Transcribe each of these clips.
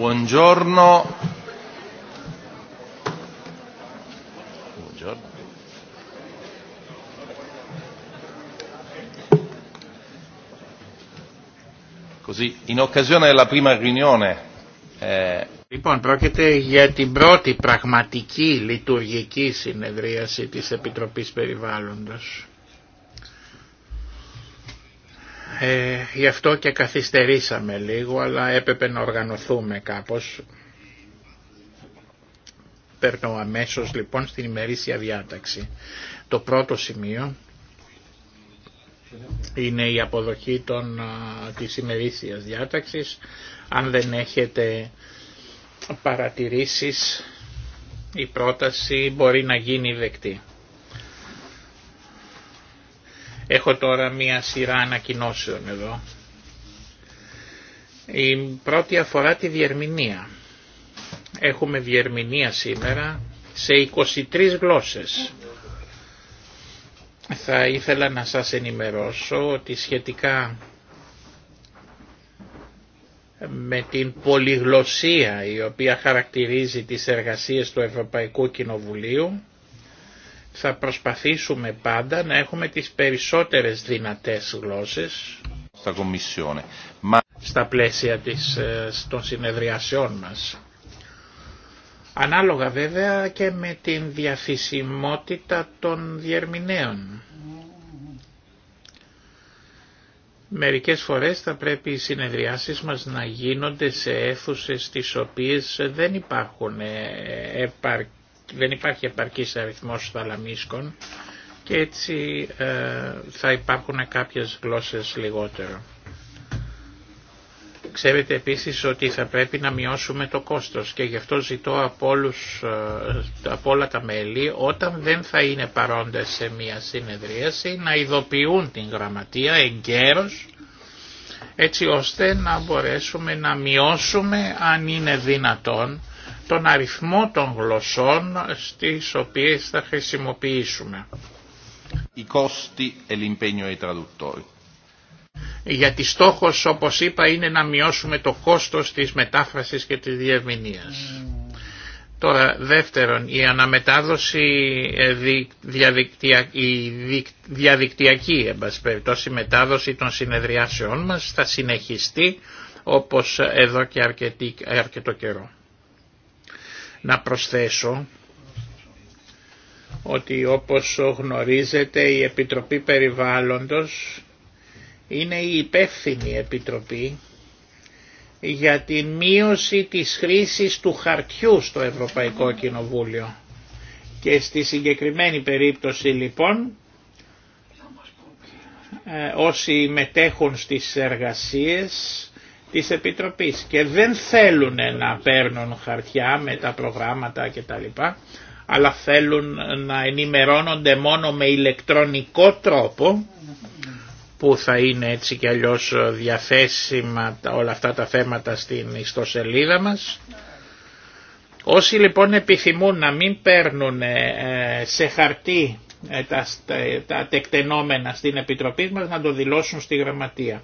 Buongiorno. Buongiorno. Così, in occasione della prima riunione. Eh... Λοιπόν, πρόκειται για την πρώτη πραγματική λειτουργική συνεδρίαση της Επιτροπής Περιβάλλοντος. Ε, γι' αυτό και καθυστερήσαμε λίγο, αλλά έπρεπε να οργανωθούμε κάπως. Παίρνω αμέσως λοιπόν στην ημερήσια διάταξη. Το πρώτο σημείο είναι η αποδοχή των, της ημερήσιας διάταξης. Αν δεν έχετε παρατηρήσεις, η πρόταση μπορεί να γίνει δεκτή. Έχω τώρα μία σειρά ανακοινώσεων εδώ. Η πρώτη αφορά τη διερμηνία. Έχουμε διερμηνία σήμερα σε 23 γλώσσες. Θα ήθελα να σας ενημερώσω ότι σχετικά με την πολυγλωσία η οποία χαρακτηρίζει τις εργασίες του Ευρωπαϊκού Κοινοβουλίου θα προσπαθήσουμε πάντα να έχουμε τις περισσότερες δυνατές γλώσσες στα, στα πλαίσια της, ε, των συνεδριασιών μας. Ανάλογα βέβαια και με την διαφυσιμότητα των διερμηνέων. Μερικές φορές θα πρέπει οι συνεδριάσεις μας να γίνονται σε αίθουσες τις οποίες δεν υπάρχουν ε, επαρκή δεν υπάρχει επαρκής αριθμός θαλαμίσκων και έτσι ε, θα υπάρχουν κάποιες γλώσσες λιγότερο. Ξέρετε επίσης ότι θα πρέπει να μειώσουμε το κόστος και γι' αυτό ζητώ από, όλους, ε, από όλα τα μέλη όταν δεν θα είναι παρόντες σε μια συνεδρίαση να ειδοποιούν την γραμματεία εγκαίρως έτσι ώστε να μπορέσουμε να μειώσουμε αν είναι δυνατόν τον αριθμό των γλωσσών στις οποίες θα χρησιμοποιήσουμε. Οι e Γιατί στόχος όπως είπα είναι να μειώσουμε το κόστος της μετάφρασης και της διευμηνίας. Τώρα δεύτερον, η αναμετάδοση ε, η διαδικτυακή μετάδοση των συνεδριάσεών μας θα συνεχιστεί όπως εδώ και αρκετή, αρκετό καιρό. Να προσθέσω ότι όπως γνωρίζετε η Επιτροπή Περιβάλλοντος είναι η υπεύθυνη Επιτροπή για τη μείωση της χρήσης του χαρτιού στο Ευρωπαϊκό Κοινοβούλιο. Και στη συγκεκριμένη περίπτωση λοιπόν ε, όσοι μετέχουν στις εργασίες της Επιτροπής και δεν θέλουν να παίρνουν χαρτιά με τα προγράμματα κτλ αλλά θέλουν να ενημερώνονται μόνο με ηλεκτρονικό τρόπο που θα είναι έτσι κι αλλιώς διαθέσιμα όλα αυτά τα θέματα στην ιστοσελίδα μας. Όσοι λοιπόν επιθυμούν να μην παίρνουν ε, σε χαρτί ε, τα τεκτενόμενα στην Επιτροπή μας να το δηλώσουν στη Γραμματεία.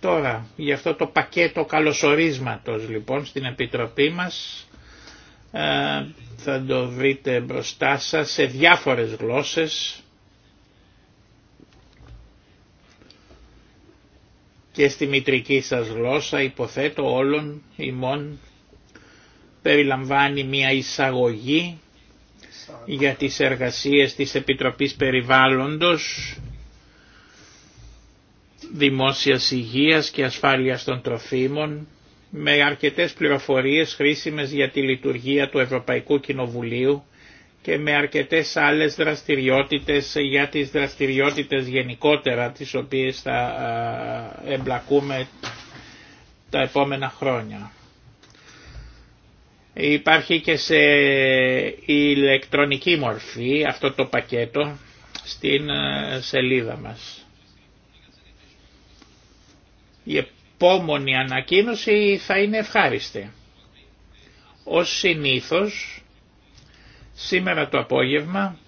Τώρα, για αυτό το πακέτο καλωσορίσματος λοιπόν στην Επιτροπή μας θα το βρείτε μπροστά σας σε διάφορες γλώσσες και στη μητρική σας γλώσσα υποθέτω όλων ημών περιλαμβάνει μια εισαγωγή για τις εργασίες της Επιτροπής Περιβάλλοντος δημόσιας υγείας και ασφάλειας των τροφίμων με αρκετές πληροφορίες χρήσιμες για τη λειτουργία του Ευρωπαϊκού Κοινοβουλίου και με αρκετές άλλες δραστηριότητες για τις δραστηριότητες γενικότερα τις οποίες θα εμπλακούμε τα επόμενα χρόνια. Υπάρχει και σε ηλεκτρονική μορφή αυτό το πακέτο στην σελίδα μας. Η επόμενη ανακοίνωση θα είναι ευχάριστη. Ως συνήθως, σήμερα το απόγευμα,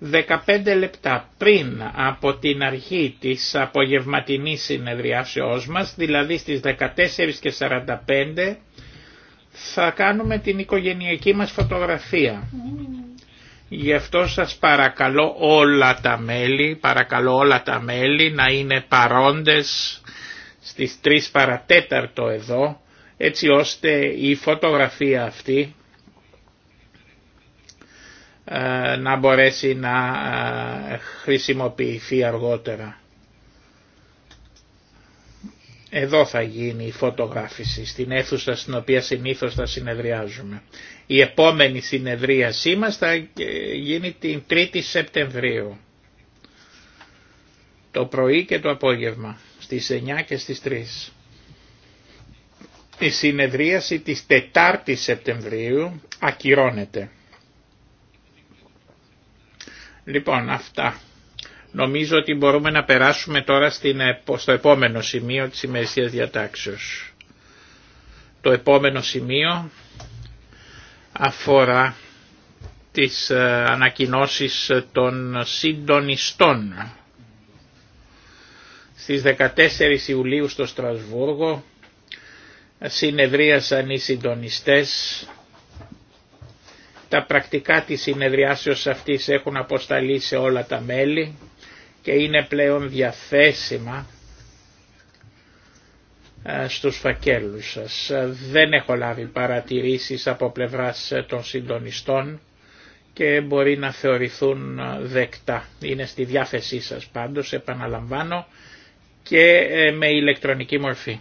15 λεπτά πριν από την αρχή της απογευματινής συνεδριάσεώς μας, δηλαδή στις 14.45, θα κάνουμε την οικογενειακή μας φωτογραφία. Γι' αυτό σας παρακαλώ όλα τα μέλη, παρακαλώ όλα τα μέλη να είναι παρόντες στις 3 παρατέταρτο εδώ, έτσι ώστε η φωτογραφία αυτή ε, να μπορέσει να ε, χρησιμοποιηθεί αργότερα. Εδώ θα γίνει η φωτογράφηση, στην αίθουσα στην οποία συνήθως θα συνεδριάζουμε. Η επόμενη συνεδρίασή μας θα ε, γίνει την 3η Σεπτεμβρίου, το πρωί και το απόγευμα, στις 9 και στις 3. Η συνεδρίαση της 4ης Σεπτεμβρίου ακυρώνεται. Λοιπόν, αυτά. Νομίζω ότι μπορούμε να περάσουμε τώρα ε, στο επόμενο σημείο της ημερησίας διατάξεως. Το επόμενο σημείο αφορά τις ε, ανακοινώσεις των συντονιστών. Στις 14 Ιουλίου στο Στρασβούργο συνεδρίασαν οι συντονιστές. Τα πρακτικά της συνεδριάσεως αυτής έχουν αποσταλεί σε όλα τα μέλη και είναι πλέον διαθέσιμα ε, στους φακέλους σας. Δεν έχω λάβει παρατηρήσεις από πλευράς των συντονιστών και μπορεί να θεωρηθούν ε, δεκτά. Είναι στη διάθεσή σας πάντως, επαναλαμβάνω, και ε, με ηλεκτρονική μορφή.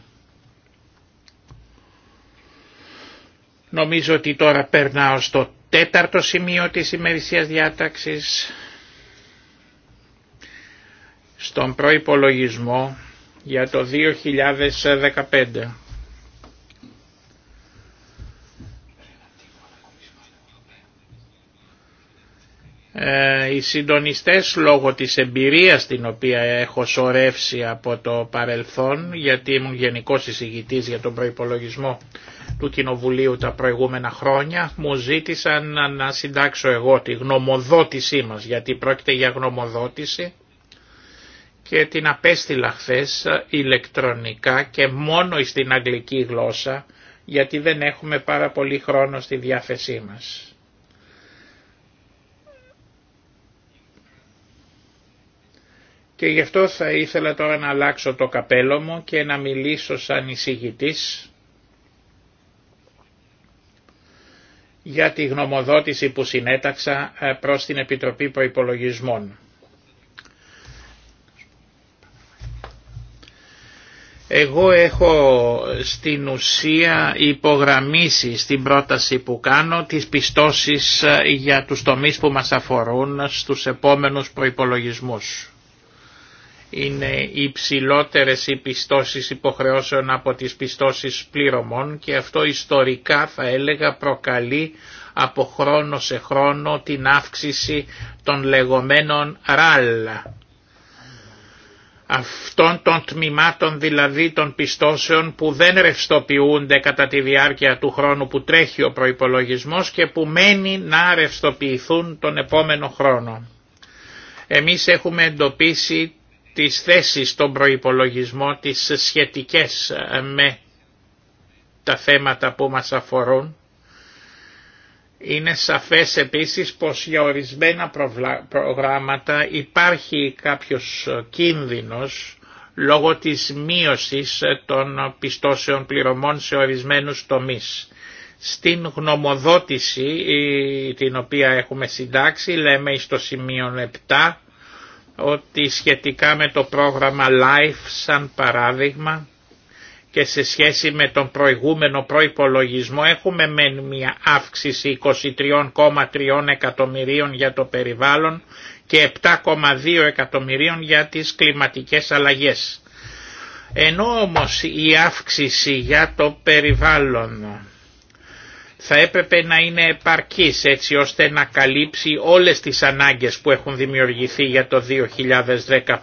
Νομίζω ότι τώρα περνάω στο τέταρτο σημείο της ημερησίας διάταξης στον προϋπολογισμό για το 2015. Ε, οι συντονιστές λόγω της εμπειρίας την οποία έχω σωρεύσει από το παρελθόν γιατί ήμουν γενικός εισηγητής για τον προϋπολογισμό του Κοινοβουλίου τα προηγούμενα χρόνια μου ζήτησαν να συντάξω εγώ τη γνωμοδότησή μας γιατί πρόκειται για γνωμοδότηση και την απέστειλα χθε ε, ηλεκτρονικά και μόνο στην αγγλική γλώσσα γιατί δεν έχουμε πάρα πολύ χρόνο στη διάθεσή μας. Και γι' αυτό θα ήθελα τώρα να αλλάξω το καπέλο μου και να μιλήσω σαν εισηγητής για τη γνωμοδότηση που συνέταξα ε, προς την Επιτροπή Προϋπολογισμών. Εγώ έχω στην ουσία υπογραμμίσει στην πρόταση που κάνω τις πιστώσεις ε, για τους τομείς που μας αφορούν στους επόμενους προϋπολογισμούς. Είναι υψηλότερες οι πιστώσεις υποχρεώσεων από τις πιστώσεις πληρωμών και αυτό ιστορικά θα έλεγα προκαλεί από χρόνο σε χρόνο την αύξηση των λεγόμενων ραλ αυτών των τμήματων δηλαδή των πιστώσεων που δεν ρευστοποιούνται κατά τη διάρκεια του χρόνου που τρέχει ο προϋπολογισμός και που μένει να ρευστοποιηθούν τον επόμενο χρόνο. Εμείς έχουμε εντοπίσει τις θέσεις στον προϋπολογισμό, τις σχετικές ε, με τα θέματα που μας αφορούν είναι σαφές επίσης πως για ορισμένα προγράμματα υπάρχει κάποιος κίνδυνος λόγω της μείωσης των πιστώσεων πληρωμών σε ορισμένους τομείς. Στην γνωμοδότηση την οποία έχουμε συντάξει λέμε στο σημείο 7 ότι σχετικά με το πρόγραμμα LIFE σαν παράδειγμα και σε σχέση με τον προηγούμενο προϋπολογισμό έχουμε μεν μια αύξηση 23,3 εκατομμυρίων για το περιβάλλον και 7,2 εκατομμυρίων για τις κλιματικές αλλαγές. Ενώ όμως η αύξηση για το περιβάλλον θα έπρεπε να είναι επαρκής έτσι ώστε να καλύψει όλες τις ανάγκες που έχουν δημιουργηθεί για το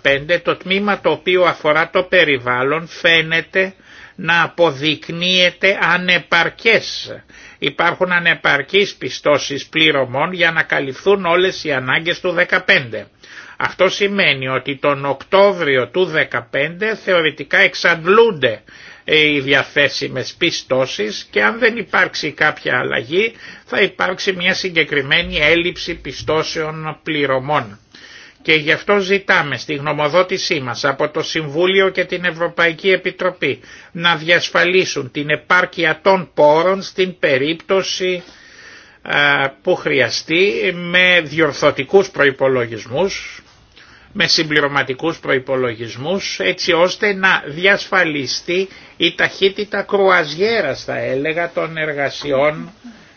2015. Το τμήμα το οποίο αφορά το περιβάλλον φαίνεται να αποδεικνύεται ανεπαρκές. Υπάρχουν ανεπαρκείς πιστώσεις πληρωμών για να καλυφθούν όλες οι ανάγκες του 15. Αυτό σημαίνει ότι τον Οκτώβριο του 2015 θεωρητικά εξαντλούνται ε, οι διαθέσιμες πιστώσεις και αν δεν υπάρξει κάποια αλλαγή θα υπάρξει μια συγκεκριμένη έλλειψη πιστώσεων πληρωμών. Και γι' αυτό ζητάμε στη γνωμοδότησή μας από το Συμβούλιο και την Ευρωπαϊκή Επιτροπή να διασφαλίσουν την επάρκεια των πόρων στην περίπτωση που χρειαστεί με διορθωτικούς προϋπολογισμούς, με συμπληρωματικούς προϋπολογισμούς έτσι ώστε να διασφαλιστεί η ταχύτητα κρουαζιέρας θα έλεγα των εργασιών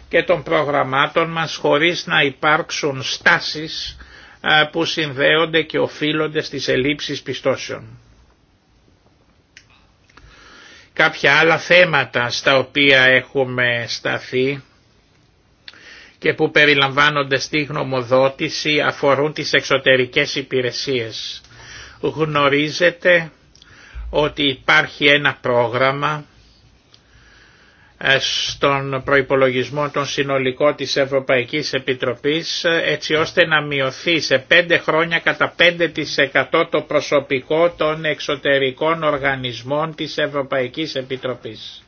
και των προγραμμάτων μας χωρίς να υπάρξουν στάσεις που συνδέονται και οφείλονται στις ελλείψεις πιστώσεων. Κάποια άλλα θέματα στα οποία έχουμε σταθεί και που περιλαμβάνονται στη γνωμοδότηση αφορούν τις εξωτερικές υπηρεσίες. Γνωρίζετε ότι υπάρχει ένα πρόγραμμα ε, στον προϋπολογισμό των συνολικό της Ευρωπαϊκής Επιτροπής ε, έτσι ώστε να μειωθεί σε 5 χρόνια κατά 5% το προσωπικό των εξωτερικών οργανισμών της Ευρωπαϊκής Επιτροπής.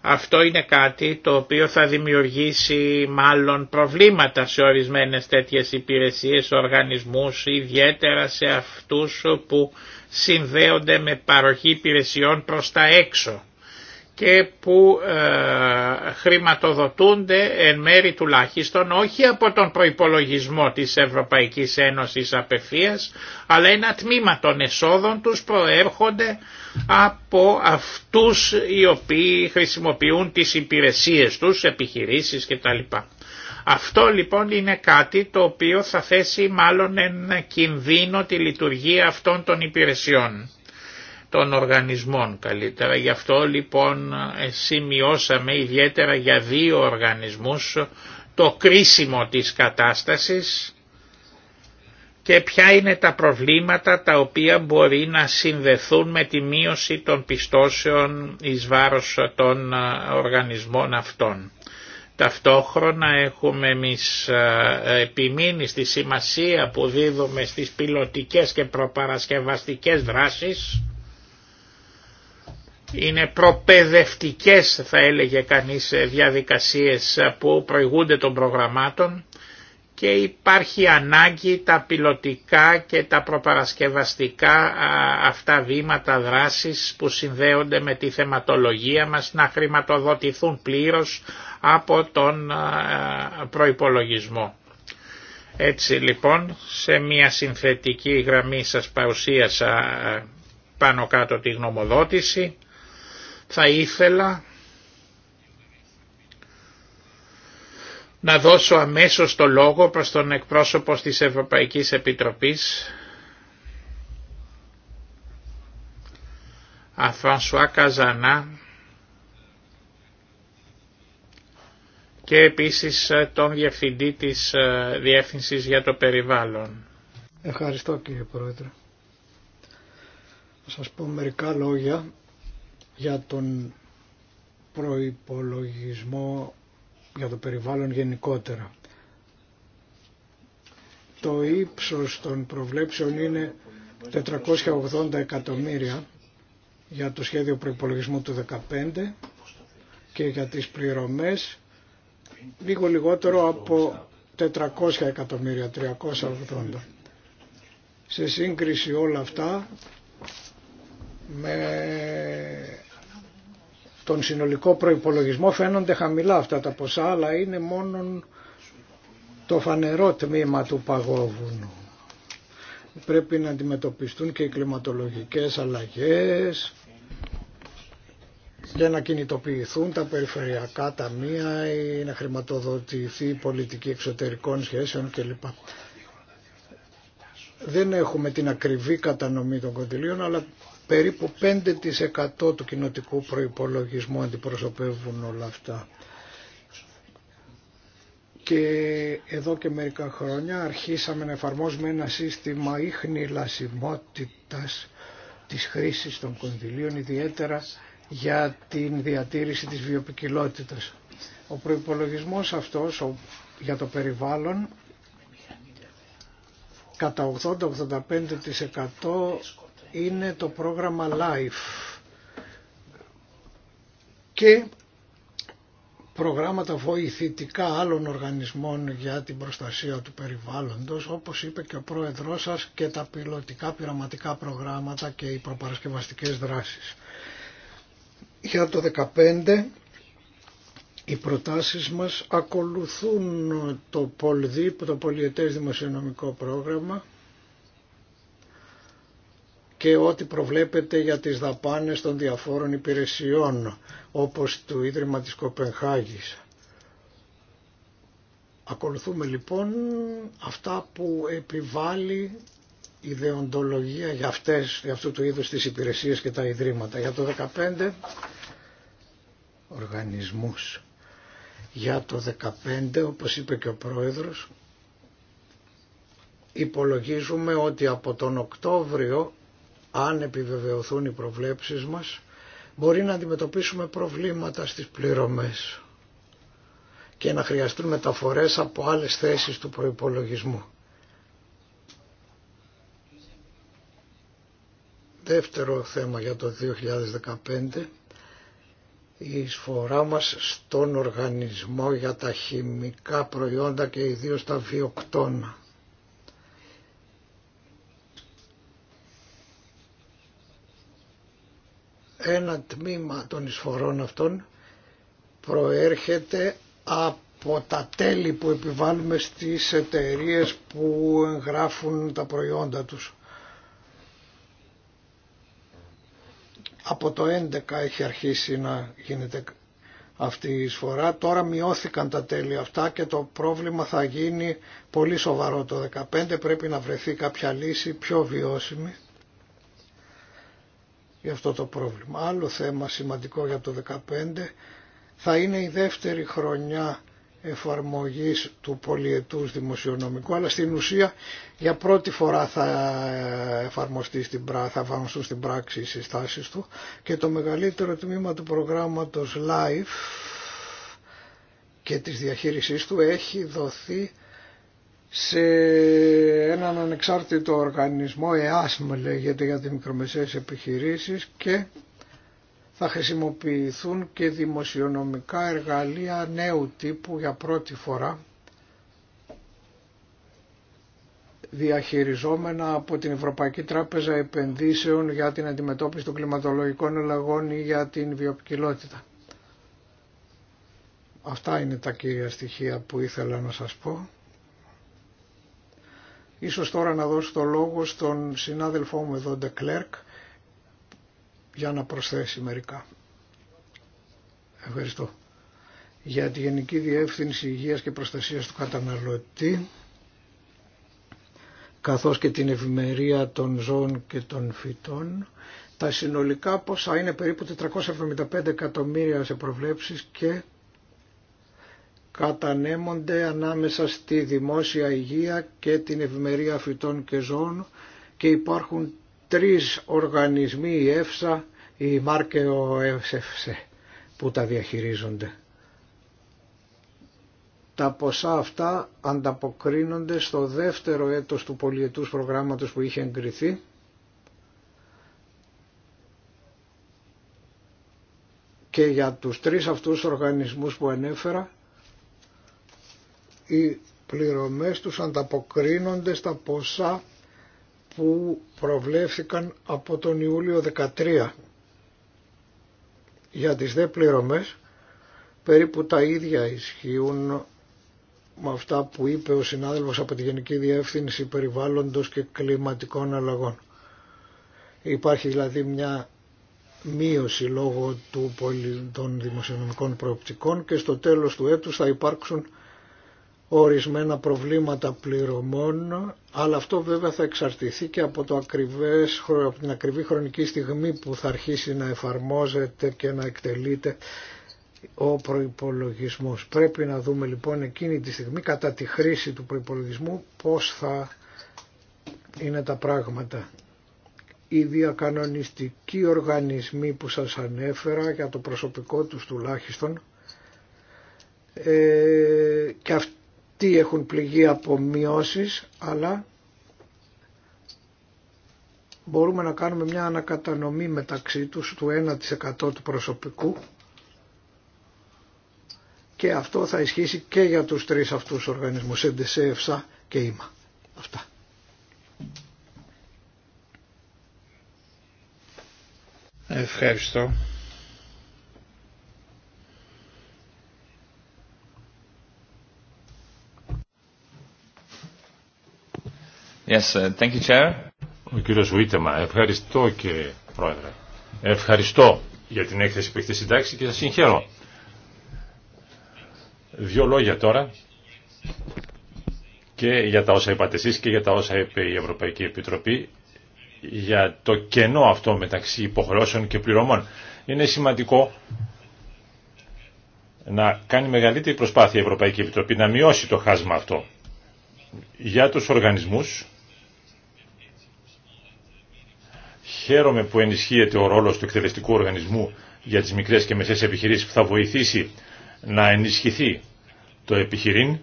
Αυτό είναι κάτι το οποίο θα δημιουργήσει μάλλον προβλήματα σε ορισμένες τέτοιες υπηρεσίες, οργανισμούς, ιδιαίτερα σε αυτούς που συνδέονται με παροχή υπηρεσιών προς τα έξω και που ε, χρηματοδοτούνται εν μέρη τουλάχιστον όχι από τον προϋπολογισμό της Ευρωπαϊκής Ένωσης απευθείας αλλά ένα τμήμα των εσόδων τους προέρχονται από αυτούς οι οποίοι χρησιμοποιούν τις υπηρεσίες τους, επιχειρήσεις κτλ. Αυτό λοιπόν είναι κάτι το οποίο θα θέσει μάλλον ένα κινδύνο τη λειτουργία αυτών των υπηρεσιών των οργανισμών καλύτερα. Γι' αυτό λοιπόν ε, σημειώσαμε ιδιαίτερα για δύο οργανισμούς το κρίσιμο της κατάστασης και ποια είναι τα προβλήματα τα οποία μπορεί να συνδεθούν με τη μείωση των πιστώσεων εις βάρος των ε, οργανισμών αυτών. Ταυτόχρονα έχουμε εμείς ε, επιμείνει στη σημασία που δίδουμε στις πιλωτικές και προπαρασκευαστικές δράσεις είναι προπαιδευτικές θα έλεγε κανείς ε, διαδικασίες ε, που προηγούνται των προγραμμάτων και υπάρχει ανάγκη τα πιλωτικά και τα προπαρασκευαστικά αυτά βήματα δράσης που συνδέονται με τη θεματολογία μας να χρηματοδοτηθούν πλήρως από τον προϋπολογισμό. Έτσι λοιπόν σε μια συνθετική γραμμή σας παρουσίασα ε, πάνω κάτω τη γνωμοδότηση θα ήθελα να δώσω αμέσως το λόγο προς τον εκπρόσωπο της Ευρωπαϊκής Επιτροπής, Αφρανσουά Καζανά και επίσης ε, τον Διευθυντή της ε, Διεύθυνσης για το Περιβάλλον. Ευχαριστώ κύριε Πρόεδρε. Θα σας πω μερικά λόγια για τον προϋπολογισμό για το περιβάλλον γενικότερα. Το ύψος των προβλέψεων είναι 480 εκατομμύρια για το σχέδιο προϋπολογισμού του 2015 και για τις πληρωμές λίγο λιγότερο από 400 εκατομμύρια, 380. Σε σύγκριση όλα αυτά με τον συνολικό προϋπολογισμό φαίνονται χαμηλά αυτά τα ποσά αλλά είναι μόνο το φανερό τμήμα του παγόβουνου. Πρέπει να αντιμετωπιστούν και οι κλιματολογικές αλλαγές για να κινητοποιηθούν τα περιφερειακά ταμεία ή να χρηματοδοτηθεί η πολιτική εξωτερικών σχέσεων κλπ. Δεν έχουμε την ακριβή κατανομή των κοντιλίων αλλά περίπου 5% του κοινοτικού προϋπολογισμού αντιπροσωπεύουν όλα αυτά. Και εδώ και μερικά χρόνια αρχίσαμε να εφαρμόζουμε ένα σύστημα ίχνη λασιμότητας της χρήσης των κονδυλίων, ιδιαίτερα για την διατήρηση της βιοπικιλότητας. Ο προϋπολογισμός αυτός για το περιβάλλον κατά 80-85% είναι το πρόγραμμα LIFE και προγράμματα βοηθητικά άλλων οργανισμών για την προστασία του περιβάλλοντος, όπως είπε και ο πρόεδρός σας και τα πιλωτικά πειραματικά προγράμματα και οι προπαρασκευαστικές δράσεις. Για το 2015 οι προτάσεις μας ακολουθούν το, ΠολΔΙΠ, το πολυετές δημοσιονομικό πρόγραμμα και ό,τι προβλέπεται για τις δαπάνες των διαφόρων υπηρεσιών όπως του Ίδρυμα της Κοπενχάγης. Ακολουθούμε λοιπόν αυτά που επιβάλλει η δεοντολογία για, αυτές, για αυτού του είδους τις υπηρεσίες και τα ιδρύματα. Για το 15 οργανισμούς. Για το 15 όπως είπε και ο πρόεδρος υπολογίζουμε ότι από τον Οκτώβριο αν επιβεβαιωθούν οι προβλέψεις μας, μπορεί να αντιμετωπίσουμε προβλήματα στις πληρωμές και να χρειαστούν μεταφορές από άλλες θέσεις του προϋπολογισμού. Δεύτερο θέμα για το 2015, η εισφορά μας στον οργανισμό για τα χημικά προϊόντα και ιδίως τα βιοκτώνα. ένα τμήμα των εισφορών αυτών προέρχεται από τα τέλη που επιβάλλουμε στις εταιρείε που εγγράφουν τα προϊόντα τους. Από το 11 έχει αρχίσει να γίνεται αυτή η εισφορά. Τώρα μειώθηκαν τα τέλη αυτά και το πρόβλημα θα γίνει πολύ σοβαρό το 2015 Πρέπει να βρεθεί κάποια λύση πιο βιώσιμη για αυτό το πρόβλημα. Άλλο θέμα σημαντικό για το 2015 θα είναι η δεύτερη χρονιά εφαρμογής του πολιετούς δημοσιονομικού, αλλά στην ουσία για πρώτη φορά θα εφαρμοστεί στην πράξη, θα στην πράξη οι συστάσεις του και το μεγαλύτερο τμήμα του προγράμματος LIFE και της διαχείρισής του έχει δοθεί σε έναν ανεξάρτητο οργανισμό, ΕΑΣΜ λέγεται για τις μικρομεσαίες επιχειρήσεις και θα χρησιμοποιηθούν και δημοσιονομικά εργαλεία νέου τύπου για πρώτη φορά διαχειριζόμενα από την Ευρωπαϊκή Τράπεζα Επενδύσεων για την αντιμετώπιση των κλιματολογικών αλλαγών ή για την βιοπικιλότητα. Αυτά είναι τα κύρια στοιχεία που ήθελα να σας πω. Ίσως τώρα να δώσω το λόγο στον συνάδελφό μου εδώ, κλερκ, για να προσθέσει μερικά. Ευχαριστώ. Για τη Γενική Διεύθυνση Υγείας και Προστασίας του Καταναλωτή, καθώς και την ευημερία των ζώων και των φυτών, τα συνολικά ποσά είναι περίπου 475 εκατομμύρια σε προβλέψεις και κατανέμονται ανάμεσα στη δημόσια υγεία και την ευημερία φυτών και ζώων και υπάρχουν τρεις οργανισμοί, η ΕΦΣΑ, η μάρκεο ΕΦΣΕ, που τα διαχειρίζονται. Τα ποσά αυτά ανταποκρίνονται στο δεύτερο έτος του πολιετούς προγράμματος που είχε εγκριθεί και για τους τρεις αυτούς οργανισμούς που ανέφερα οι πληρωμές τους ανταποκρίνονται στα ποσά που προβλέφθηκαν από τον Ιούλιο 13. Για τις δε πληρωμές περίπου τα ίδια ισχύουν με αυτά που είπε ο συνάδελφος από τη Γενική Διεύθυνση Περιβάλλοντος και Κλιματικών Αλλαγών. Υπάρχει δηλαδή μια μείωση λόγω του των δημοσιονομικών προοπτικών και στο τέλος του έτους θα υπάρξουν ορισμένα προβλήματα πληρωμών, αλλά αυτό βέβαια θα εξαρτηθεί και από, το ακριβές, από την ακριβή χρονική στιγμή που θα αρχίσει να εφαρμόζεται και να εκτελείται ο προϋπολογισμός. Πρέπει να δούμε λοιπόν εκείνη τη στιγμή κατά τη χρήση του προϋπολογισμού πώς θα είναι τα πράγματα. Οι διακανονιστικοί οργανισμοί που σας ανέφερα για το προσωπικό τους τουλάχιστον ε, και τι έχουν πληγεί από αλλά μπορούμε να κάνουμε μια ανακατανομή μεταξύ τους του 1% του προσωπικού και αυτό θα ισχύσει και για τους τρεις αυτούς οργανισμούς, ΕΝΤΕΣΕ, και ΕΜΑ. Αυτά. Ευχαριστώ. Yes, thank you, Chair. Ο κύριος Βουίτεμα, ευχαριστώ και Πρόεδρε. Ευχαριστώ για την έκθεση που έχετε συντάξει και σας συγχαίρω. Δύο λόγια τώρα και για τα όσα είπατε εσείς και για τα όσα είπε η Ευρωπαϊκή Επιτροπή για το κενό αυτό μεταξύ υποχρεώσεων και πληρωμών. Είναι σημαντικό να κάνει μεγαλύτερη προσπάθεια η Ευρωπαϊκή Επιτροπή να μειώσει το χάσμα αυτό για τους οργανισμούς Χαίρομαι που ενισχύεται ο ρόλος του εκτελεστικού οργανισμού για τις μικρές και μεσές επιχειρήσεις που θα βοηθήσει να ενισχυθεί το επιχειρήν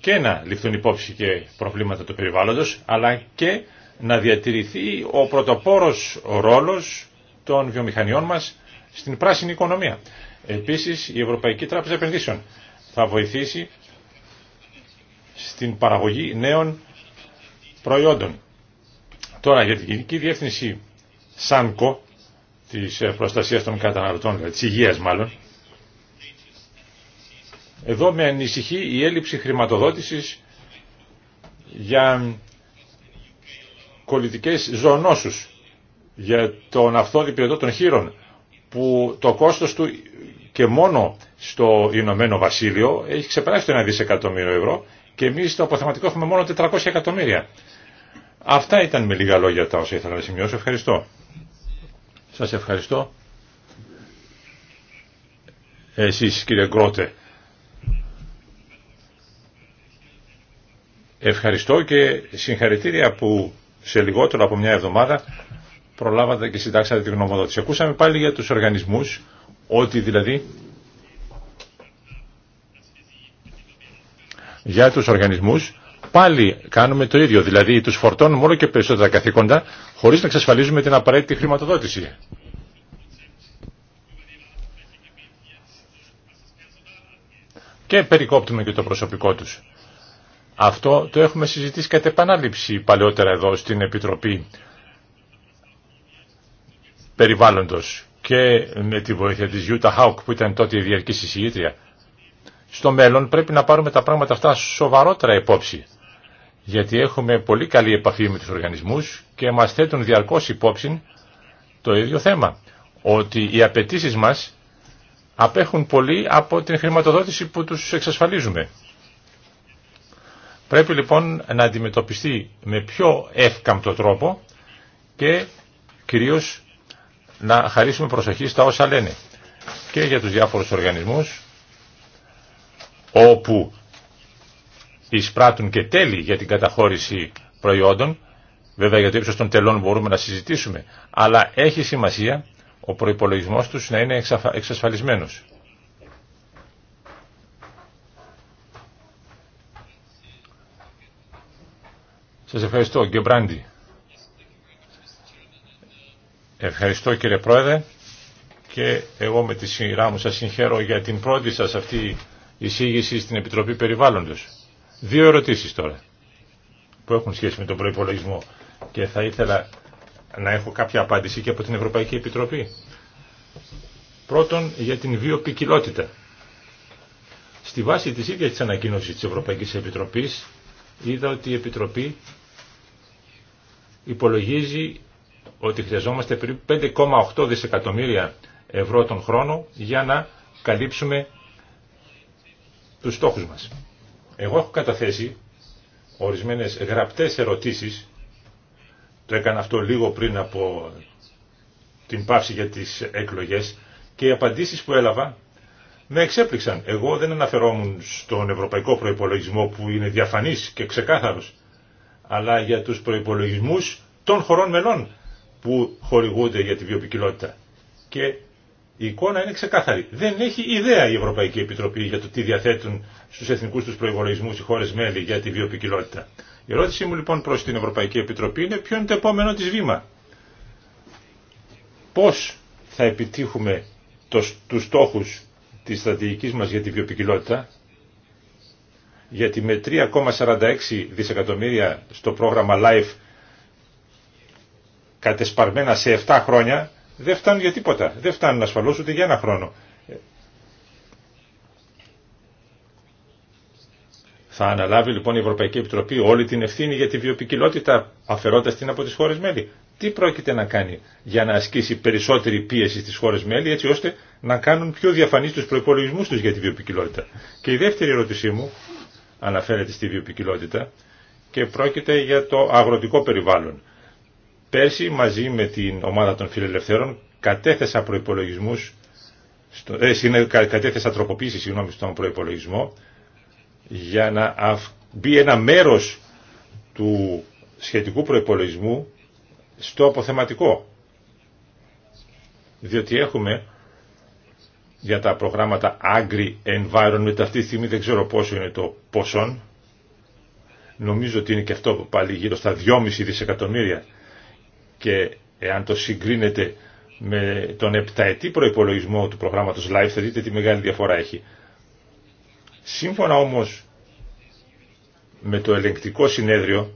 και να ληφθούν υπόψη και προβλήματα του περιβάλλοντος, αλλά και να διατηρηθεί ο πρωτοπόρος ρόλος των βιομηχανιών μας στην πράσινη οικονομία. Επίσης, η Ευρωπαϊκή Τράπεζα Επενδύσεων θα βοηθήσει στην παραγωγή νέων προϊόντων. Τώρα για την Γενική Διεύθυνση ΣΑΝΚΟ, της ε, προστασίας των καταναλωτών, ε, της υγείας μάλλον, εδώ με ανησυχεί η έλλειψη χρηματοδότησης για κολλητικές ζωονόσους, για τον αυτόν πυρετό των χείρων, που το κόστος του και μόνο στο Ηνωμένο Βασίλειο έχει ξεπεράσει το 1 δισεκατομμύριο ευρώ και εμείς στο αποθεματικό έχουμε μόνο 400 εκατομμύρια. Αυτά ήταν με λίγα λόγια τα όσα ήθελα να σημειώσω. Ευχαριστώ. Σας ευχαριστώ. Εσείς κύριε Γκρότε. Ευχαριστώ και συγχαρητήρια που σε λιγότερο από μια εβδομάδα προλάβατε και συντάξατε την γνωμοδότηση. Ακούσαμε πάλι για τους οργανισμούς, ότι δηλαδή για τους οργανισμούς πάλι κάνουμε το ίδιο. Δηλαδή τους φορτώνουμε όλο και περισσότερα καθήκοντα χωρίς να εξασφαλίζουμε την απαραίτητη χρηματοδότηση. Και περικόπτουμε και το προσωπικό τους. Αυτό το έχουμε συζητήσει κατά επανάληψη παλαιότερα εδώ στην Επιτροπή Περιβάλλοντος και με τη βοήθεια της Γιούτα Χάουκ που ήταν τότε η διαρκή συζήτρια. Στο μέλλον πρέπει να πάρουμε τα πράγματα αυτά σοβαρότερα υπόψη γιατί έχουμε πολύ καλή επαφή με τους οργανισμούς και μας θέτουν διαρκώς υπόψη το ίδιο θέμα, ότι οι απαιτήσει μας απέχουν πολύ από την χρηματοδότηση που τους εξασφαλίζουμε. Πρέπει λοιπόν να αντιμετωπιστεί με πιο εύκαμπτο τρόπο και κυρίως να χαρίσουμε προσοχή στα όσα λένε και για τους διάφορους οργανισμούς όπου εισπράττουν και τέλη για την καταχώρηση προϊόντων. Βέβαια για το ύψος των τελών μπορούμε να συζητήσουμε. Αλλά έχει σημασία ο προϋπολογισμός τους να είναι εξασφαλισμένος. Σας ευχαριστώ, Γκεμπράντι. Ευχαριστώ κύριε Πρόεδρε και εγώ με τη σειρά μου σας συγχαίρω για την πρώτη σας αυτή εισήγηση στην Επιτροπή Περιβάλλοντος. Δύο ερωτήσεις τώρα που έχουν σχέση με τον προϋπολογισμό και θα ήθελα να έχω κάποια απάντηση και από την Ευρωπαϊκή Επιτροπή. Πρώτον, για την βιοπικιλότητα. Στη βάση της ίδιας της ανακοίνωσης της Ευρωπαϊκής Επιτροπής είδα ότι η Επιτροπή υπολογίζει ότι χρειαζόμαστε περίπου 5,8 δισεκατομμύρια ευρώ τον χρόνο για να καλύψουμε τους στόχους μας. Εγώ έχω καταθέσει ορισμένες γραπτές ερωτήσεις, το έκανα αυτό λίγο πριν από την πάυση για τις εκλογές, και οι απαντήσεις που έλαβα με εξέπληξαν. Εγώ δεν αναφερόμουν στον ευρωπαϊκό προϋπολογισμό που είναι διαφανής και ξεκάθαρος, αλλά για τους προϋπολογισμούς των χωρών μελών που χορηγούνται για τη βιοπικιλότητα. Και η εικόνα είναι ξεκάθαρη. Δεν έχει ιδέα η Ευρωπαϊκή Επιτροπή για το τι διαθέτουν στου εθνικού του προπολογισμού οι χώρε μέλη για τη βιοπικιλότητα. Η ερώτησή μου λοιπόν προ την Ευρωπαϊκή Επιτροπή είναι ποιο είναι το επόμενο τη βήμα. Πώ θα επιτύχουμε το, του στόχου τη στρατηγική μα για τη βιοπικιλότητα, γιατί με 3,46 δισεκατομμύρια στο πρόγραμμα LIFE κατεσπαρμένα σε 7 χρόνια, δεν φτάνουν για τίποτα. Δεν φτάνουν ασφαλώς ούτε για ένα χρόνο. Θα αναλάβει λοιπόν η Ευρωπαϊκή Επιτροπή όλη την ευθύνη για τη βιοπικιλότητα αφαιρώντας την από τις χώρες μέλη. Τι πρόκειται να κάνει για να ασκήσει περισσότερη πίεση στις χώρες μέλη έτσι ώστε να κάνουν πιο διαφανείς τους προϋπολογισμούς τους για τη βιοπικιλότητα. Και η δεύτερη ερώτησή μου αναφέρεται στη βιοπικιλότητα και πρόκειται για το αγροτικό περιβάλλον. Πέρσι μαζί με την ομάδα των φιλελευθέρων κατέθεσα προϋπολογισμούς, στο, ε, ε, κατέθεσα τροποποίηση συγγνώμη, στον προϋπολογισμό για να μπει ένα μέρος του σχετικού προϋπολογισμού στο αποθεματικό. Διότι έχουμε για τα προγράμματα Agri Environment, αυτή τη στιγμή δεν ξέρω πόσο είναι το ποσόν, νομίζω ότι είναι και αυτό πάλι γύρω στα 2,5 δισεκατομμύρια και εάν το συγκρίνετε με τον επταετή προϋπολογισμό του προγράμματος Life θα δείτε τι μεγάλη διαφορά έχει. Σύμφωνα όμως με το ελεγκτικό συνέδριο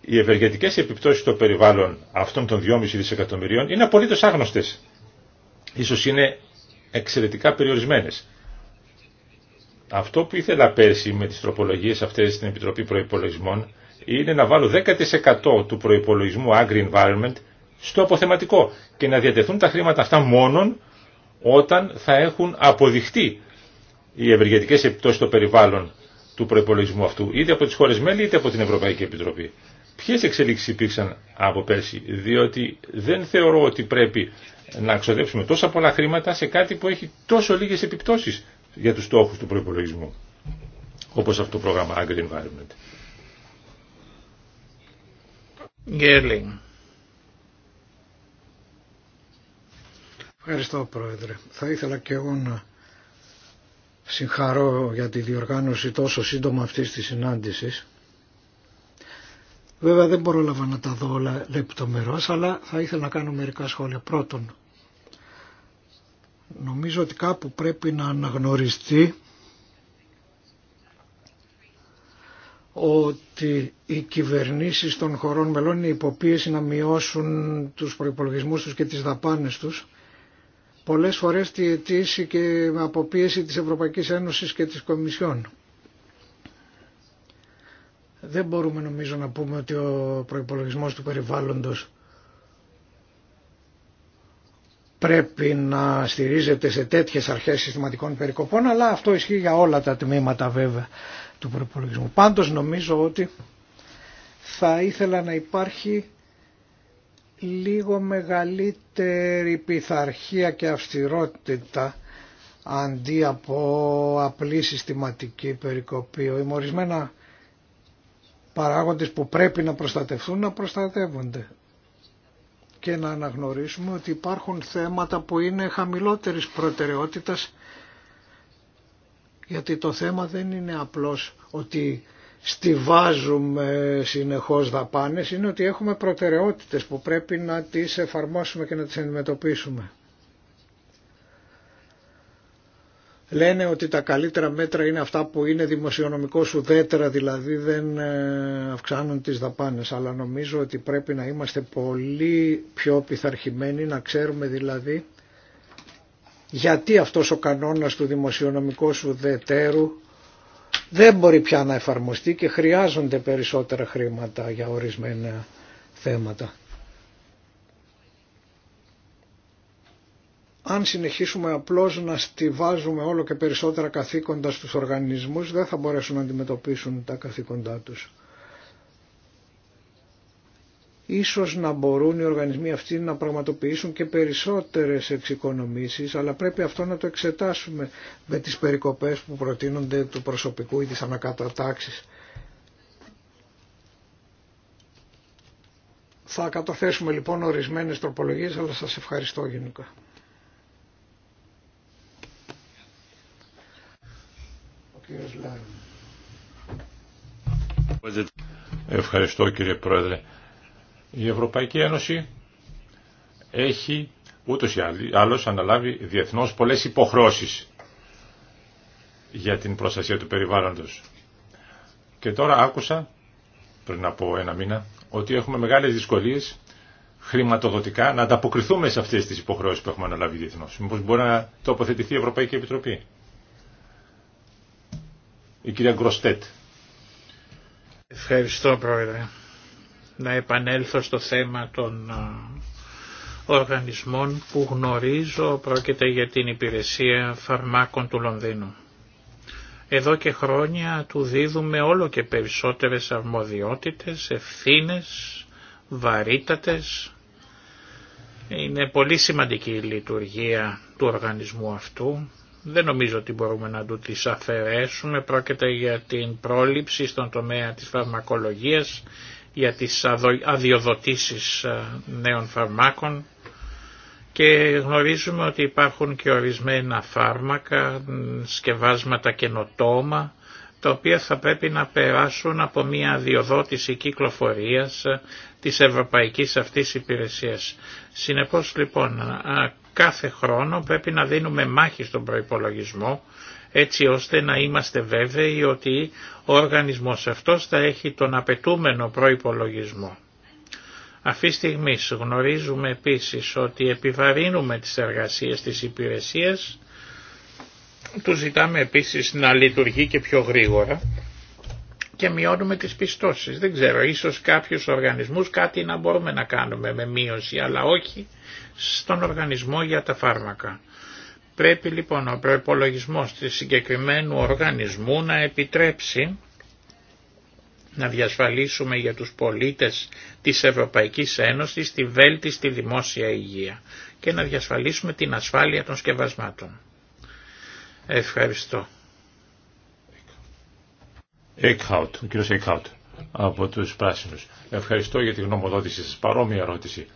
οι ευεργετικές επιπτώσεις των περιβάλλων αυτών των 2,5 δισεκατομμυρίων είναι απολύτως άγνωστες. Ίσως είναι εξαιρετικά περιορισμένες. Αυτό που ήθελα πέρσι με τις τροπολογίες αυτές στην Επιτροπή Προϋπολογισμών είναι να βάλω 10% του προϋπολογισμού Agri Environment στο αποθεματικό και να διατεθούν τα χρήματα αυτά μόνον όταν θα έχουν αποδειχτεί οι ευεργετικέ επιπτώσει στο περιβάλλον του προπολογισμού αυτού, είτε από τι χώρε μέλη είτε από την Ευρωπαϊκή Επιτροπή. Ποιε εξελίξει υπήρξαν από πέρσι, διότι δεν θεωρώ ότι πρέπει να ξοδέψουμε τόσα πολλά χρήματα σε κάτι που έχει τόσο λίγε επιπτώσει για του στόχου του προπολογισμού, όπω αυτό το πρόγραμμα Agri Environment. Γκέρλινγκ. Ευχαριστώ Πρόεδρε. Θα ήθελα και εγώ να συγχαρώ για τη διοργάνωση τόσο σύντομα αυτής της συνάντησης. Βέβαια δεν μπορώ να τα δω όλα λεπτομερώς, αλλά θα ήθελα να κάνω μερικά σχόλια. Πρώτον, νομίζω ότι κάπου πρέπει να αναγνωριστεί ότι οι κυβερνήσεις των χωρών μελών είναι υποπίεση να μειώσουν τους προϋπολογισμούς τους και τις δαπάνες τους. Πολλές φορές τη αιτήσει και με αποπίεση της Ευρωπαϊκής Ένωσης και της Κομισιόν. Δεν μπορούμε νομίζω να πούμε ότι ο προϋπολογισμός του περιβάλλοντος πρέπει να στηρίζεται σε τέτοιες αρχές συστηματικών περικοπών, αλλά αυτό ισχύει για όλα τα τμήματα βέβαια του προπολογισμού. Πάντως νομίζω ότι θα ήθελα να υπάρχει λίγο μεγαλύτερη πειθαρχία και αυστηρότητα αντί από απλή συστηματική περικοπή. Οι μορισμένα παράγοντες που πρέπει να προστατευτούν να προστατεύονται και να αναγνωρίσουμε ότι υπάρχουν θέματα που είναι χαμηλότερης προτεραιότητας γιατί το θέμα δεν είναι απλώς ότι στιβάζουμε συνεχώς δαπάνες, είναι ότι έχουμε προτεραιότητες που πρέπει να τις εφαρμόσουμε και να τις αντιμετωπίσουμε. Λένε ότι τα καλύτερα μέτρα είναι αυτά που είναι δημοσιονομικό ουδέτερα, δηλαδή δεν ε, αυξάνουν τις δαπάνες. Αλλά νομίζω ότι πρέπει να είμαστε πολύ πιο πειθαρχημένοι, να ξέρουμε δηλαδή γιατί αυτός ο κανόνας του δημοσιονομικού σου δετέρου δεν μπορεί πια να εφαρμοστεί και χρειάζονται περισσότερα χρήματα για ορισμένα θέματα. Αν συνεχίσουμε απλώς να στηβάζουμε όλο και περισσότερα καθήκοντα στους οργανισμούς δεν θα μπορέσουν να αντιμετωπίσουν τα καθήκοντά τους. Ίσως να μπορούν οι οργανισμοί αυτοί να πραγματοποιήσουν και περισσότερες εξοικονομήσεις, αλλά πρέπει αυτό να το εξετάσουμε με τις περικοπές που προτείνονται του προσωπικού ή της ανακατατάξης. Θα κατοθέσουμε λοιπόν ορισμένες τροπολογίες, αλλά σας ευχαριστώ γενικά. Ευχαριστώ κύριε Πρόεδρε. Η Ευρωπαϊκή Ένωση έχει ούτως ή άλλως αναλάβει διεθνώς πολλές υποχρώσεις για την προστασία του περιβάλλοντος. Και τώρα άκουσα πριν από ένα μήνα ότι έχουμε μεγάλες δυσκολίες χρηματοδοτικά να ανταποκριθούμε σε αυτές τις υποχρεώσεις που έχουμε αναλάβει διεθνώς. Μήπως μπορεί να τοποθετηθεί η Ευρωπαϊκή Επιτροπή. Η κυρία Γκροστέτ. Ευχαριστώ πρόεδρε να επανέλθω στο θέμα των οργανισμών που γνωρίζω πρόκειται για την υπηρεσία φαρμάκων του Λονδίνου. Εδώ και χρόνια του δίδουμε όλο και περισσότερες αρμοδιότητες, ευθύνες, βαρύτατες. Είναι πολύ σημαντική η λειτουργία του οργανισμού αυτού. Δεν νομίζω ότι μπορούμε να του τις αφαιρέσουμε. Πρόκειται για την πρόληψη στον τομέα της φαρμακολογίας για τις αδειοδοτήσεις ε, νέων φαρμάκων και γνωρίζουμε ότι υπάρχουν και ορισμένα φάρμακα, σκευάσματα καινοτόμα, τα οποία θα πρέπει να περάσουν από μια αδειοδότηση κυκλοφορίας ε, της ευρωπαϊκής αυτής υπηρεσίας. Συνεπώς λοιπόν ε, κάθε χρόνο πρέπει να δίνουμε μάχη στον προϋπολογισμό έτσι ώστε να είμαστε βέβαιοι ότι ο οργανισμός αυτός θα έχει τον απαιτούμενο προϋπολογισμό. Αυτή τη στιγμή γνωρίζουμε επίσης ότι επιβαρύνουμε τις εργασίες της υπηρεσίας, του ζητάμε επίσης να λειτουργεί και πιο γρήγορα και μειώνουμε τις πιστώσεις. Δεν ξέρω, ίσως κάποιους οργανισμούς κάτι να μπορούμε να κάνουμε με μείωση, αλλά όχι στον οργανισμό για τα φάρμακα. Πρέπει λοιπόν ο προϋπολογισμός της συγκεκριμένου οργανισμού να επιτρέψει να διασφαλίσουμε για τους πολίτες της Ευρωπαϊκής Ένωσης τη βέλτιστη δημόσια υγεία και να διασφαλίσουμε την ασφάλεια των σκευασμάτων. Ευχαριστώ. Εκχάουτ, κύριος Εκχάουτ από τους Πράσινους. Ευχαριστώ για τη γνωμοδότηση σας. Παρόμοια ερώτηση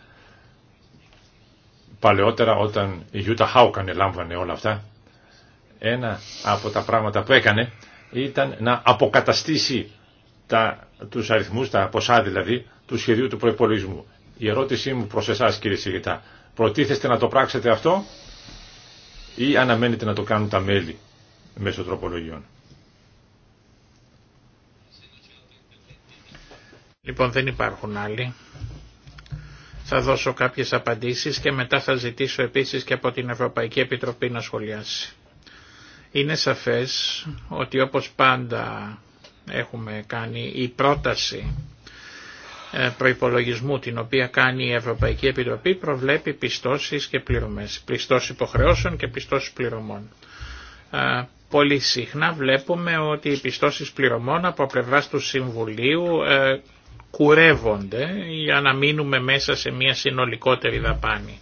παλαιότερα όταν η Γιούτα Χάουκαν ελάμβανε όλα αυτά, ένα από τα πράγματα που έκανε ήταν να αποκαταστήσει τα, τους αριθμούς, τα ποσά δηλαδή, του σχεδίου του προϋπολογισμού. Η ερώτησή μου προς εσάς κύριε Σιγητά, προτίθεστε να το πράξετε αυτό ή αναμένετε να το κάνουν τα μέλη μέσω τροπολογιών. Λοιπόν δεν υπάρχουν άλλοι. Θα δώσω κάποιες απαντήσεις και μετά θα ζητήσω επίσης και από την Ευρωπαϊκή Επιτροπή να σχολιάσει. Είναι σαφές ότι όπως πάντα έχουμε κάνει η πρόταση ε, προϋπολογισμού την οποία κάνει η Ευρωπαϊκή Επιτροπή προβλέπει πιστώσεις και πληρωμές, πιστώσεις υποχρεώσεων και πιστώσεις πληρωμών. Ε, πολύ συχνά βλέπουμε ότι οι πιστώσεις πληρωμών από πλευρά του Συμβουλίου ε, κουρεύονται για να μείνουμε μέσα σε μια συνολικότερη δαπάνη.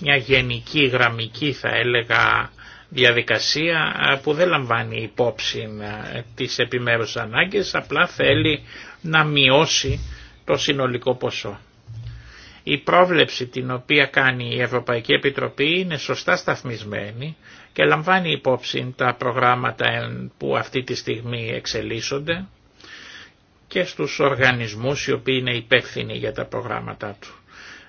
Μια γενική γραμμική θα έλεγα διαδικασία που δεν λαμβάνει υπόψη τις επιμέρους ανάγκες, απλά θέλει να μειώσει το συνολικό ποσό. Η πρόβλεψη την οποία κάνει η Ευρωπαϊκή Επιτροπή είναι σωστά σταθμισμένη και λαμβάνει υπόψη τα προγράμματα που αυτή τη στιγμή εξελίσσονται και στους οργανισμούς οι οποίοι είναι υπεύθυνοι για τα προγράμματά του.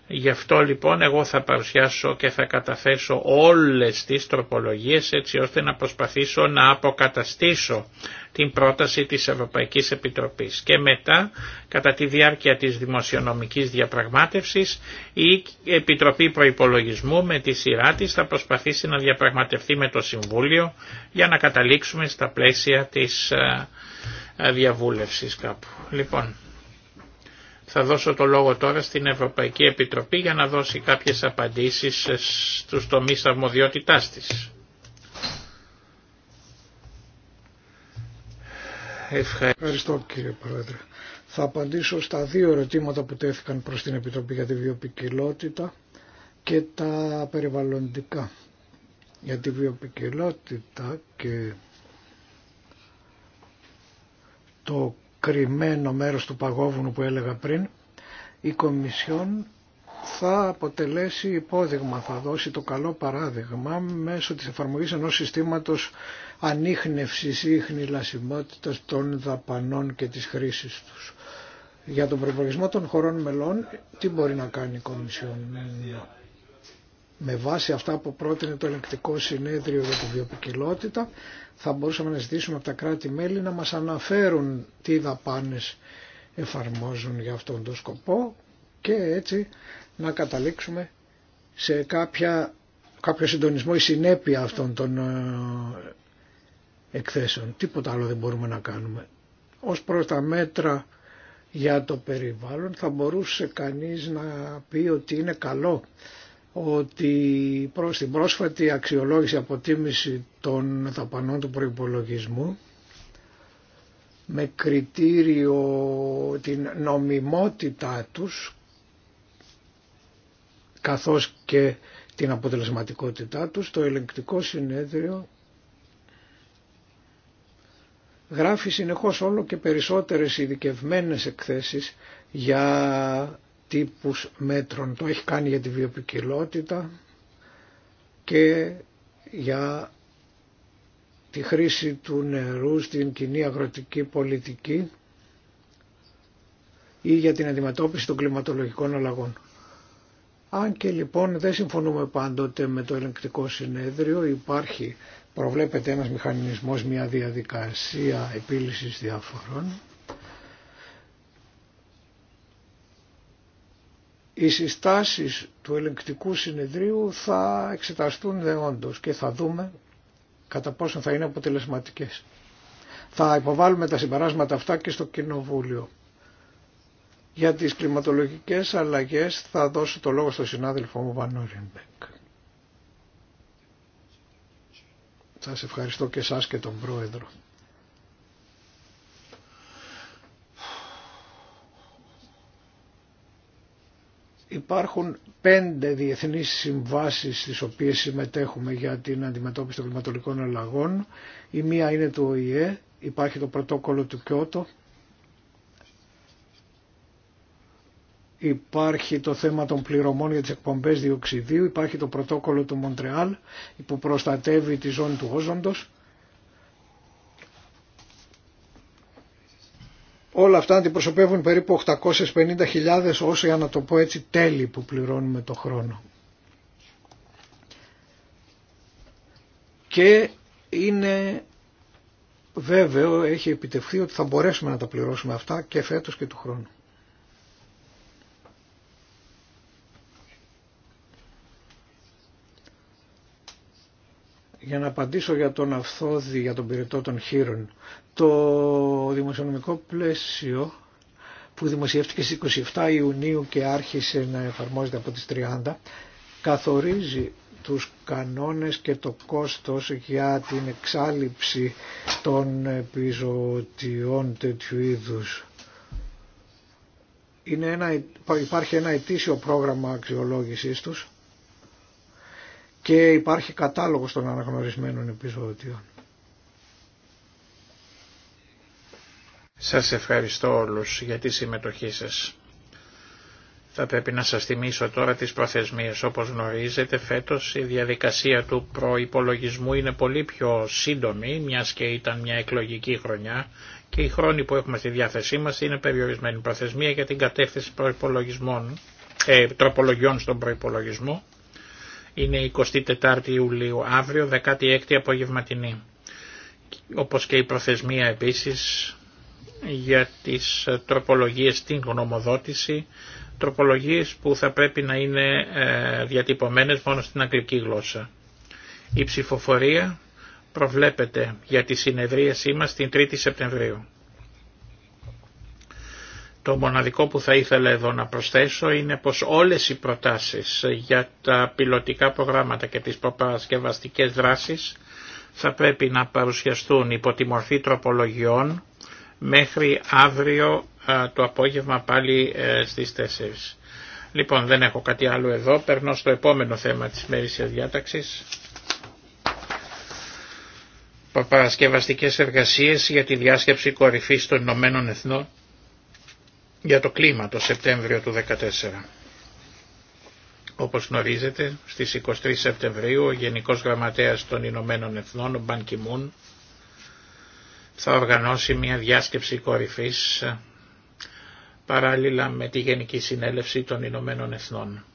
Γι' αυτό λοιπόν εγώ θα παρουσιάσω και θα καταθέσω όλες τις τροπολογίες έτσι ώστε να προσπαθήσω να αποκαταστήσω την πρόταση της Ευρωπαϊκής Επιτροπής. Και μετά, κατά τη διάρκεια της δημοσιονομικής διαπραγμάτευσης, η Επιτροπή Προϋπολογισμού με τη σειρά της θα προσπαθήσει να διαπραγματευτεί με το Συμβούλιο για να καταλήξουμε στα πλαίσια της ε, διαβούλευσης κάπου. Λοιπόν, θα δώσω το λόγο τώρα στην Ευρωπαϊκή Επιτροπή για να δώσει κάποιες απαντήσεις στους τομείς αρμοδιότητάς της. Ευχαριστώ κύριε Πρόεδρε. Θα απαντήσω στα δύο ερωτήματα που τέθηκαν προς την Επιτροπή για τη Βιοπικιλότητα και τα περιβαλλοντικά. Για τη βιοπικιλότητα και το κρυμμένο μέρος του παγόβουνου που έλεγα πριν, η Κομισιόν θα αποτελέσει υπόδειγμα, θα δώσει το καλό παράδειγμα μέσω της εφαρμογής ενός συστήματος ανείχνευσης ή χνηλασιμότητας των δαπανών και της χρήσης τους. Για τον προπολογισμό των χωρών μελών, τι μπορεί να κάνει η Κομισιόν με βάση αυτά που πρότεινε το Ελεκτικό συνέδριο για τη Βιοποικιλότητα θα μπορούσαμε να ζητήσουμε από τα κράτη-μέλη να μας αναφέρουν τι δαπάνες εφαρμόζουν για αυτόν τον σκοπό και έτσι να καταλήξουμε σε κάποια, κάποιο συντονισμό ή συνέπεια αυτών των ε, εκθέσεων. Τίποτα άλλο δεν μπορούμε να κάνουμε. Ως προς τα μέτρα για το περιβάλλον θα μπορούσε κανείς να πει ότι είναι καλό ότι προς την πρόσφατη αξιολόγηση αποτίμηση των δαπανών του προϋπολογισμού με κριτήριο την νομιμότητά τους καθώς και την αποτελεσματικότητά τους το ελεγκτικό συνέδριο γράφει συνεχώς όλο και περισσότερες ειδικευμένε εκθέσεις για τύπους μέτρων. Το έχει κάνει για τη βιοπικιλότητα και για τη χρήση του νερού στην κοινή αγροτική πολιτική ή για την αντιμετώπιση των κλιματολογικών αλλαγών. Αν και λοιπόν δεν συμφωνούμε πάντοτε με το ελεγκτικό συνέδριο, υπάρχει, προβλέπεται ένας μηχανισμός, μια διαδικασία επίλυσης διαφορών οι συστάσεις του ελεγκτικού συνεδρίου θα εξεταστούν δεόντως και θα δούμε κατά πόσο θα είναι αποτελεσματικές. Θα υποβάλουμε τα συμπαράσματα αυτά και στο Κοινοβούλιο. Για τις κλιματολογικές αλλαγές θα δώσω το λόγο στον συνάδελφο μου Βανόριμπεκ. Σας ευχαριστώ και εσάς και τον Πρόεδρο. Υπάρχουν πέντε διεθνείς συμβάσεις στις οποίες συμμετέχουμε για την αντιμετώπιση των κλιματολικών αλλαγών. Η μία είναι του ΟΗΕ, υπάρχει το πρωτόκολλο του Κιώτο, υπάρχει το θέμα των πληρωμών για τις εκπομπές διοξιδίου, υπάρχει το πρωτόκολλο του Μοντρεάλ που προστατεύει τη ζώνη του όζοντος Όλα αυτά αντιπροσωπεύουν περίπου 850.000 όσοι, να το πω έτσι, τέλη που πληρώνουμε το χρόνο. Και είναι βέβαιο, έχει επιτευχθεί ότι θα μπορέσουμε να τα πληρώσουμε αυτά και φέτος και του χρόνου. για να απαντήσω για τον αυθόδη, για τον πυρετό των χείρων. Το δημοσιονομικό πλαίσιο που δημοσιεύτηκε στις 27 Ιουνίου και άρχισε να εφαρμόζεται από τις 30, καθορίζει τους κανόνες και το κόστος για την εξάλληψη των επιζωτιών τέτοιου είδους. Είναι ένα, υπάρχει ένα ετήσιο πρόγραμμα αξιολόγησής τους και υπάρχει κατάλογος των αναγνωρισμένων επιζωοτιών. Σας ευχαριστώ όλους για τη συμμετοχή σας. Θα πρέπει να σας θυμίσω τώρα τις προθεσμίες. Όπως γνωρίζετε φέτος η διαδικασία του προϋπολογισμού είναι πολύ πιο σύντομη, μιας και ήταν μια εκλογική χρονιά και οι χρόνοι που έχουμε στη διάθεσή μας είναι περιορισμένη προθεσμία για την κατεύθυνση προϋπολογισμών, ε, τροπολογιών στον προϋπολογισμό είναι 24 Ιουλίου, αύριο 16 απογευματινή. Όπως και η προθεσμία επίσης για τις ε, τροπολογίες στην γνωμοδότηση, τροπολογίες που θα πρέπει να είναι ε, διατυπωμένες μόνο στην αγγλική γλώσσα. Η ψηφοφορία προβλέπεται για τη συνεδρίασή μας την 3η Σεπτεμβρίου. Το μοναδικό που θα ήθελα εδώ να προσθέσω είναι πως όλες οι προτάσεις για τα πιλωτικά προγράμματα και τις προπαρασκευαστικέ δράσεις θα πρέπει να παρουσιαστούν υπό τη μορφή τροπολογιών μέχρι αύριο το απόγευμα πάλι ε, στις 4. Λοιπόν δεν έχω κάτι άλλο εδώ, περνώ στο επόμενο θέμα της μέρης διάταξης. Παρασκευαστικές εργασίες για τη διάσκεψη κορυφής των Ηνωμένων Εθνών για το κλίμα το Σεπτέμβριο του 2014. Όπως γνωρίζετε, στις 23 Σεπτεμβρίου ο Γενικός Γραμματέας των Ηνωμένων Εθνών, ο Μπαν Κιμούν, θα οργανώσει μια διάσκεψη κορυφής παράλληλα με τη Γενική Συνέλευση των Ηνωμένων Εθνών.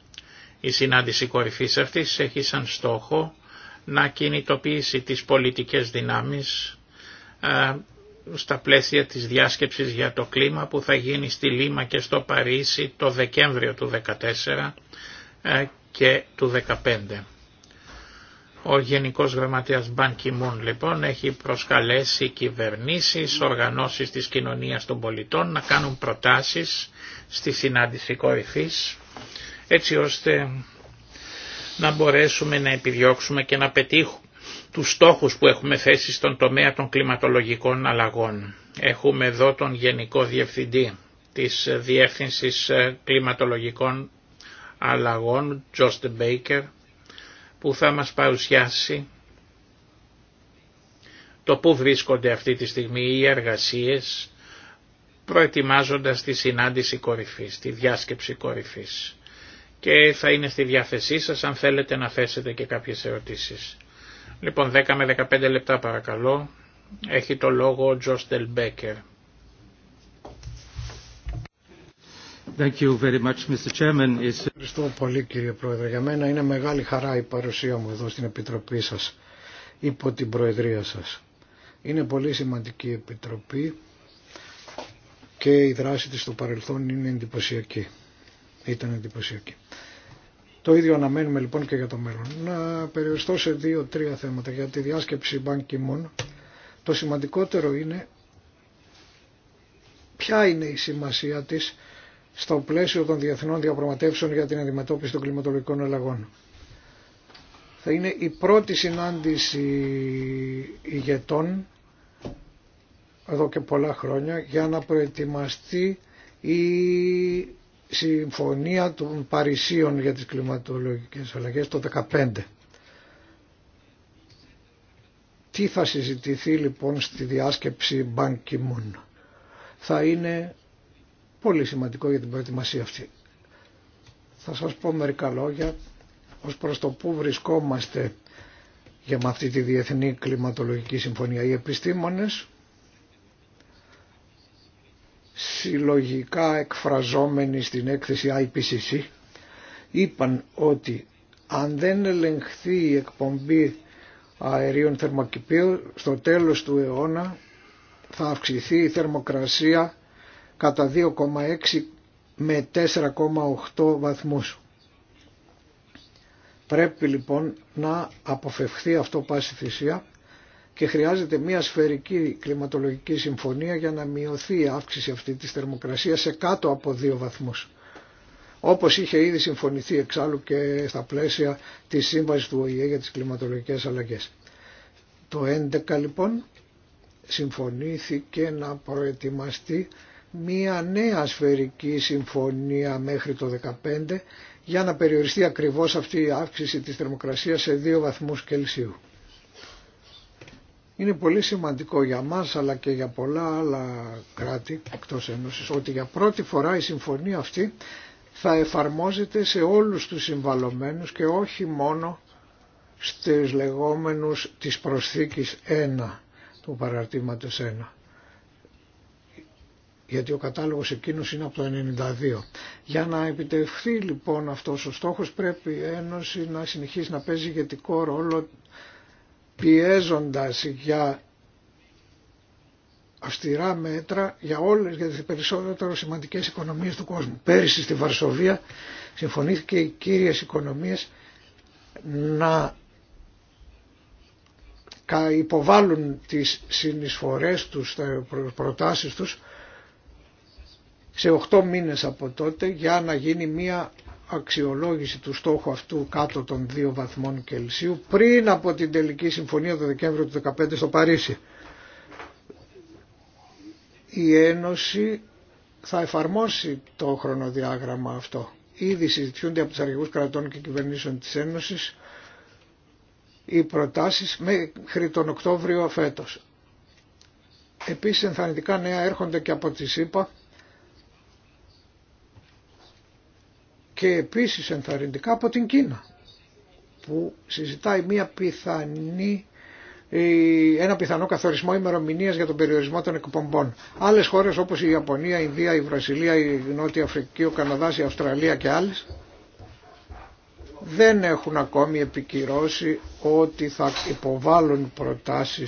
Η συνάντηση κορυφής αυτής έχει σαν στόχο να κινητοποιήσει τις πολιτικές δυνάμεις στα πλαίσια της διάσκεψης για το κλίμα που θα γίνει στη Λίμα και στο Παρίσι το Δεκέμβριο του 2014 ε, και του 2015. Ο Γενικός Γραμματέας Μπαν Κιμούν λοιπόν έχει προσκαλέσει κυβερνήσεις, οργανώσεις της κοινωνίας των πολιτών να κάνουν προτάσεις στη συνάντηση κορυφής έτσι ώστε να μπορέσουμε να επιδιώξουμε και να πετύχουμε τους στόχους που έχουμε θέσει στον τομέα των κλιματολογικών αλλαγών. Έχουμε εδώ τον Γενικό Διευθυντή της Διεύθυνσης ε, Κλιματολογικών Αλλαγών, Τζόστε Μπέικερ, που θα μας παρουσιάσει το που βρίσκονται αυτή τη στιγμή οι εργασίες προετοιμάζοντας τη συνάντηση κορυφής, τη διάσκεψη κορυφής. Και θα είναι στη διάθεσή σας αν θέλετε να θέσετε και κάποιες ερωτήσεις. Λοιπόν, 10 με 15 λεπτά παρακαλώ. Έχει το λόγο ο Τζος Τελμπέκερ. Ευχαριστώ πολύ κύριε Πρόεδρε. Για μένα είναι μεγάλη χαρά η παρουσία μου εδώ στην Επιτροπή σας, υπό την Προεδρία σας. Είναι πολύ σημαντική η Επιτροπή και η δράση της στο παρελθόν είναι εντυπωσιακή. Ήταν εντυπωσιακή. Το ίδιο αναμένουμε λοιπόν και για το μέλλον. Να περιοριστώ σε δύο-τρία θέματα για τη διάσκεψη Ban Το σημαντικότερο είναι ποια είναι η σημασία της στο πλαίσιο των διεθνών διαπραγματεύσεων για την αντιμετώπιση των κλιματολογικών αλλαγών. Θα είναι η πρώτη συνάντηση ηγετών εδώ και πολλά χρόνια για να προετοιμαστεί η συμφωνία των Παρισίων για τις κλιματολογικές αλλαγές το 2015. Τι θα συζητηθεί λοιπόν στη διάσκεψη Ban Θα είναι πολύ σημαντικό για την προετοιμασία αυτή. Θα σας πω μερικά λόγια ως προς το που βρισκόμαστε για με αυτή τη Διεθνή Κλιματολογική Συμφωνία. Οι επιστήμονες συλλογικά εκφραζόμενοι στην έκθεση IPCC είπαν ότι αν δεν ελεγχθεί η εκπομπή αερίων θερμοκηπίου στο τέλος του αιώνα θα αυξηθεί η θερμοκρασία κατά 2,6 με 4,8 βαθμούς. Πρέπει λοιπόν να αποφευχθεί αυτό πάση θυσία και χρειάζεται μια σφαιρική κλιματολογική συμφωνία για να μειωθεί η αύξηση αυτή της θερμοκρασίας σε κάτω από δύο βαθμούς. Όπως είχε ήδη συμφωνηθεί εξάλλου και στα πλαίσια της Σύμβασης του ΟΗΕ για τις κλιματολογικές αλλαγές. Το 11 λοιπόν συμφωνήθηκε να προετοιμαστεί μια νέα σφαιρική συμφωνία μέχρι το 2015 για να περιοριστεί ακριβώς αυτή η αύξηση της θερμοκρασίας σε δύο βαθμούς Κελσίου. Είναι πολύ σημαντικό για μας αλλά και για πολλά άλλα κράτη εκτός Ένωσης ότι για πρώτη φορά η συμφωνία αυτή θα εφαρμόζεται σε όλους τους συμβαλωμένους και όχι μόνο στους λεγόμενους της προσθήκης 1 του παραρτήματος 1 γιατί ο κατάλογος εκείνος είναι από το 92. Για να επιτευχθεί λοιπόν αυτός ο στόχος πρέπει η Ένωση να συνεχίσει να παίζει ηγετικό ρόλο πιέζοντας για αυστηρά μέτρα για όλες για τις περισσότερο σημαντικές οικονομίες του κόσμου. Πέρυσι στη Βαρσοβία συμφωνήθηκε οι κύριες οικονομίες να υποβάλουν τις συνεισφορές τους, τα προτάσεις τους σε 8 μήνες από τότε για να γίνει μια αξιολόγηση του στόχου αυτού κάτω των 2 βαθμών Κελσίου πριν από την τελική συμφωνία το Δεκέμβριο του 2015 στο Παρίσι. Η Ένωση θα εφαρμόσει το χρονοδιάγραμμα αυτό. Ήδη συζητιούνται από τους αρχηγούς κρατών και κυβερνήσεων της Ένωσης οι προτάσεις μέχρι τον Οκτώβριο φέτος. Επίσης ενθαρρυντικά νέα έρχονται και από τη ΣΥΠΑ και επίσης ενθαρρυντικά από την Κίνα που συζητάει μια πιθανή, ένα πιθανό καθορισμό ημερομηνία για τον περιορισμό των εκπομπών. Άλλε χώρε όπω η Ιαπωνία, η Ινδία, η Βραζιλία, η Νότια Αφρική, ο Καναδά, η Αυστραλία και άλλε δεν έχουν ακόμη επικυρώσει ότι θα υποβάλουν προτάσει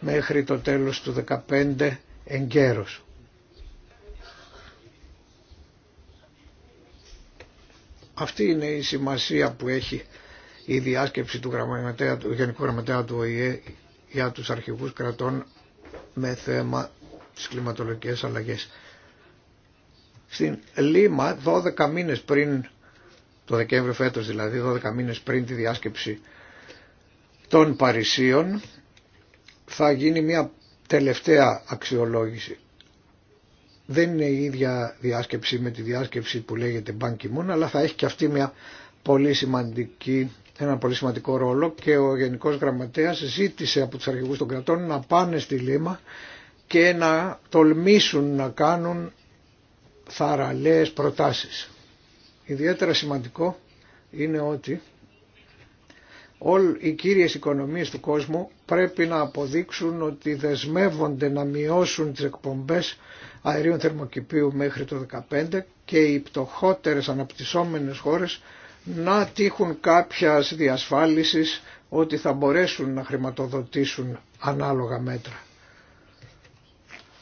μέχρι το τέλο του 2015 εγκαίρω. Αυτή είναι η σημασία που έχει η διάσκεψη του, γραμματέα, του Γενικού Γραμματέα του ΟΗΕ για τους αρχηγούς κρατών με θέμα τις κλιματολογικές αλλαγές. Στην Λίμα 12 μήνες πριν, το Δεκέμβριο φέτος δηλαδή, 12 μήνες πριν τη διάσκεψη των Παρισίων θα γίνει μια τελευταία αξιολόγηση δεν είναι η ίδια διάσκεψη με τη διάσκεψη που λέγεται Ban Ki-moon, αλλά θα έχει και αυτή μια πολύ σημαντική, ένα πολύ σημαντικό ρόλο και ο Γενικός Γραμματέας ζήτησε από τους αρχηγούς των κρατών να πάνε στη Λίμα και να τολμήσουν να κάνουν θαραλέες προτάσεις. Ιδιαίτερα σημαντικό είναι ότι όλοι οι κύριες οικονομίες του κόσμου πρέπει να αποδείξουν ότι δεσμεύονται να μειώσουν τις εκπομπές αερίων θερμοκηπίου μέχρι το 2015 και οι πτωχότερες αναπτυσσόμενες χώρες να τύχουν κάποια διασφάλισης ότι θα μπορέσουν να χρηματοδοτήσουν ανάλογα μέτρα.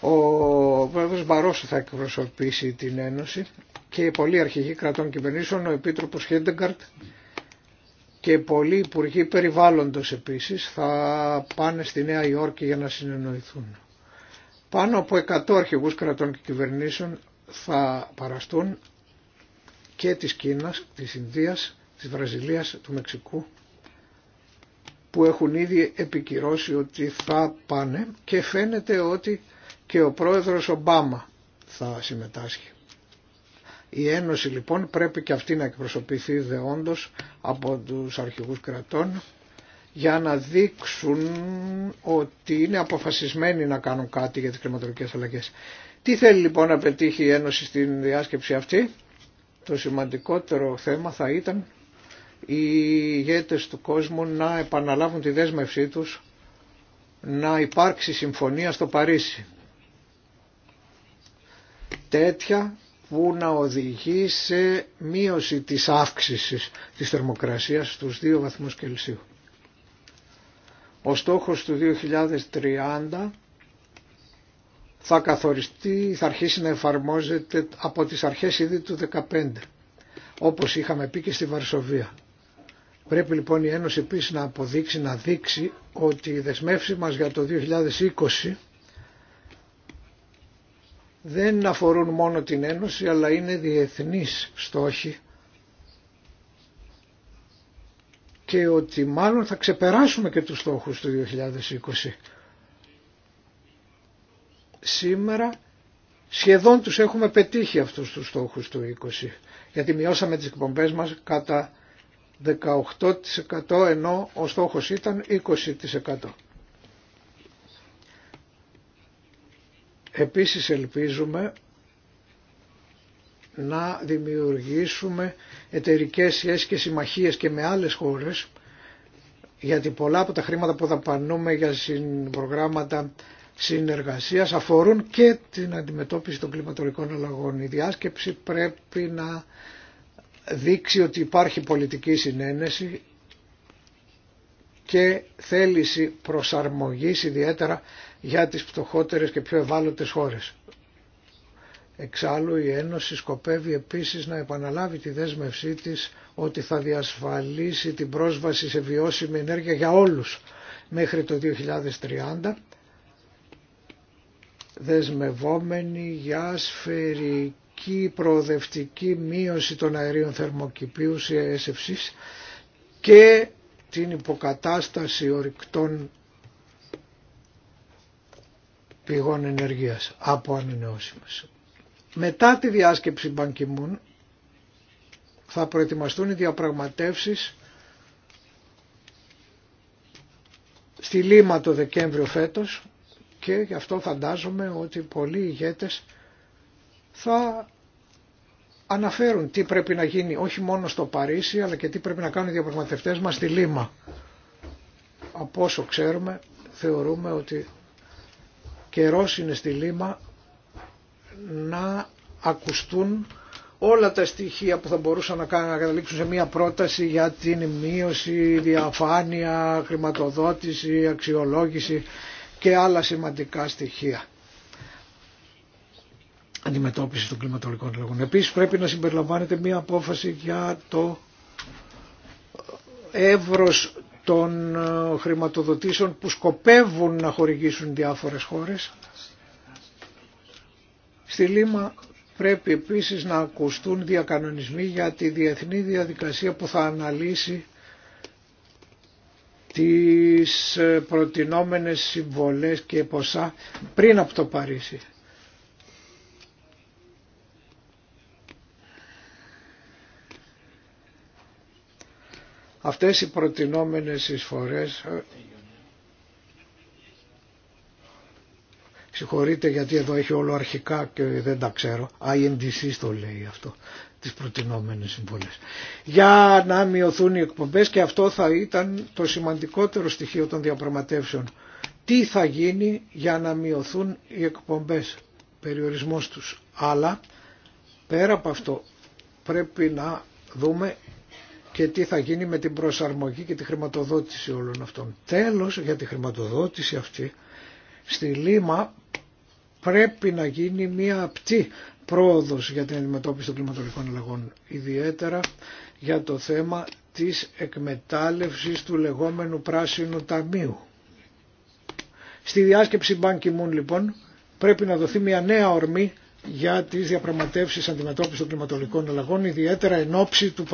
Ο Βέβαιος Μπαρόσο θα εκπροσωπήσει την Ένωση και πολλοί αρχηγοί κρατών κυβερνήσεων, ο Επίτροπος Χέντεγκαρτ και πολλοί υπουργοί περιβάλλοντος επίσης θα πάνε στη Νέα Υόρκη για να συνεννοηθούν. Πάνω από 100 αρχηγούς κρατών και κυβερνήσεων θα παραστούν και της Κίνας, της Ινδίας, της Βραζιλίας, του Μεξικού που έχουν ήδη επικυρώσει ότι θα πάνε και φαίνεται ότι και ο πρόεδρος Ομπάμα θα συμμετάσχει. Η Ένωση λοιπόν πρέπει και αυτή να εκπροσωπηθεί δεόντως από τους αρχηγούς κρατών για να δείξουν ότι είναι αποφασισμένοι να κάνουν κάτι για τις κλιματολογικές αλλαγές. Τι θέλει λοιπόν να πετύχει η Ένωση στην διάσκεψη αυτή. Το σημαντικότερο θέμα θα ήταν οι ηγέτες του κόσμου να επαναλάβουν τη δέσμευσή τους να υπάρξει συμφωνία στο Παρίσι. Τέτοια που να οδηγεί σε μείωση της αύξησης της θερμοκρασίας στους 2 βαθμούς Κελσίου. Ο στόχος του 2030 θα καθοριστεί, θα αρχίσει να εφαρμόζεται από τις αρχές ήδη του 2015, όπως είχαμε πει και στη Βαρσοβία. Πρέπει λοιπόν η Ένωση επίσης να αποδείξει, να δείξει ότι η δεσμεύση μας για το 2020 δεν αφορούν μόνο την Ένωση αλλά είναι διεθνείς στόχοι και ότι μάλλον θα ξεπεράσουμε και τους στόχους του 2020. Σήμερα σχεδόν τους έχουμε πετύχει αυτούς τους στόχους του 20, γιατί μειώσαμε τις εκπομπές μας κατά 18% ενώ ο στόχος ήταν 20%. Επίσης ελπίζουμε να δημιουργήσουμε εταιρικές σχέσεις και συμμαχίες και με άλλες χώρες γιατί πολλά από τα χρήματα που δαπανούμε για προγράμματα συνεργασίας αφορούν και την αντιμετώπιση των κλιματολογικών αλλαγών. Η διάσκεψη πρέπει να δείξει ότι υπάρχει πολιτική συνένεση και θέληση προσαρμογής ιδιαίτερα για τις πτωχότερες και πιο ευάλωτες χώρες. Εξάλλου η Ένωση σκοπεύει επίσης να επαναλάβει τη δέσμευσή της ότι θα διασφαλίσει την πρόσβαση σε βιώσιμη ενέργεια για όλους μέχρι το 2030 δεσμευόμενη για σφαιρική προοδευτική μείωση των αερίων θερμοκηπίου σε και την υποκατάσταση ορυκτών πηγών ενεργείας από ανανεώσιμες. Μετά τη διάσκεψη Μπανκιμούν θα προετοιμαστούν οι διαπραγματεύσεις στη Λίμα το Δεκέμβριο φέτος και γι' αυτό φαντάζομαι ότι πολλοί ηγέτες θα αναφέρουν τι πρέπει να γίνει όχι μόνο στο Παρίσι αλλά και τι πρέπει να κάνουν οι διαπραγματευτές μας στη Λίμα. Από όσο ξέρουμε θεωρούμε ότι καιρός είναι στη Λίμα να ακουστούν όλα τα στοιχεία που θα μπορούσαν να καταλήξουν σε μια πρόταση για την μείωση, διαφάνεια, χρηματοδότηση, αξιολόγηση και άλλα σημαντικά στοιχεία αντιμετώπιση των κλιματολογικών λόγων. Επίσης πρέπει να συμπεριλαμβάνεται μια απόφαση για το εύρος των ε, χρηματοδοτήσεων που σκοπεύουν να χορηγήσουν διάφορες χώρες Στη Λίμα πρέπει επίσης να ακουστούν διακανονισμοί για τη διεθνή διαδικασία που θα αναλύσει τις προτινόμενες συμβολές και ποσά πριν από το Παρίσι. Αυτές οι προτινόμενες εισφορές Συγχωρείτε γιατί εδώ έχει όλο αρχικά και δεν τα ξέρω. INDC το λέει αυτό, τις προτινόμενες συμβολές. Για να μειωθούν οι εκπομπές και αυτό θα ήταν το σημαντικότερο στοιχείο των διαπραγματεύσεων. Τι θα γίνει για να μειωθούν οι εκπομπές, περιορισμός τους. Αλλά πέρα από αυτό πρέπει να δούμε και τι θα γίνει με την προσαρμογή και τη χρηματοδότηση όλων αυτών. Τέλος για τη χρηματοδότηση αυτή στη Λίμα πρέπει να γίνει μια απτή πρόοδος για την αντιμετώπιση των κλιματολογικών αλλαγών, ιδιαίτερα για το θέμα της εκμετάλλευσης του λεγόμενου πράσινου ταμείου. Στη διάσκεψη Ban Ki-moon λοιπόν πρέπει να δοθεί μια νέα ορμή για τις διαπραγματεύσεις αντιμετώπισης των κλιματολογικών αλλαγών, ιδιαίτερα εν ώψη του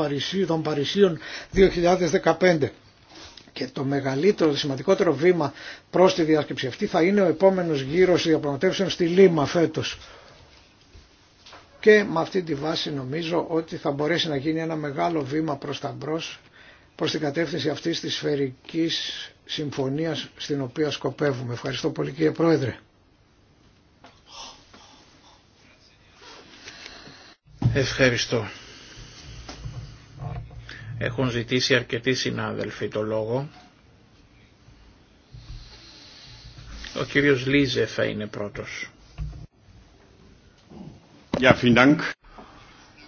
των Παρισίων 2015. Και το μεγαλύτερο, το σημαντικότερο βήμα προς τη διάσκεψη αυτή θα είναι ο επόμενος γύρος διαπραγματεύσεων στη Λίμα φέτος. Και με αυτή τη βάση νομίζω ότι θα μπορέσει να γίνει ένα μεγάλο βήμα προς τα μπρος, προς την κατεύθυνση αυτής της σφαιρικής συμφωνίας στην οποία σκοπεύουμε. Ευχαριστώ πολύ κύριε Πρόεδρε. Ευχαριστώ. Έχουν ζητήσει αρκετοί συνάδελφοι το λόγο. Ο κύριος Λίζε θα είναι πρώτος.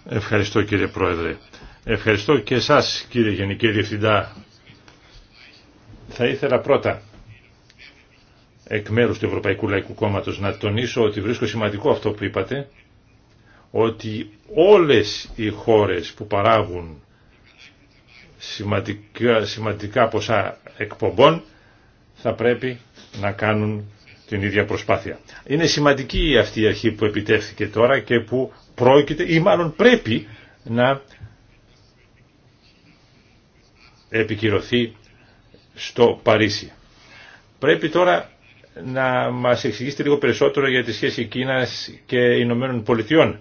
Ευχαριστώ κύριε Πρόεδρε. Ευχαριστώ και εσάς κύριε Γενική Διευθυντά. Θα ήθελα πρώτα εκ μέρους του Ευρωπαϊκού Λαϊκού Κόμματος να τονίσω ότι βρίσκω σημαντικό αυτό που είπατε ότι όλες οι χώρες που παράγουν σημαντικά, σημαντικά ποσά εκπομπών θα πρέπει να κάνουν την ίδια προσπάθεια. Είναι σημαντική αυτή η αρχή που επιτεύχθηκε τώρα και που πρόκειται ή μάλλον πρέπει να επικυρωθεί στο Παρίσι. Πρέπει τώρα να μας εξηγήσετε λίγο περισσότερο για τη σχέση Κίνας και Ηνωμένων Πολιτειών.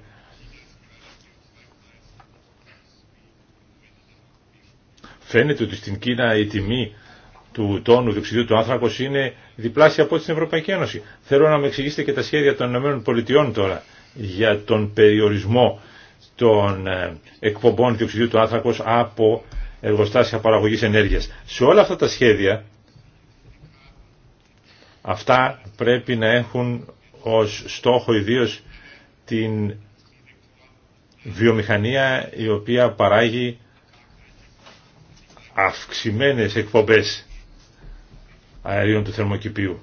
Φαίνεται ότι στην Κίνα η τιμή του τόνου διοξιδίου του άνθρακος είναι διπλάσια από την Ευρωπαϊκή Ένωση. Θέλω να με εξηγήσετε και τα σχέδια των ΗΠΑ τώρα για τον περιορισμό των ε, εκπομπών διοξιδίου του άνθρακος από εργοστάσια παραγωγής ενέργειας. Σε όλα αυτά τα σχέδια αυτά πρέπει να έχουν ως στόχο ιδίω την βιομηχανία η οποία παράγει αυξημένες εκπομπές αερίων του θερμοκηπίου.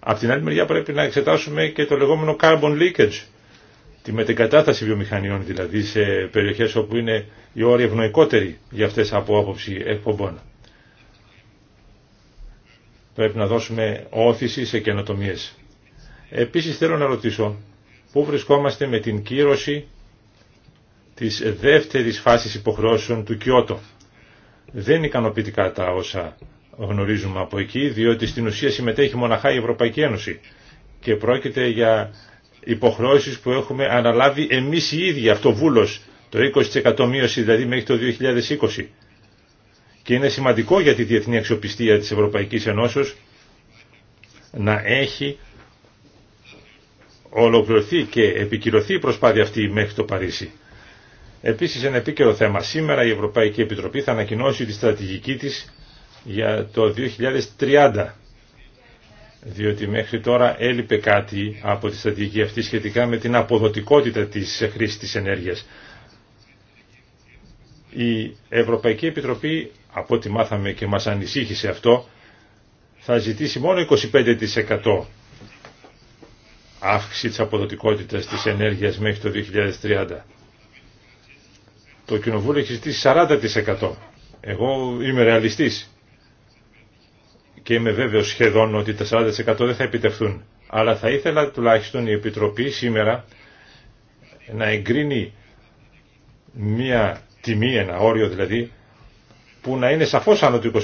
Απ' την άλλη μεριά πρέπει να εξετάσουμε και το λεγόμενο carbon leakage, τη μετεγκατάσταση βιομηχανιών δηλαδή σε περιοχές όπου είναι οι όροι ευνοϊκότεροι για αυτές από άποψη εκπομπών. Πρέπει να δώσουμε όθηση σε καινοτομίες. Επίσης θέλω να ρωτήσω πού βρισκόμαστε με την κύρωση της δεύτερης φάσης υποχρεώσεων του Κιώτο. Δεν είναι ικανοποιητικά τα όσα γνωρίζουμε από εκεί, διότι στην ουσία συμμετέχει μοναχά η Ευρωπαϊκή Ένωση και πρόκειται για υποχρεώσεις που έχουμε αναλάβει εμείς οι ίδιοι, αυτοβούλος, το 20% μείωση δηλαδή μέχρι το 2020. Και είναι σημαντικό για τη διεθνή αξιοπιστία της Ευρωπαϊκής Ενώσεως να έχει ολοκληρωθεί και επικυρωθεί η προσπάθεια αυτή μέχρι το Παρίσι. Επίσης ένα επίκαιρο θέμα. Σήμερα η Ευρωπαϊκή Επιτροπή θα ανακοινώσει τη στρατηγική της για το 2030 διότι μέχρι τώρα έλειπε κάτι από τη στρατηγική αυτή σχετικά με την αποδοτικότητα της χρήσης της ενέργειας. Η Ευρωπαϊκή Επιτροπή, από ό,τι μάθαμε και μας ανησύχησε αυτό, θα ζητήσει μόνο 25% αύξηση της αποδοτικότητας της ενέργειας μέχρι το 2030. Το κοινοβούλιο έχει ζητήσει 40%. Εγώ είμαι ρεαλιστής και είμαι βέβαιος σχεδόν ότι τα 40% δεν θα επιτευχθούν. Αλλά θα ήθελα τουλάχιστον η Επιτροπή σήμερα να εγκρίνει μια τιμή, ένα όριο δηλαδή, που να είναι σαφώς άνω του 25%.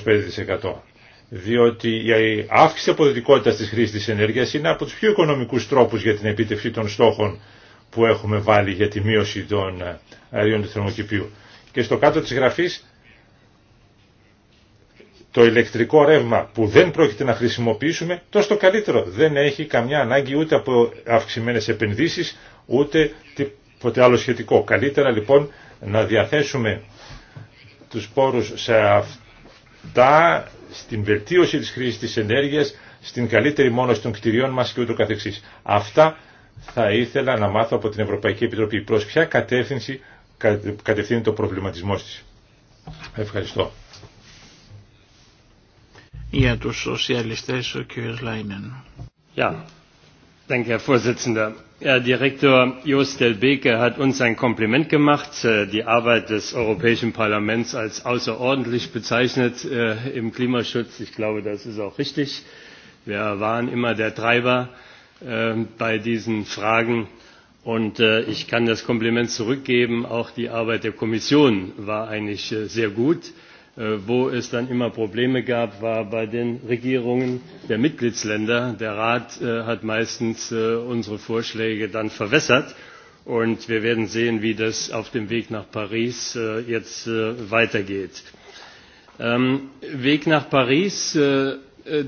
Διότι η αύξηση αποδοτικότητας της χρήση της ενέργειας είναι από τους πιο οικονομικούς τρόπους για την επίτευξη των στόχων που έχουμε βάλει για τη μείωση των ε, αερίων του θερμοκηπίου. Και στο κάτω της γραφής το ηλεκτρικό ρεύμα που δεν πρόκειται να χρησιμοποιήσουμε, τόσο το καλύτερο. Δεν έχει καμιά ανάγκη ούτε από αυξημένες επενδύσεις, ούτε τίποτε άλλο σχετικό. Καλύτερα λοιπόν να διαθέσουμε τους πόρους σε αυτά, στην βελτίωση της χρήσης της ενέργειας, στην καλύτερη μόνωση των κτηριών μας και ούτω καθεξής. Αυτά θα ήθελα να μάθω από την Ευρωπαϊκή Επιτροπή προς ποια κατεύθυνση κατευθύνει το προβληματισμό της. Ευχαριστώ. Για τους σοσιαλιστές ο κ. Λάινεν. Ja, Danke, Herr Vorsitzender. Herr Direktor Joost Delbeke hat uns ein Kompliment gemacht, die Arbeit des Europäischen Parlaments als außerordentlich bezeichnet im Klimaschutz. Ich glaube, das ist auch richtig. Wir waren immer der Treiber bei diesen Fragen. Und ich kann das Kompliment zurückgeben, auch die Arbeit der Kommission war eigentlich sehr gut. Wo es dann immer Probleme gab, war bei den Regierungen der Mitgliedsländer. Der Rat hat meistens unsere Vorschläge dann verwässert. Und wir werden sehen, wie das auf dem Weg nach Paris jetzt weitergeht. Weg nach Paris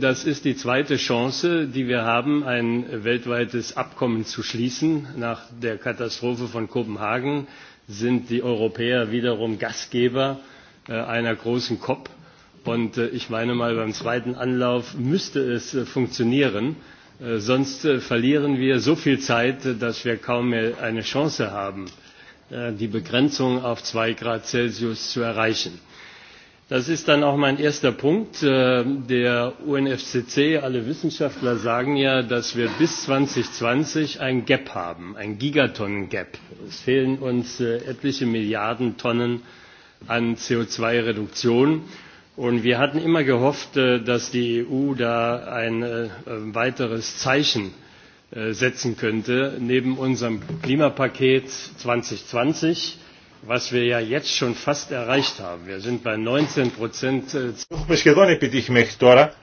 Das ist die zweite Chance, die wir haben, ein weltweites Abkommen zu schließen. Nach der Katastrophe von Kopenhagen sind die Europäer wiederum Gastgeber einer großen COP. Und ich meine mal, beim zweiten Anlauf müsste es funktionieren. Sonst verlieren wir so viel Zeit, dass wir kaum mehr eine Chance haben, die Begrenzung auf zwei Grad Celsius zu erreichen. Das ist dann auch mein erster Punkt. Der UNFCC, alle Wissenschaftler sagen ja, dass wir bis 2020 ein Gap haben, ein Gigatonnen-Gap. Es fehlen uns etliche Milliarden Tonnen an CO2-Reduktion. Und wir hatten immer gehofft, dass die EU da ein weiteres Zeichen setzen könnte, neben unserem Klimapaket 2020 was wir ja jetzt schon fast erreicht haben. Wir sind bei 19 äh, Έχουμε σχεδόν επιτύχει μέχρι τώρα,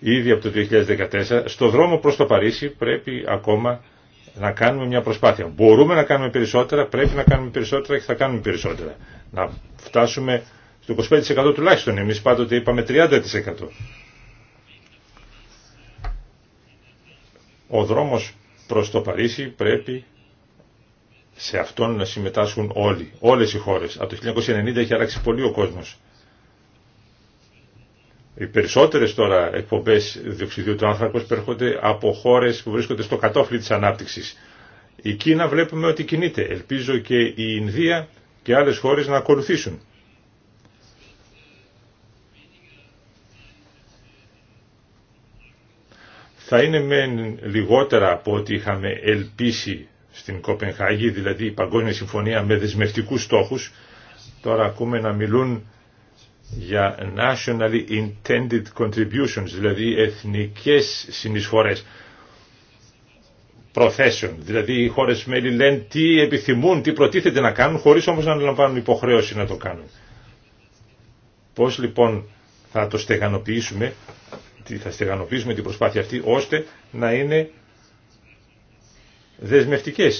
ήδη από το 2014, στο δρόμο προς το Παρίσι πρέπει ακόμα να κάνουμε μια προσπάθεια. Μπορούμε να κάνουμε περισσότερα, πρέπει να κάνουμε περισσότερα και θα κάνουμε περισσότερα. Να φτάσουμε στο 25% τουλάχιστον. Εμείς πάντοτε είπαμε 30%. Ο δρόμος προς το Παρίσι πρέπει σε αυτόν να συμμετάσχουν όλοι, όλες οι χώρες. Από το 1990 έχει αλλάξει πολύ ο κόσμος. Οι περισσότερες τώρα εκπομπές διοξιδίου του άνθρακος περχόνται από χώρες που βρίσκονται στο κατόφλι της ανάπτυξης. Η Κίνα βλέπουμε ότι κινείται. Ελπίζω και η Ινδία και άλλες χώρες να ακολουθήσουν. Θα είναι μεν λιγότερα από ό,τι είχαμε ελπίσει στην Κοπενχάγη, δηλαδή η Παγκόσμια Συμφωνία με δεσμευτικούς στόχους. Τώρα ακούμε να μιλούν για nationally intended contributions, δηλαδή εθνικές συνεισφορές προθέσεων. Δηλαδή οι χώρες μέλη λένε τι επιθυμούν, τι προτίθεται να κάνουν, χωρίς όμως να αναλαμβάνουν υποχρέωση να το κάνουν. Πώς λοιπόν θα το στεγανοποιήσουμε, θα στεγανοποιήσουμε την προσπάθεια αυτή, ώστε να είναι δεσμευτικέ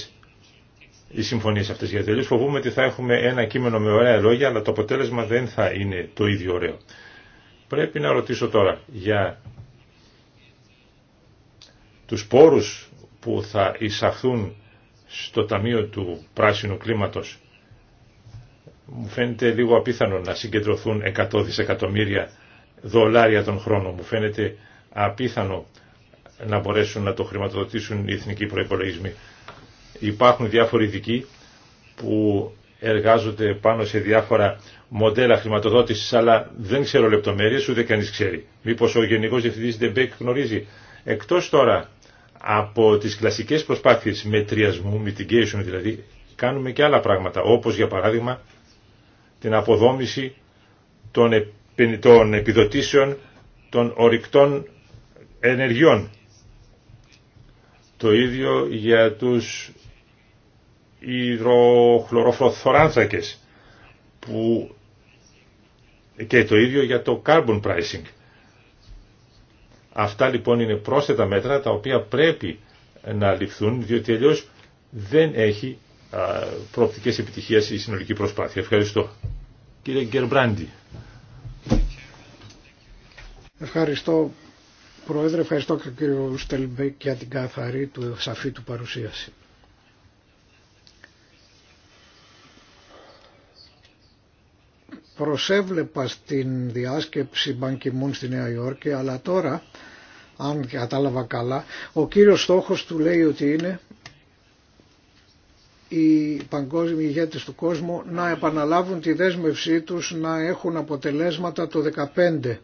οι συμφωνίε αυτές για τελείως. Φοβούμαι ότι θα έχουμε ένα κείμενο με ωραία λόγια, αλλά το αποτέλεσμα δεν θα είναι το ίδιο ωραίο. Πρέπει να ρωτήσω τώρα για τους πόρους που θα εισαχθούν στο Ταμείο του Πράσινου Κλίματος. Μου φαίνεται λίγο απίθανο να συγκεντρωθούν 100 δισεκατομμύρια δολάρια τον χρόνο. Μου φαίνεται απίθανο να μπορέσουν να το χρηματοδοτήσουν οι εθνικοί προϋπολογισμοί. Υπάρχουν διάφοροι ειδικοί που εργάζονται πάνω σε διάφορα μοντέλα χρηματοδότησης, αλλά δεν ξέρω λεπτομέρειες, ούτε κανεί ξέρει. Μήπως ο Γενικός Διευθυντής Ντεμπέκ γνωρίζει. Εκτός τώρα από τις κλασικέ προσπάθειες μετριασμού, mitigation δηλαδή, κάνουμε και άλλα πράγματα, όπω για παράδειγμα την αποδόμηση των επιδοτήσεων των ορυκτών ενεργειών. Το ίδιο για τους υδροχλωροφθοράνθρακες που και το ίδιο για το carbon pricing. Αυτά λοιπόν είναι πρόσθετα μέτρα τα οποία πρέπει να ληφθούν διότι αλλιώς δεν έχει προοπτικές επιτυχίες η συνολική προσπάθεια. Ευχαριστώ. Κύριε Γκερμπράντι. Ευχαριστώ Πρόεδρε, ευχαριστώ και τον κύριο Στελμπέκ για την καθαρή του σαφή του παρουσίαση. Προσέβλεπα στην διάσκεψη Μπανκιμούν στη Νέα Υόρκη, αλλά τώρα, αν κατάλαβα καλά, ο κύριος στόχος του λέει ότι είναι οι παγκόσμιοι ηγέτες του κόσμου να επαναλάβουν τη δέσμευσή τους να έχουν αποτελέσματα το 2015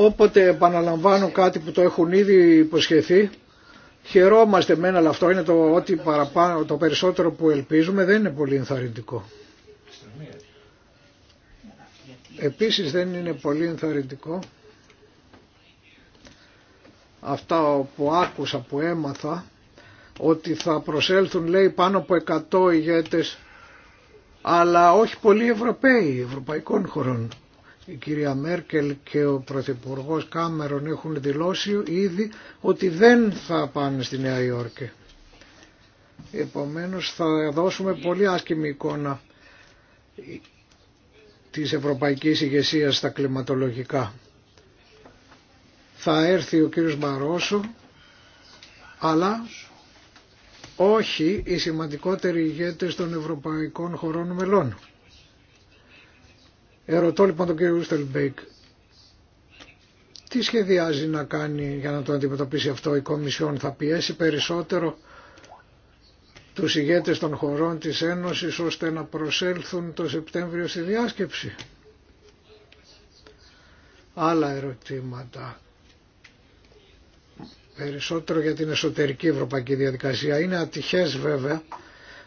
Όποτε επαναλαμβάνω κάτι που το έχουν ήδη υποσχεθεί, χαιρόμαστε εμένα, αλλά αυτό είναι το ότι παραπάνω, το περισσότερο που ελπίζουμε δεν είναι πολύ ενθαρρυντικό. Επίσης δεν είναι πολύ ενθαρρυντικό αυτά που άκουσα, που έμαθα, ότι θα προσέλθουν λέει πάνω από 100 ηγέτες αλλά όχι πολλοί Ευρωπαίοι, ευρωπαϊκών χωρών η κυρία Μέρκελ και ο Πρωθυπουργός Κάμερον έχουν δηλώσει ήδη ότι δεν θα πάνε στη Νέα Υόρκη. Επομένως θα δώσουμε πολύ άσκημη εικόνα της ευρωπαϊκής Ηγεσία στα κλιματολογικά. Θα έρθει ο κύριος Μπαρόσο, αλλά όχι οι σημαντικότεροι ηγέτες των ευρωπαϊκών χωρών μελών. Ερωτώ λοιπόν τον κύριο Ούστελμπέικ, τι σχεδιάζει να κάνει για να το αντιμετωπίσει αυτό η Κομισιόν, θα πιέσει περισσότερο τους ηγέτες των χωρών της Ένωσης ώστε να προσέλθουν το Σεπτέμβριο στη διάσκεψη. Άλλα ερωτήματα. Περισσότερο για την εσωτερική ευρωπαϊκή διαδικασία. Είναι ατυχές βέβαια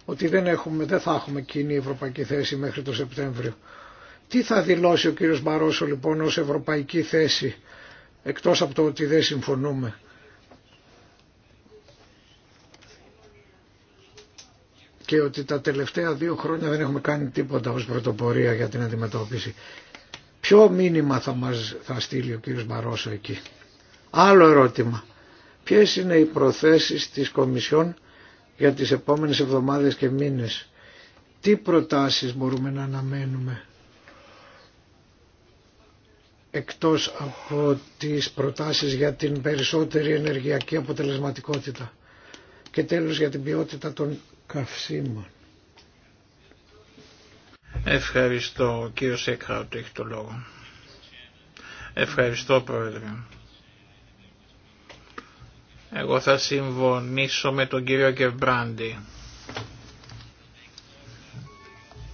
ότι δεν, έχουμε, δεν θα έχουμε κοινή ευρωπαϊκή θέση μέχρι το Σεπτέμβριο. Τι θα δηλώσει ο κύριος Μπαρόσο λοιπόν ως ευρωπαϊκή θέση εκτός από το ότι δεν συμφωνούμε. και ότι τα τελευταία δύο χρόνια δεν έχουμε κάνει τίποτα ως πρωτοπορία για την αντιμετώπιση. Ποιο μήνυμα θα, μας, θα στείλει ο κύριος Μπαρόσο εκεί. Άλλο ερώτημα. Ποιες είναι οι προθέσεις της Κομισιόν για τις επόμενες εβδομάδες και μήνες. Τι προτάσεις μπορούμε να αναμένουμε εκτός από τις προτάσεις για την περισσότερη ενεργειακή αποτελεσματικότητα και τέλος για την ποιότητα των καυσίμων. Ευχαριστώ κύριο ότι έχει το λόγο. Ευχαριστώ πρόεδρε. Εγώ θα συμφωνήσω με τον κύριο Κευμπράντη.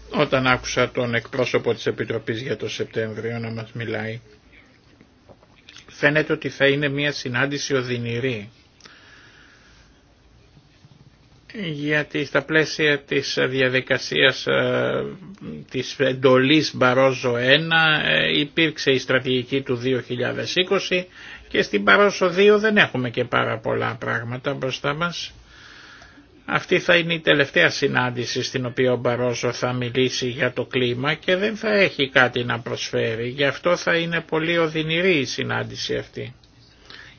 Όταν άκουσα τον εκπρόσωπο της Επιτροπής για το Σεπτέμβριο να μας μιλάει, φαίνεται ότι θα είναι μια συνάντηση οδυνηρή. Γιατί στα πλαίσια της διαδικασίας ε, της εντολής Μπαρόζο 1 ε, υπήρξε η στρατηγική του 2020 και στην Μπαρόζο 2 δεν έχουμε και πάρα πολλά πράγματα μπροστά μας. Αυτή θα είναι η τελευταία συνάντηση στην οποία ο Μπαρόζο θα μιλήσει για το κλίμα και δεν θα έχει κάτι να προσφέρει. Γι' αυτό θα είναι πολύ οδυνηρή η συνάντηση αυτή.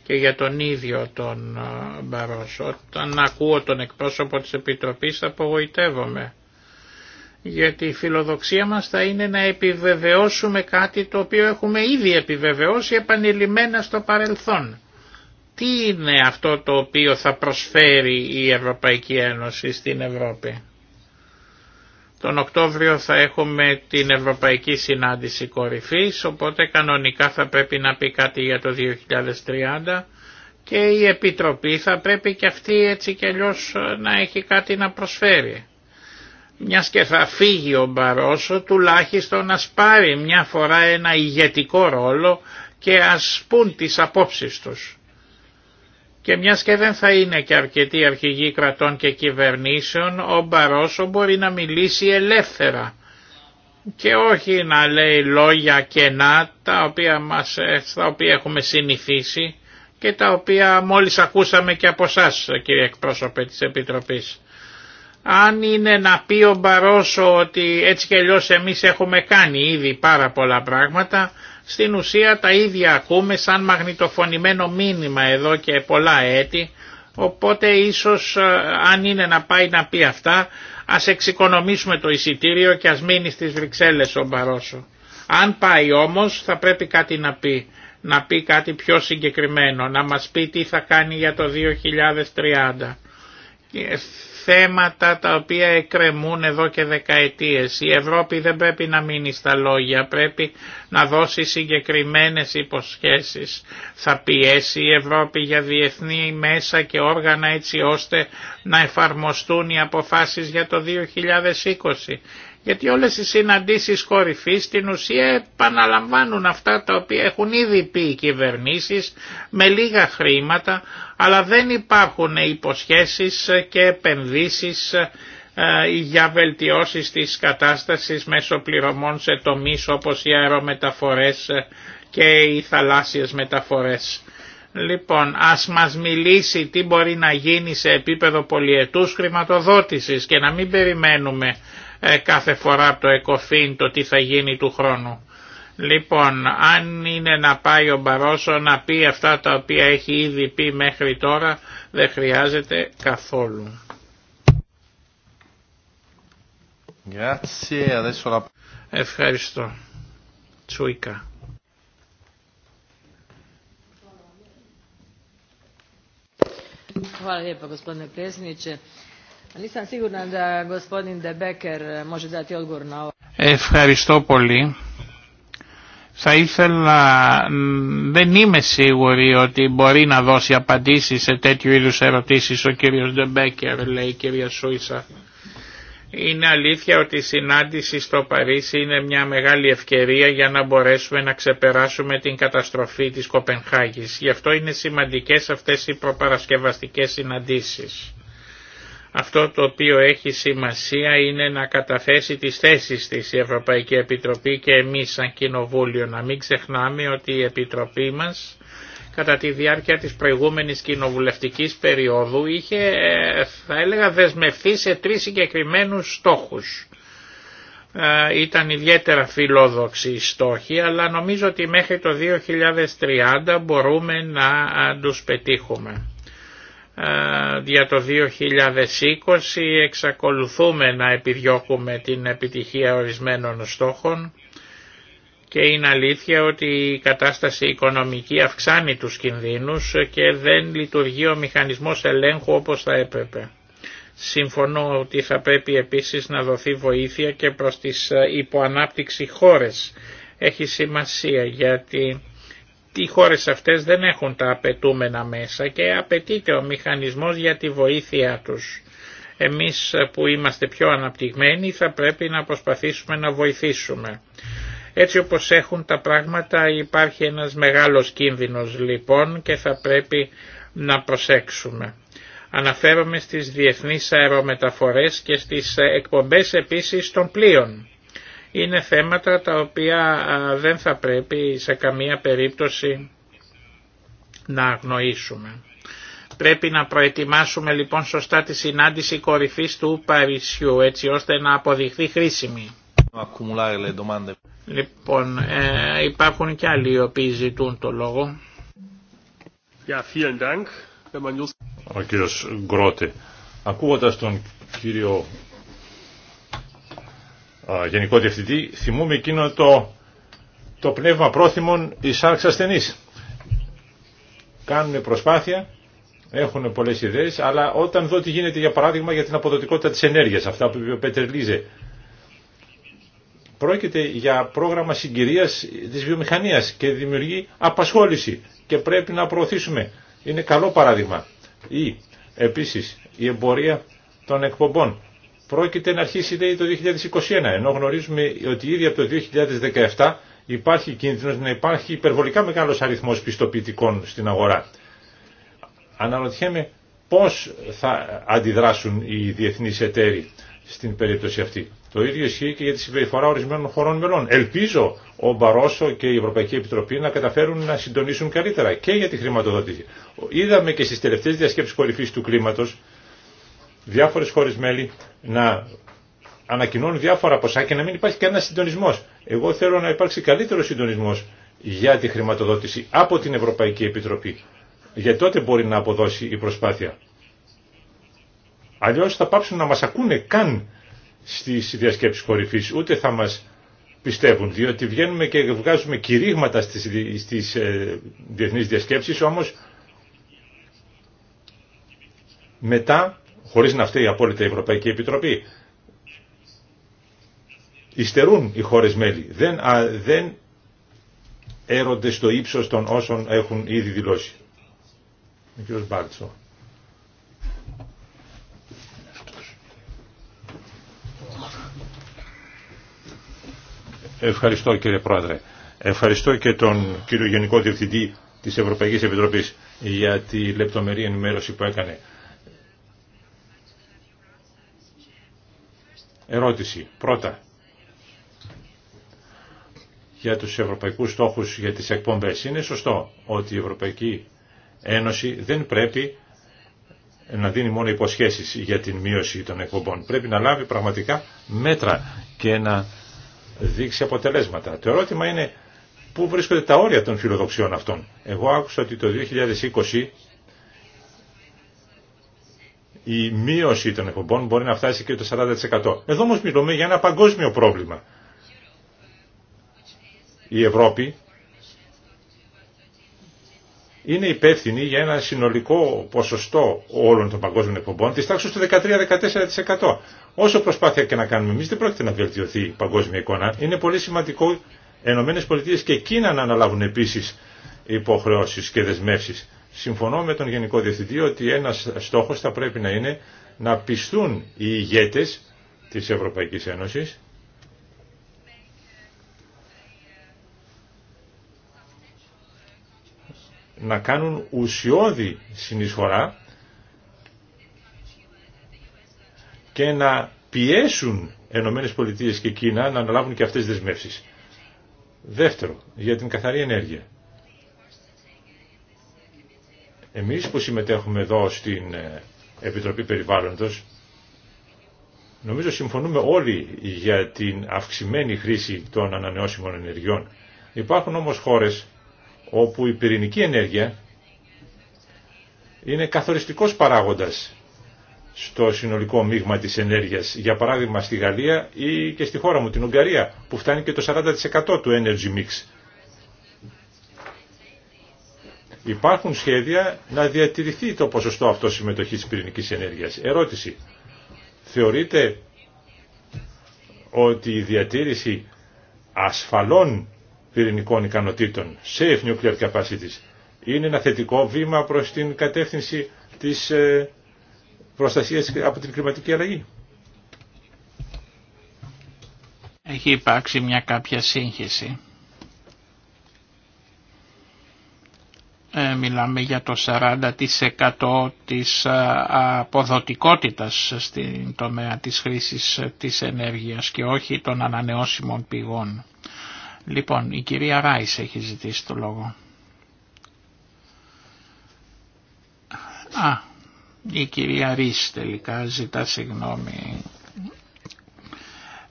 Και για τον ίδιο τον ε, Μπαρόζο. Όταν ακούω τον εκπρόσωπο της Επιτροπής θα απογοητεύομαι. Γιατί η φιλοδοξία μας θα είναι να επιβεβαιώσουμε κάτι το οποίο έχουμε ήδη επιβεβαιώσει επανειλημμένα στο παρελθόν. Τι είναι αυτό το οποίο θα προσφέρει η Ευρωπαϊκή Ένωση στην Ευρώπη. Τον Οκτώβριο θα έχουμε την Ευρωπαϊκή Συνάντηση Κορυφής, οπότε κανονικά θα πρέπει να πει κάτι για το 2030 και η Επιτροπή θα πρέπει και αυτή έτσι κι αλλιώς ε, να έχει κάτι να προσφέρει. Μια και θα φύγει ο Μπαρόσο τουλάχιστον να σπάρει μια φορά ένα ηγετικό ρόλο και ας πούν τις απόψεις τους. Και μια και δεν θα είναι και αρκετοί αρχηγοί κρατών και κυβερνήσεων, ο Μπαρόσο μπορεί να μιλήσει ελεύθερα και όχι να λέει λόγια κενά τα οποία, μας, τα οποία έχουμε συνηθίσει και τα οποία μόλις ακούσαμε και από εσά, κύριε εκπρόσωπε της Επιτροπής. Αν είναι να πει ο Μπαρόσο ότι έτσι κι αλλιώς εμείς έχουμε κάνει ήδη πάρα πολλά πράγματα, στην ουσία τα ίδια ακούμε σαν μαγνητοφωνημένο μήνυμα εδώ και πολλά έτη, οπότε ίσως ε, αν είναι να πάει να πει αυτά, ας εξοικονομήσουμε το εισιτήριο και ας μείνει στις Βρυξέλλες ο Μπαρόσο. Αν πάει όμως θα πρέπει κάτι να πει, να πει κάτι πιο συγκεκριμένο, να μας πει τι θα κάνει για το 2030 θέματα τα οποία εκκρεμούν εδώ και δεκαετίες. Η Ευρώπη δεν πρέπει να μείνει στα λόγια, πρέπει να δώσει συγκεκριμένες υποσχέσεις. Θα πιέσει η Ευρώπη για διεθνή μέσα και όργανα έτσι ώστε να εφαρμοστούν οι αποφάσεις για το 2020 γιατί όλες οι συναντήσεις κορυφής στην ουσία επαναλαμβάνουν αυτά τα οποία έχουν ήδη πει οι κυβερνήσεις με λίγα χρήματα, αλλά δεν υπάρχουν υποσχέσεις και επενδύσεις ε, για βελτιώσεις της κατάστασης μέσω πληρωμών σε τομείς όπως οι αερομεταφορές ε, και οι θαλάσσιες μεταφορές. Λοιπόν, ας μας μιλήσει τι μπορεί να γίνει σε επίπεδο πολιετούς χρηματοδότησης και να μην περιμένουμε ε, κάθε φορά από το ΕΚΟΦΗΝ το τι θα γίνει του χρόνου. Λοιπόν, αν είναι να πάει ο Μπαρόσο να πει αυτά τα οποία έχει ήδη πει μέχρι τώρα, δεν χρειάζεται καθόλου. Ευχαριστώ. Τσουίκα. Hvala Ευχαριστώ πολύ. Θα ήθελα, δεν είμαι σίγουρη ότι μπορεί να δώσει απαντήσεις σε τέτοιου είδους ερωτήσεις ο κύριος Ντεμπέκερ, λέει η κυρία Σούισα. Είναι αλήθεια ότι η συνάντηση στο Παρίσι είναι μια μεγάλη ευκαιρία για να μπορέσουμε να ξεπεράσουμε την καταστροφή της Κοπενχάγης. Γι' αυτό είναι σημαντικές αυτές οι προπαρασκευαστικές συναντήσεις. Αυτό το οποίο έχει σημασία είναι να καταθέσει τις θέσεις της η Ευρωπαϊκή Επιτροπή και εμείς σαν Κοινοβούλιο. Να μην ξεχνάμε ότι η Επιτροπή μας κατά τη διάρκεια της προηγούμενης κοινοβουλευτικής περίοδου είχε ε, θα έλεγα δεσμευθεί σε τρεις συγκεκριμένους στόχους. Ε, ήταν ιδιαίτερα φιλόδοξη οι στόχοι αλλά νομίζω ότι μέχρι το 2030 μπορούμε να ε, τους πετύχουμε για ε, το 2020 εξακολουθούμε να επιδιώκουμε την επιτυχία ορισμένων στόχων και είναι αλήθεια ότι η κατάσταση οικονομική αυξάνει τους κινδύνους και δεν λειτουργεί ο μηχανισμός ελέγχου όπως θα έπρεπε. Συμφωνώ ότι θα πρέπει επίσης να δοθεί βοήθεια και προς τις ε, υποανάπτυξη χώρες. Έχει σημασία γιατί οι χώρες αυτές δεν έχουν τα απαιτούμενα μέσα και απαιτείται ο μηχανισμός για τη βοήθειά τους. Εμείς που είμαστε πιο αναπτυγμένοι θα πρέπει να προσπαθήσουμε να βοηθήσουμε. Έτσι όπως έχουν τα πράγματα υπάρχει ένας μεγάλος κίνδυνος λοιπόν και θα πρέπει να προσέξουμε. Αναφέρομαι στις διεθνείς αερομεταφορές και στις εκπομπές επίσης των πλοίων είναι θέματα τα οποία δεν θα πρέπει σε καμία περίπτωση να αγνοήσουμε. Πρέπει να προετοιμάσουμε λοιπόν σωστά τη συνάντηση κορυφής του Παρισιού έτσι ώστε να αποδειχθεί χρήσιμη. Λοιπόν, ε, υπάρχουν και άλλοι οι οποίοι ζητούν το λόγο. Ο κύριος ακούγοντας τον κύριο Γενικό Διευθυντή, θυμούμε εκείνο το, το πνεύμα πρόθυμων εισάρξ ασθενής. Κάνουν προσπάθεια, έχουν πολλές ιδέες, αλλά όταν δω τι γίνεται για παράδειγμα για την αποδοτικότητα της ενέργειας, αυτά που είπε ο Πέτερ Λίζε, πρόκειται για πρόγραμμα συγκυρίας της βιομηχανίας και δημιουργεί απασχόληση και πρέπει να προωθήσουμε. Είναι καλό παράδειγμα. Ή επίσης η εμπορία των εκπομπών πρόκειται να αρχίσει λέει, το 2021, ενώ γνωρίζουμε ότι ήδη από το 2017 υπάρχει κίνδυνος να υπάρχει υπερβολικά μεγάλος αριθμός πιστοποιητικών στην αγορά. Αναρωτιέμαι πώς θα αντιδράσουν οι διεθνείς εταίροι στην περίπτωση αυτή. Το ίδιο ισχύει και για τη συμπεριφορά ορισμένων χωρών μελών. Ελπίζω ο Μπαρόσο και η Ευρωπαϊκή Επιτροπή να καταφέρουν να συντονίσουν καλύτερα και για τη χρηματοδότηση. Είδαμε και στις τελευταίες διασκέψεις κορυφή του κλίματος Διάφορε χώρε μέλη να ανακοινώνουν διάφορα ποσά και να μην υπάρχει κανένα συντονισμός. Εγώ θέλω να υπάρξει καλύτερο συντονισμός για τη χρηματοδότηση από την Ευρωπαϊκή Επιτροπή. Γιατί τότε μπορεί να αποδώσει η προσπάθεια. Αλλιώ θα πάψουν να μας ακούνε καν στι διασκέψει κορυφή ούτε θα μα πιστεύουν, διότι βγαίνουμε και βγάζουμε κηρύγματα στις, στις ε, διεθνείς διασκέψεις, όμως μετά χωρίς να φταίει απόλυτα η Ευρωπαϊκή Επιτροπή. Ιστερούν οι χώρες μέλη, δεν, δεν έρονται στο ύψος των όσων έχουν ήδη δηλώσει. Ο Ευχαριστώ κύριε Πρόεδρε. Ευχαριστώ και τον κύριο Γενικό Διευθυντή της Ευρωπαϊκής Επιτροπής για τη λεπτομερή ενημέρωση που έκανε. ερώτηση. Πρώτα, για τους ευρωπαϊκούς στόχους για τις εκπομπές. Είναι σωστό ότι η Ευρωπαϊκή Ένωση δεν πρέπει να δίνει μόνο υποσχέσεις για την μείωση των εκπομπών. Πρέπει να λάβει πραγματικά μέτρα και να δείξει αποτελέσματα. Το ερώτημα είναι πού βρίσκονται τα όρια των φιλοδοξιών αυτών. Εγώ άκουσα ότι το 2020 η μείωση των εκπομπών μπορεί να φτάσει και το 40%. Εδώ όμως μιλούμε για ένα παγκόσμιο πρόβλημα. Η Ευρώπη είναι υπεύθυνη για ένα συνολικό ποσοστό όλων των παγκόσμιων εκπομπών της τάξης του 13-14%. Όσο προσπάθεια και να κάνουμε εμείς δεν πρόκειται να βελτιωθεί η παγκόσμια εικόνα. Είναι πολύ σημαντικό οι ΗΠΑ και Κίνα να αναλάβουν επίσης υποχρεώσεις και δεσμεύσεις συμφωνώ με τον Γενικό Διευθυντή ότι ένας στόχος θα πρέπει να είναι να πιστούν οι ηγέτες της Ευρωπαϊκής Ένωσης να κάνουν ουσιώδη συνεισφορά και να πιέσουν Ενωμένες Πολιτείες και Κίνα να αναλάβουν και αυτές τις δεσμεύσεις. Δεύτερο, για την καθαρή ενέργεια. Εμείς που συμμετέχουμε εδώ στην ε, Επιτροπή Περιβάλλοντος, νομίζω συμφωνούμε όλοι για την αυξημένη χρήση των ανανεώσιμων ενεργειών. Υπάρχουν όμως χώρες όπου η πυρηνική ενέργεια είναι καθοριστικός παράγοντας στο συνολικό μείγμα της ενέργειας. Για παράδειγμα στη Γαλλία ή και στη χώρα μου, την Ουγγαρία, που φτάνει και το 40% του energy mix. Υπάρχουν σχέδια να διατηρηθεί το ποσοστό αυτό συμμετοχή τη πυρηνική ενέργειας. Ερώτηση. Θεωρείτε ότι η διατήρηση ασφαλών πυρηνικών ικανοτήτων, safe nuclear capacities, είναι ένα θετικό βήμα προ την κατεύθυνση της ε, προστασία από την κλιματική αλλαγή. Έχει υπάρξει μια κάποια σύγχυση Ε, μιλάμε για το 40% της ε, αποδοτικότητας στην τομέα της χρήσης της ενέργειας και όχι των ανανεώσιμων πηγών. Λοιπόν, η κυρία Ράις έχει ζητήσει το λόγο. Α, η κυρία Ρίς τελικά ζητά συγγνώμη.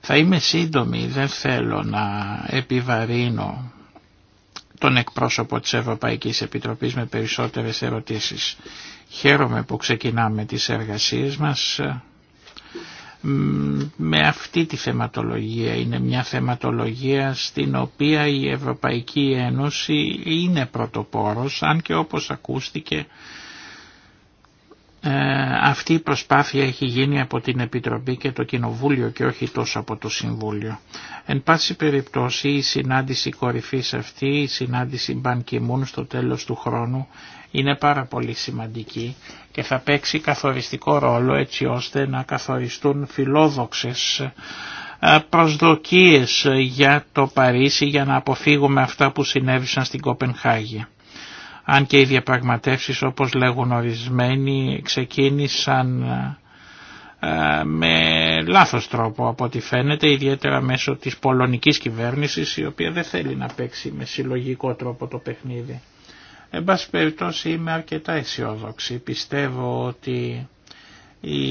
Θα είμαι σύντομη, δεν θέλω να επιβαρύνω τον εκπρόσωπο της Ευρωπαϊκής Επιτροπής με περισσότερες ερωτήσεις. Χαίρομαι που ξεκινάμε τις εργασίες μας με αυτή τη θεματολογία. Είναι μια θεματολογία στην οποία η Ευρωπαϊκή Ένωση είναι πρωτοπόρος, αν και όπως ακούστηκε ε, αυτή η προσπάθεια έχει γίνει από την Επιτροπή και το Κοινοβούλιο και όχι τόσο από το Συμβούλιο. Εν πάση περιπτώσει η συνάντηση κορυφής αυτή, η συνάντηση Μπαν στο τέλος του χρόνου είναι πάρα πολύ σημαντική και θα παίξει καθοριστικό ρόλο έτσι ώστε να καθοριστούν φιλόδοξες ε, προσδοκίες για το Παρίσι για να αποφύγουμε αυτά που συνέβησαν στην Κοπενχάγη αν και οι διαπραγματεύσεις όπως λέγουν ορισμένοι ξεκίνησαν ε, με λάθος τρόπο από ό,τι φαίνεται, ιδιαίτερα μέσω της πολωνικής κυβέρνησης η οποία δεν θέλει να παίξει με συλλογικό τρόπο το παιχνίδι. Εν πάση περιπτώσει είμαι αρκετά αισιόδοξη. Πιστεύω ότι οι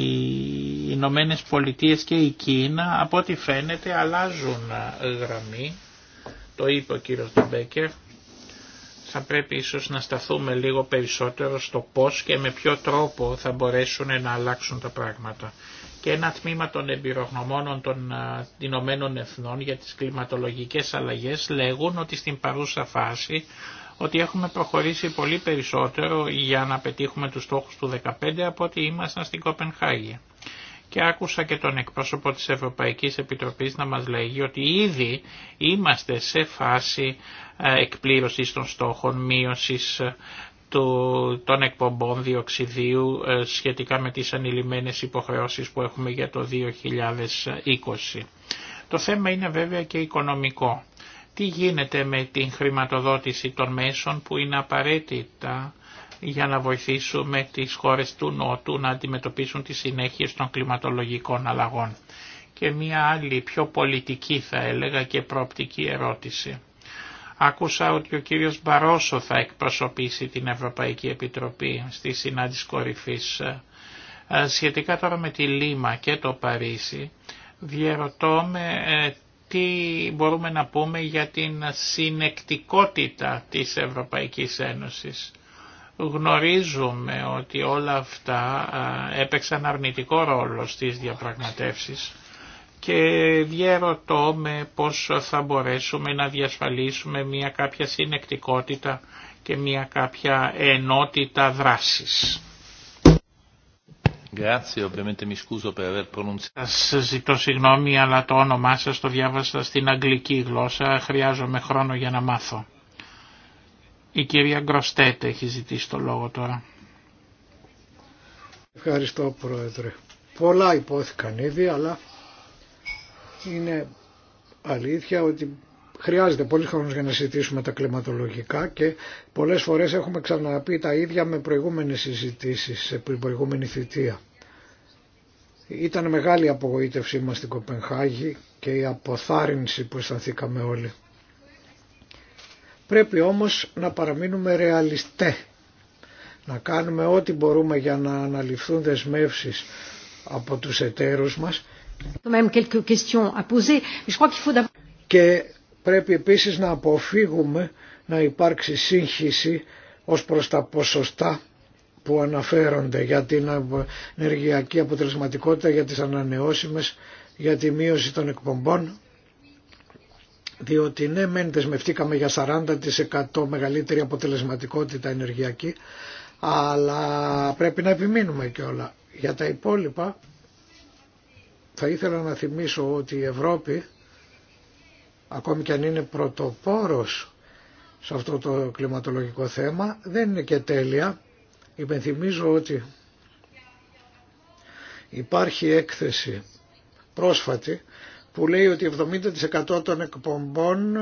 Ηνωμένε Πολιτείε και η Κίνα από ό,τι φαίνεται αλλάζουν γραμμή. Το είπε ο κύριος Ντεμπέκερ θα πρέπει ίσως να σταθούμε λίγο περισσότερο στο πώς και με ποιο τρόπο θα μπορέσουν να αλλάξουν τα πράγματα. Και ένα τμήμα των εμπειρογνωμόνων των Ηνωμένων Εθνών για τις κλιματολογικές αλλαγές λέγουν ότι στην παρούσα φάση ότι έχουμε προχωρήσει πολύ περισσότερο για να πετύχουμε τους στόχους του 2015 από ότι ήμασταν στην Κοπενχάγη και άκουσα και τον εκπρόσωπο της Ευρωπαϊκής Επιτροπής να μας λέγει ότι ήδη είμαστε σε φάση ε, εκπλήρωσης των στόχων μείωσης ε, του, των εκπομπών διοξιδίου ε, σχετικά με τις ανηλυμένες υποχρεώσεις που έχουμε για το 2020. Το θέμα είναι βέβαια και οικονομικό. Τι γίνεται με την χρηματοδότηση των μέσων που είναι απαραίτητα για να βοηθήσουμε τις χώρες του Νότου να αντιμετωπίσουν τις συνέχειες των κλιματολογικών αλλαγών. Και μία άλλη πιο πολιτική θα έλεγα και προοπτική ερώτηση. Άκουσα ότι ο κύριος Μπαρόσο θα εκπροσωπήσει την Ευρωπαϊκή Επιτροπή στη συνάντηση κορυφής. Ε, ε, σχετικά τώρα με τη Λίμα και το Παρίσι, διαρωτώ ε, τι μπορούμε να πούμε για την συνεκτικότητα της Ευρωπαϊκής Ένωσης. Γνωρίζουμε ότι όλα αυτά έπαιξαν αρνητικό ρόλο στις διαπραγματεύσεις και διαρωτώ με πώς θα μπορέσουμε να διασφαλίσουμε μια κάποια συνεκτικότητα και μια κάποια ενότητα δράσης. Σα ζητώ συγγνώμη αλλά το όνομά σα το διάβασα στην αγγλική γλώσσα, χρειάζομαι χρόνο για να μάθω. Η κυρία Γκροστέτ έχει ζητήσει το λόγο τώρα. Ευχαριστώ Πρόεδρε. Πολλά υπόθηκαν ήδη, αλλά είναι αλήθεια ότι χρειάζεται πολύ χρόνο για να συζητήσουμε τα κλιματολογικά και πολλές φορές έχουμε ξαναπεί τα ίδια με προηγούμενες συζητήσεις σε προηγούμενη θητεία. Ήταν μεγάλη απογοήτευσή μας στην Κοπενχάγη και η αποθάρρυνση που αισθανθήκαμε όλοι. Πρέπει όμως να παραμείνουμε ρεαλιστέ, να κάνουμε ό,τι μπορούμε για να αναλυφθούν δεσμεύσει από τους εταίρους μας και πρέπει επίσης να αποφύγουμε να υπάρξει σύγχυση ως προς τα ποσοστά που αναφέρονται για την ενεργειακή αποτελεσματικότητα, για τις ανανεώσιμες, για τη μείωση των εκπομπών διότι ναι μεν δεσμευτήκαμε για 40% μεγαλύτερη αποτελεσματικότητα ενεργειακή αλλά πρέπει να επιμείνουμε και όλα. Για τα υπόλοιπα θα ήθελα να θυμίσω ότι η Ευρώπη ακόμη και αν είναι πρωτοπόρος σε αυτό το κλιματολογικό θέμα δεν είναι και τέλεια. Υπενθυμίζω ότι υπάρχει έκθεση πρόσφατη που λέει ότι 70% των εκπομπών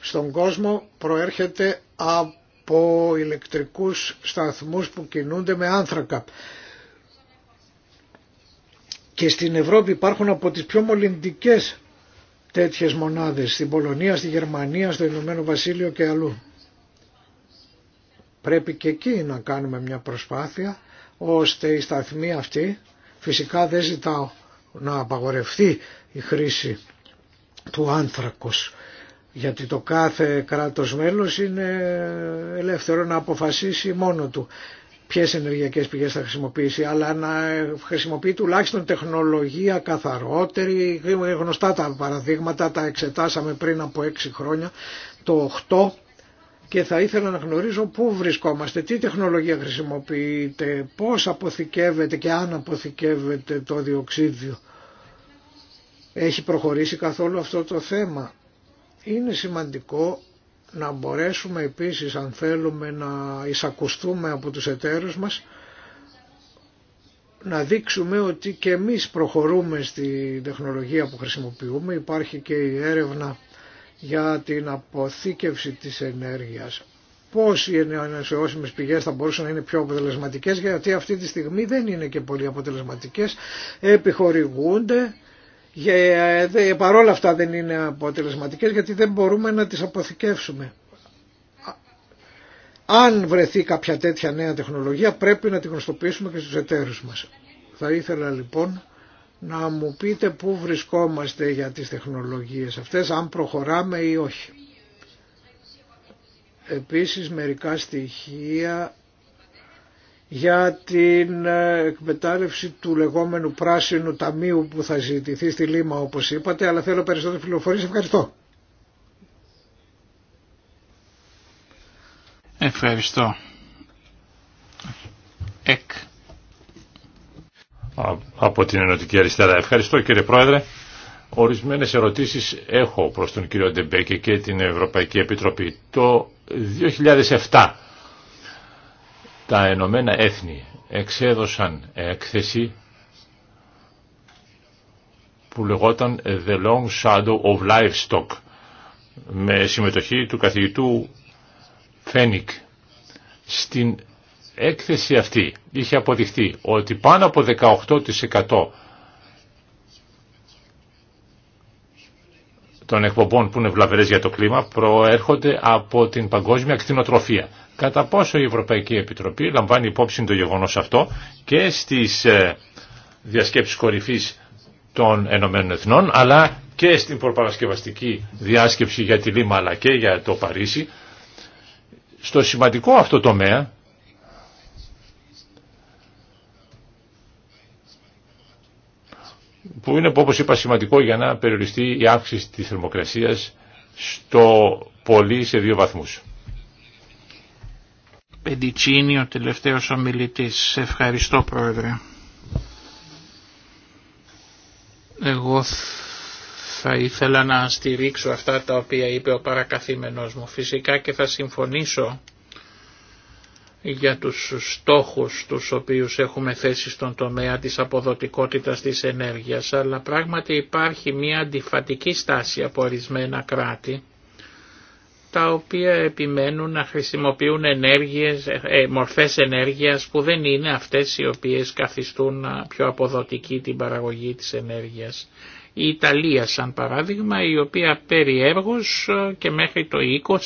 στον κόσμο προέρχεται από ηλεκτρικούς σταθμούς που κινούνται με άνθρακα. Και στην Ευρώπη υπάρχουν από τις πιο μολυντικές τέτοιες μονάδες, στην Πολωνία, στη Γερμανία, στο Ηνωμένο Βασίλειο και αλλού. Πρέπει και εκεί να κάνουμε μια προσπάθεια, ώστε η σταθμή αυτή, φυσικά δεν ζητάω να απαγορευτεί η χρήση του άνθρακος γιατί το κάθε κράτος μέλος είναι ελεύθερο να αποφασίσει μόνο του ποιες ενεργειακές πηγές θα χρησιμοποιήσει, αλλά να χρησιμοποιεί τουλάχιστον τεχνολογία καθαρότερη. Γνωστά τα παραδείγματα, τα εξετάσαμε πριν από 6 χρόνια, το 8 και θα ήθελα να γνωρίζω πού βρισκόμαστε, τι τεχνολογία χρησιμοποιείτε, πώς αποθηκεύεται και αν αποθηκεύεται το διοξίδιο. Έχει προχωρήσει καθόλου αυτό το θέμα. Είναι σημαντικό να μπορέσουμε επίσης αν θέλουμε να εισακουστούμε από τους εταίρους μας να δείξουμε ότι και εμείς προχωρούμε στη τεχνολογία που χρησιμοποιούμε. Υπάρχει και η έρευνα για την αποθήκευση της ενέργειας. Πώς οι ενεργειώσιμες πηγές θα μπορούσαν να είναι πιο αποτελεσματικές γιατί αυτή τη στιγμή δεν είναι και πολύ αποτελεσματικές, επιχορηγούνται και παρόλα αυτά δεν είναι αποτελεσματικές γιατί δεν μπορούμε να τις αποθηκεύσουμε. Αν βρεθεί κάποια τέτοια νέα τεχνολογία πρέπει να την γνωστοποιήσουμε και στους εταίρους μας. Θα ήθελα λοιπόν να μου πείτε πού βρισκόμαστε για τις τεχνολογίες αυτές, αν προχωράμε ή όχι. Επίσης μερικά στοιχεία για την ε, εκμετάλλευση του λεγόμενου πράσινου ταμείου που θα ζητηθεί στη Λίμα όπως είπατε, αλλά θέλω περισσότερες πληροφορίες. Ευχαριστώ. Ευχαριστώ. Εκ από την Ενωτική Αριστερά. Ευχαριστώ κύριε Πρόεδρε. Ορισμένες ερωτήσεις έχω προς τον κύριο Ντεμπέκε και την Ευρωπαϊκή Επιτροπή. Το 2007 τα Ενωμένα Έθνη εξέδωσαν έκθεση που λεγόταν The Long Shadow of Livestock με συμμετοχή του καθηγητού Φένικ στην έκθεση αυτή είχε αποδειχθεί ότι πάνω από 18% των εκπομπών που είναι βλαβερές για το κλίμα προέρχονται από την παγκόσμια κτηνοτροφία. Κατά πόσο η Ευρωπαϊκή Επιτροπή λαμβάνει υπόψη το γεγονός αυτό και στις ε, διασκέψεις κορυφής των Ενωμένων Εθνών αλλά και στην προπαρασκευαστική διάσκεψη για τη Λίμα αλλά και για το Παρίσι στο σημαντικό αυτό τομέα που είναι όπως είπα σημαντικό για να περιοριστεί η αύξηση της θερμοκρασίας στο πολύ σε δύο βαθμούς. Πεντιτσίνη ο τελευταίος ομιλητής. Ευχαριστώ Πρόεδρε. Εγώ θα ήθελα να στηρίξω αυτά τα οποία είπε ο παρακαθήμενος μου. Φυσικά και θα συμφωνήσω για τους στόχους τους οποίους έχουμε θέσει στον τομέα της αποδοτικότητας της ενέργειας, αλλά πράγματι υπάρχει μια αντιφατική στάση από ορισμένα κράτη, τα οποία επιμένουν να χρησιμοποιούν ενέργειες, ε, ε, μορφές ενέργειας που δεν είναι αυτές οι οποίες καθιστούν πιο αποδοτική την παραγωγή της ενέργειας. Η Ιταλία σαν παράδειγμα η οποία περιέργως ε, και μέχρι το 20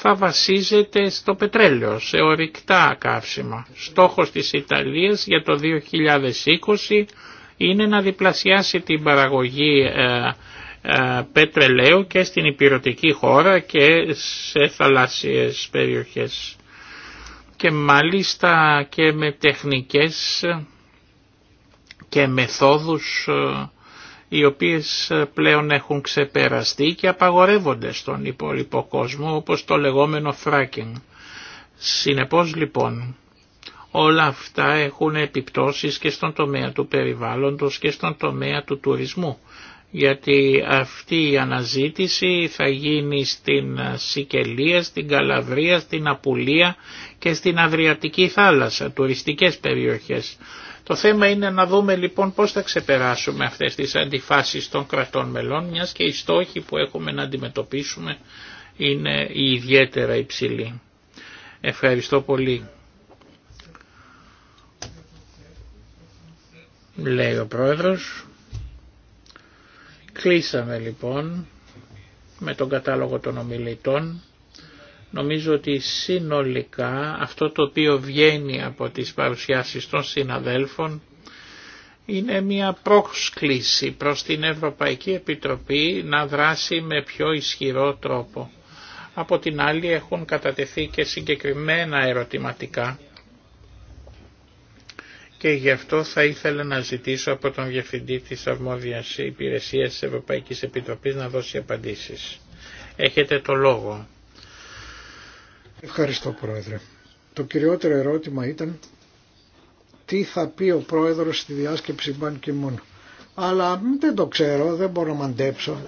θα βασίζεται στο πετρέλαιο, σε ορυκτά καύσιμα. Στόχος της Ιταλίας για το 2020 είναι να διπλασιάσει την παραγωγή ε, ε, πετρελαίου και στην υπηρετική χώρα και σε θαλάσσιες περιοχές. Και μάλιστα και με τεχνικές και μεθόδους ε, οι οποίες ε, πλέον έχουν ξεπεραστεί και απαγορεύονται στον υπόλοιπο κόσμο όπως το λεγόμενο fracking. Συνεπώς λοιπόν όλα αυτά έχουν επιπτώσεις και στον τομέα του περιβάλλοντος και στον τομέα του τουρισμού γιατί αυτή η αναζήτηση θα γίνει στην ε, Σικελία, στην Καλαβρία, στην Απουλία και στην Αδριατική θάλασσα, τουριστικές περιοχές. Το θέμα είναι να δούμε λοιπόν πώς θα ξεπεράσουμε αυτές τις αντιφάσεις των κρατών μελών, μιας και οι στόχοι που έχουμε να αντιμετωπίσουμε είναι η ιδιαίτερα υψηλοί. Ευχαριστώ πολύ. Λέει ο Πρόεδρος. Κλείσαμε λοιπόν με τον κατάλογο των ομιλητών. Νομίζω ότι συνολικά αυτό το οποίο βγαίνει από τις παρουσιάσεις των συναδέλφων είναι μια πρόσκληση προς την Ευρωπαϊκή Επιτροπή να δράσει με πιο ισχυρό τρόπο. Από την άλλη έχουν κατατεθεί και συγκεκριμένα ερωτηματικά και γι' αυτό θα ήθελα να ζητήσω από τον Διευθυντή της Αρμόδιας Υπηρεσίας της Ευρωπαϊκής Επιτροπής να δώσει απαντήσεις. Έχετε το λόγο. Ευχαριστώ Πρόεδρε. Το κυριότερο ερώτημα ήταν τι θα πει ο Πρόεδρος στη διάσκεψη Μπαν Κιμούν. Αλλά δεν το ξέρω, δεν μπορώ να μαντέψω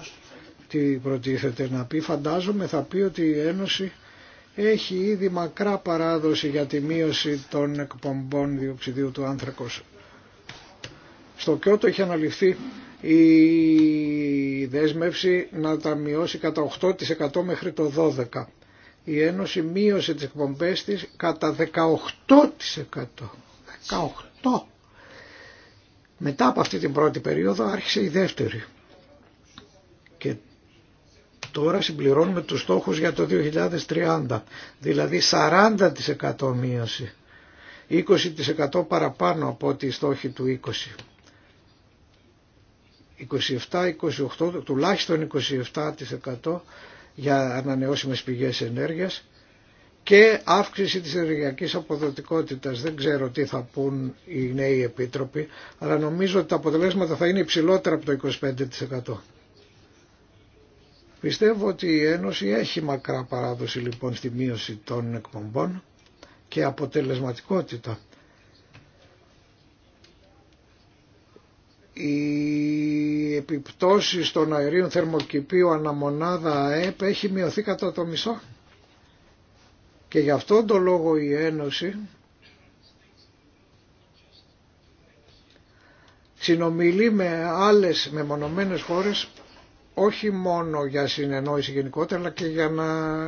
τι προτίθεται να πει. Φαντάζομαι θα πει ότι η Ένωση έχει ήδη μακρά παράδοση για τη μείωση των εκπομπών διοξιδίου του άνθρακος. Στο Κιώτο έχει αναλυφθεί η δέσμευση να τα μειώσει κατά 8% μέχρι το 12% η Ένωση μείωσε τις εκπομπές της κατά 18%. 18%. Μετά από αυτή την πρώτη περίοδο άρχισε η δεύτερη. Και τώρα συμπληρώνουμε τους στόχους για το 2030, δηλαδή 40% μείωση, 20% παραπάνω από ό,τι οι στόχοι του 20. 27-28, τουλάχιστον 27% για ανανεώσιμες πηγές ενέργειας και αύξηση της ενεργειακής αποδοτικότητας. Δεν ξέρω τι θα πούν οι νέοι επίτροποι, αλλά νομίζω ότι τα αποτελέσματα θα είναι υψηλότερα από το 25%. Πιστεύω ότι η Ένωση έχει μακρά παράδοση λοιπόν στη μείωση των εκπομπών και αποτελεσματικότητα. οι επιπτώσεις των αερίων θερμοκηπίου αναμονάδα ΑΕΠ έχει μειωθεί κατά το μισό. Και γι' αυτόν τον λόγο η Ένωση συνομιλεί με άλλες μεμονωμένες χώρες όχι μόνο για συνεννόηση γενικότερα αλλά και για να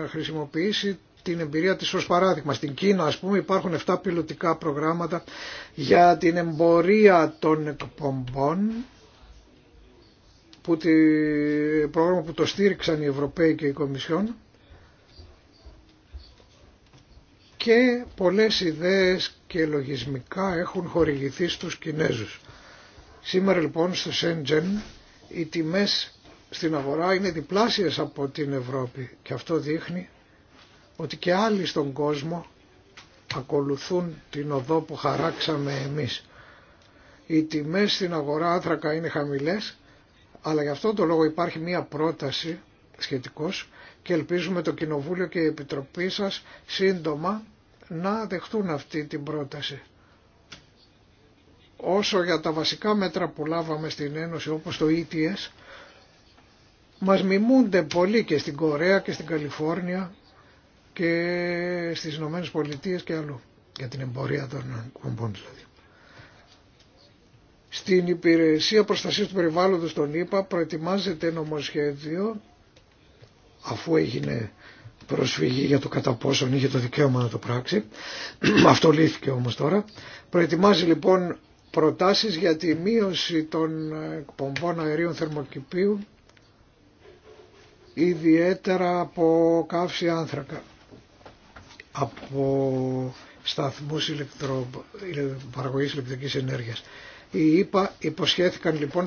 χρησιμοποιήσει την εμπειρία της ως παράδειγμα. Στην Κίνα ας πούμε υπάρχουν 7 πιλωτικά προγράμματα για την εμπορία των εκπομπών που τη, πρόγραμμα που το στήριξαν οι Ευρωπαίοι και οι Κομισιόν και πολλές ιδέες και λογισμικά έχουν χορηγηθεί στους Κινέζους. Σήμερα λοιπόν στο Σέντζεν οι τιμές στην αγορά είναι διπλάσιες από την Ευρώπη και αυτό δείχνει ότι και άλλοι στον κόσμο ακολουθούν την οδό που χαράξαμε εμείς. Οι τιμές στην αγορά άνθρακα είναι χαμηλές, αλλά γι' αυτό το λόγο υπάρχει μία πρόταση σχετικώς και ελπίζουμε το Κοινοβούλιο και η Επιτροπή σας σύντομα να δεχτούν αυτή την πρόταση. Όσο για τα βασικά μέτρα που λάβαμε στην Ένωση όπως το ETS, μας μιμούνται πολύ και στην Κορέα και στην Καλιφόρνια και στις Ηνωμένε Πολιτείε και αλλού για την εμπορία των κομπών δηλαδή. Στην Υπηρεσία Προστασίας του Περιβάλλοντος των ΗΠΑ προετοιμάζεται νομοσχέδιο αφού έγινε προσφυγή για το κατά πόσον είχε το δικαίωμα να το πράξει. Αυτό λύθηκε όμως τώρα. Προετοιμάζει λοιπόν προτάσεις για τη μείωση των εκπομπών αερίων θερμοκηπίου ιδιαίτερα από καύση άνθρακα από σταθμούς ηλεκτρο... παραγωγής ηλεκτρικής ενέργειας. Οι ΙΠΑ υποσχέθηκαν λοιπόν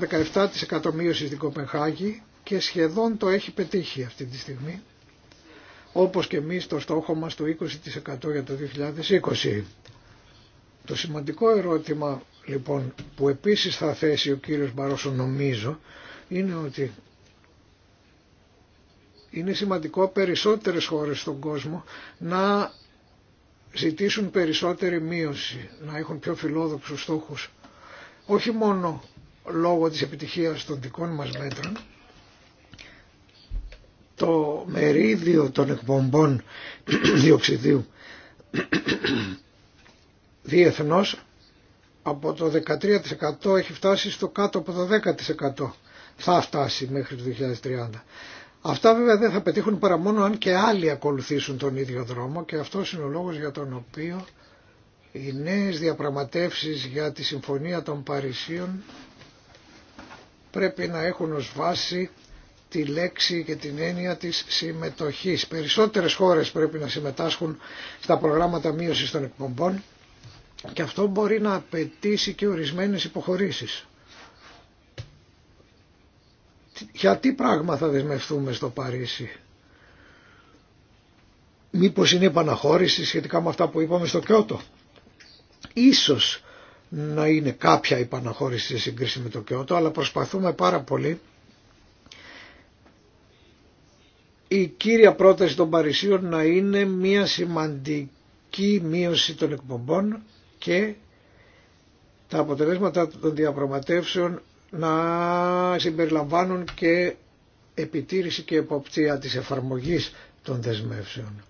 17% μείωση στην Κοπενχάγη και σχεδόν το έχει πετύχει αυτή τη στιγμή, όπως και εμείς το στόχο μας του 20% για το 2020. Το σημαντικό ερώτημα λοιπόν που επίσης θα θέσει ο κύριος Μπαρόσο νομίζω είναι ότι είναι σημαντικό περισσότερες χώρες στον κόσμο να ζητήσουν περισσότερη μείωση, να έχουν πιο φιλόδοξους στόχους. Όχι μόνο λόγω της επιτυχίας των δικών μας μέτρων, το μερίδιο των εκπομπών διοξιδίου διεθνώς από το 13% έχει φτάσει στο κάτω από το 10% θα φτάσει μέχρι το 2030. Αυτά βέβαια δεν θα πετύχουν παρά μόνο αν και άλλοι ακολουθήσουν τον ίδιο δρόμο και αυτό είναι ο λόγος για τον οποίο οι νέες διαπραγματεύσεις για τη Συμφωνία των Παρισίων πρέπει να έχουν ως βάση τη λέξη και την έννοια της συμμετοχής. Περισσότερες χώρες πρέπει να συμμετάσχουν στα προγράμματα μείωσης των εκπομπών και αυτό μπορεί να απαιτήσει και ορισμένες υποχωρήσεις για τι πράγμα θα δεσμευτούμε στο Παρίσι. Μήπως είναι επαναχώρηση σχετικά με αυτά που είπαμε στο Κιώτο. Ίσως να είναι κάποια επαναχώρηση σε σύγκριση με το Κιώτο, αλλά προσπαθούμε πάρα πολύ η κύρια πρόταση των Παρισίων να είναι μια σημαντική μείωση των εκπομπών και τα αποτελέσματα των διαπραγματεύσεων να συμπεριλαμβάνουν και επιτήρηση και εποπτεία της εφαρμογής των δεσμεύσεων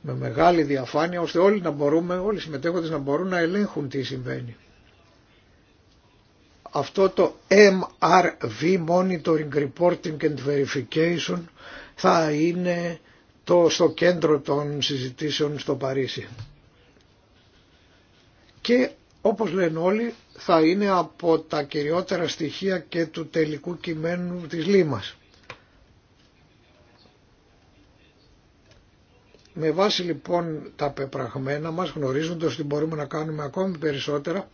με μεγάλη διαφάνεια ώστε όλοι να μπορούμε, όλοι οι συμμετέχοντες να μπορούν να ελέγχουν τι συμβαίνει. Αυτό το MRV, Monitoring Reporting and Verification, θα είναι το, στο κέντρο των συζητήσεων στο Παρίσι. Και όπως λένε όλοι θα είναι από τα κυριότερα στοιχεία και του τελικού κειμένου της Λίμας. Με βάση λοιπόν τα πεπραγμένα μας γνωρίζοντας ότι μπορούμε να κάνουμε ακόμη περισσότερα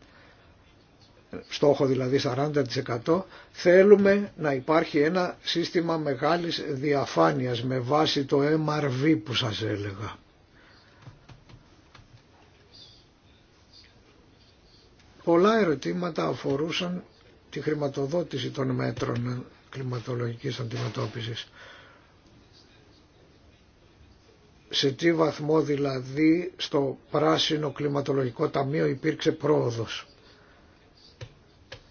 στόχο δηλαδή 40% θέλουμε να υπάρχει ένα σύστημα μεγάλης διαφάνειας με βάση το MRV που σας έλεγα. Πολλά ερωτήματα αφορούσαν τη χρηματοδότηση των μέτρων κλιματολογικής αντιμετώπισης. Σε τι βαθμό δηλαδή στο πράσινο κλιματολογικό ταμείο υπήρξε πρόοδος.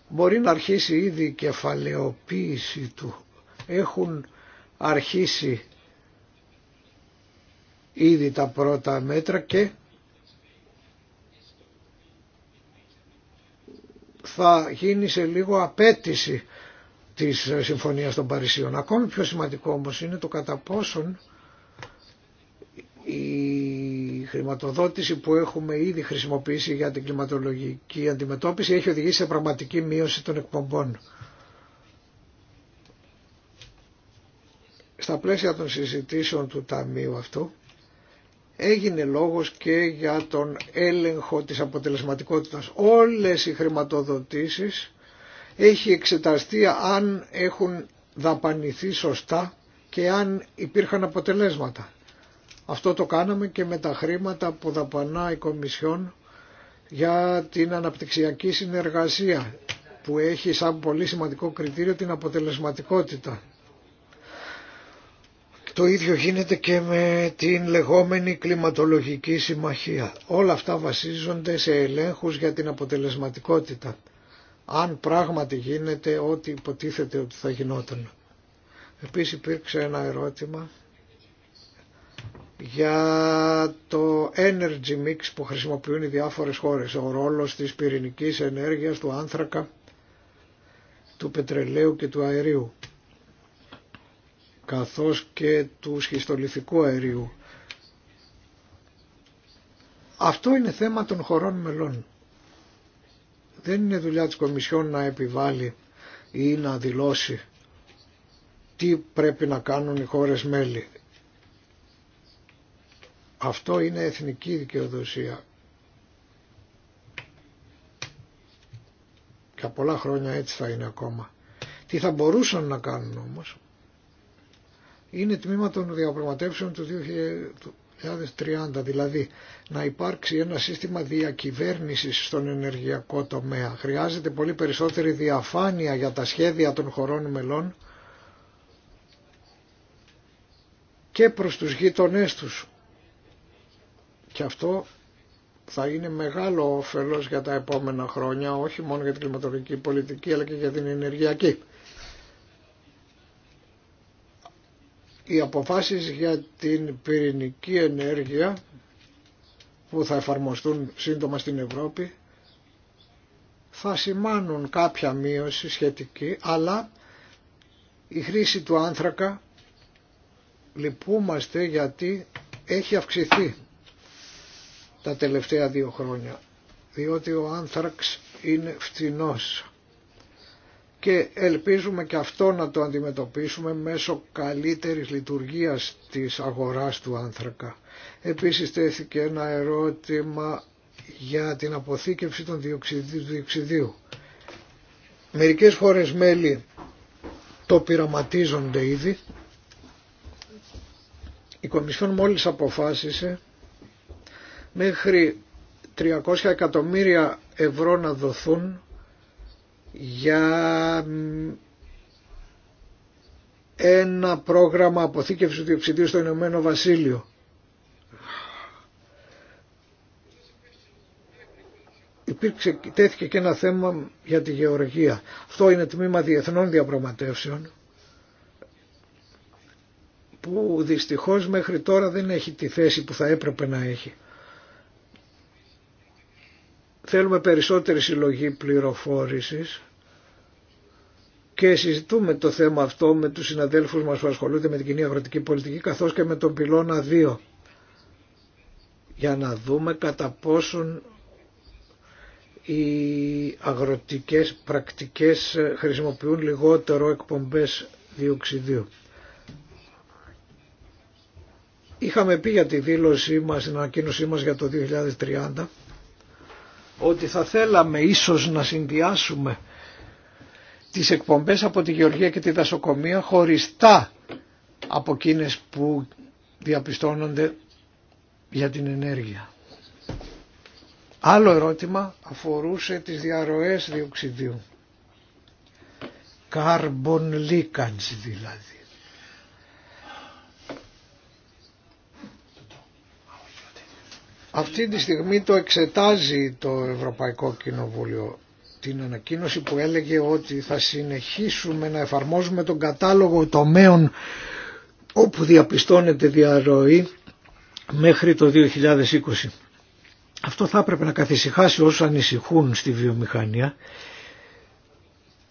Μπορεί να αρχίσει ήδη η κεφαλαιοποίηση του. Έχουν αρχίσει ήδη τα πρώτα μέτρα και θα γίνει σε λίγο απέτηση της Συμφωνίας των Παρισίων. Ακόμη πιο σημαντικό όμως είναι το κατά πόσον η χρηματοδότηση που έχουμε ήδη χρησιμοποιήσει για την κλιματολογική αντιμετώπιση έχει οδηγήσει σε πραγματική μείωση των εκπομπών. Στα πλαίσια των συζητήσεων του Ταμείου αυτού έγινε λόγος και για τον έλεγχο της αποτελεσματικότητας. Όλες οι χρηματοδοτήσεις έχει εξεταστεί αν έχουν δαπανηθεί σωστά και αν υπήρχαν αποτελέσματα. Αυτό το κάναμε και με τα χρήματα που δαπανά η Κομισιόν για την αναπτυξιακή συνεργασία που έχει σαν πολύ σημαντικό κριτήριο την αποτελεσματικότητα. Το ίδιο γίνεται και με την λεγόμενη κλιματολογική συμμαχία. Όλα αυτά βασίζονται σε ελέγχους για την αποτελεσματικότητα. Αν πράγματι γίνεται ό,τι υποτίθεται ότι θα γινόταν. Επίσης υπήρξε ένα ερώτημα για το energy mix που χρησιμοποιούν οι διάφορες χώρες. Ο ρόλος της πυρηνικής ενέργειας, του άνθρακα, του πετρελαίου και του αερίου καθώς και του σχιστολιθικού αερίου. Αυτό είναι θέμα των χωρών μελών. Δεν είναι δουλειά της Κομισιόν να επιβάλλει ή να δηλώσει τι πρέπει να κάνουν οι χώρες μέλη. Αυτό είναι εθνική δικαιοδοσία. και πολλά χρόνια έτσι θα είναι ακόμα. Τι θα μπορούσαν να κάνουν όμως είναι τμήμα των διαπραγματεύσεων του 2030, δηλαδή να υπάρξει ένα σύστημα διακυβέρνησης στον ενεργειακό τομέα. Χρειάζεται πολύ περισσότερη διαφάνεια για τα σχέδια των χωρών μελών και προς τους γείτονές τους. Και αυτό θα είναι μεγάλο όφελος για τα επόμενα χρόνια, όχι μόνο για την κλιματολογική πολιτική, αλλά και για την ενεργειακή. οι αποφάσεις για την πυρηνική ενέργεια που θα εφαρμοστούν σύντομα στην Ευρώπη θα σημάνουν κάποια μείωση σχετική, αλλά η χρήση του άνθρακα λυπούμαστε γιατί έχει αυξηθεί τα τελευταία δύο χρόνια, διότι ο άνθραξ είναι φτηνός και ελπίζουμε και αυτό να το αντιμετωπίσουμε μέσω καλύτερης λειτουργίας της αγοράς του άνθρακα. Επίσης τέθηκε ένα ερώτημα για την αποθήκευση των διοξιδίου. Μερικές χώρες μέλη το πειραματίζονται ήδη. Η Κομισιόν μόλις αποφάσισε μέχρι 300 εκατομμύρια ευρώ να δοθούν για ένα πρόγραμμα αποθήκευσης του διοξιδίου στο Ηνωμένο Βασίλειο. Υπήρξε, τέθηκε και ένα θέμα για τη γεωργία. Αυτό είναι τμήμα διεθνών διαπραγματεύσεων που δυστυχώς μέχρι τώρα δεν έχει τη θέση που θα έπρεπε να έχει. Θέλουμε περισσότερη συλλογή πληροφόρησης και συζητούμε το θέμα αυτό με τους συναδέλφους μας που ασχολούνται με την κοινή αγροτική πολιτική καθώς και με τον πυλώνα 2 για να δούμε κατά πόσον οι αγροτικές πρακτικές χρησιμοποιούν λιγότερο εκπομπές διοξιδίου. Είχαμε πει για τη δήλωσή μας, την ανακοίνωσή μας για το 2030 ότι θα θέλαμε ίσως να συνδυάσουμε τις εκπομπές από τη γεωργία και τη δασοκομεία χωριστά από εκείνες που διαπιστώνονται για την ενέργεια. Άλλο ερώτημα αφορούσε τις διαρροές διοξιδίου. Carbon leakage δηλαδή. Αυτή τη στιγμή το εξετάζει το Ευρωπαϊκό Κοινοβούλιο την ανακοίνωση που έλεγε ότι θα συνεχίσουμε να εφαρμόζουμε τον κατάλογο τομέων όπου διαπιστώνεται διαρροή μέχρι το 2020. Αυτό θα έπρεπε να καθησυχάσει όσους ανησυχούν στη βιομηχανία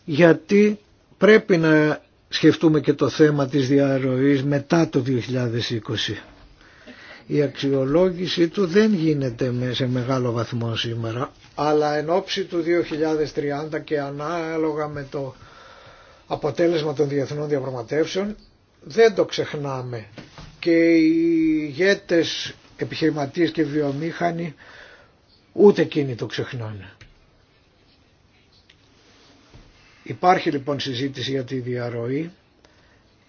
γιατί πρέπει να σκεφτούμε και το θέμα της διαρροής μετά το 2020. Η αξιολόγηση του δεν γίνεται σε μεγάλο βαθμό σήμερα, αλλά εν ώψη του 2030 και ανάλογα με το αποτέλεσμα των διεθνών διαπραγματεύσεων δεν το ξεχνάμε και οι ηγέτες επιχειρηματίες και βιομήχανοι ούτε εκείνοι το ξεχνάνε. Υπάρχει λοιπόν συζήτηση για τη διαρροή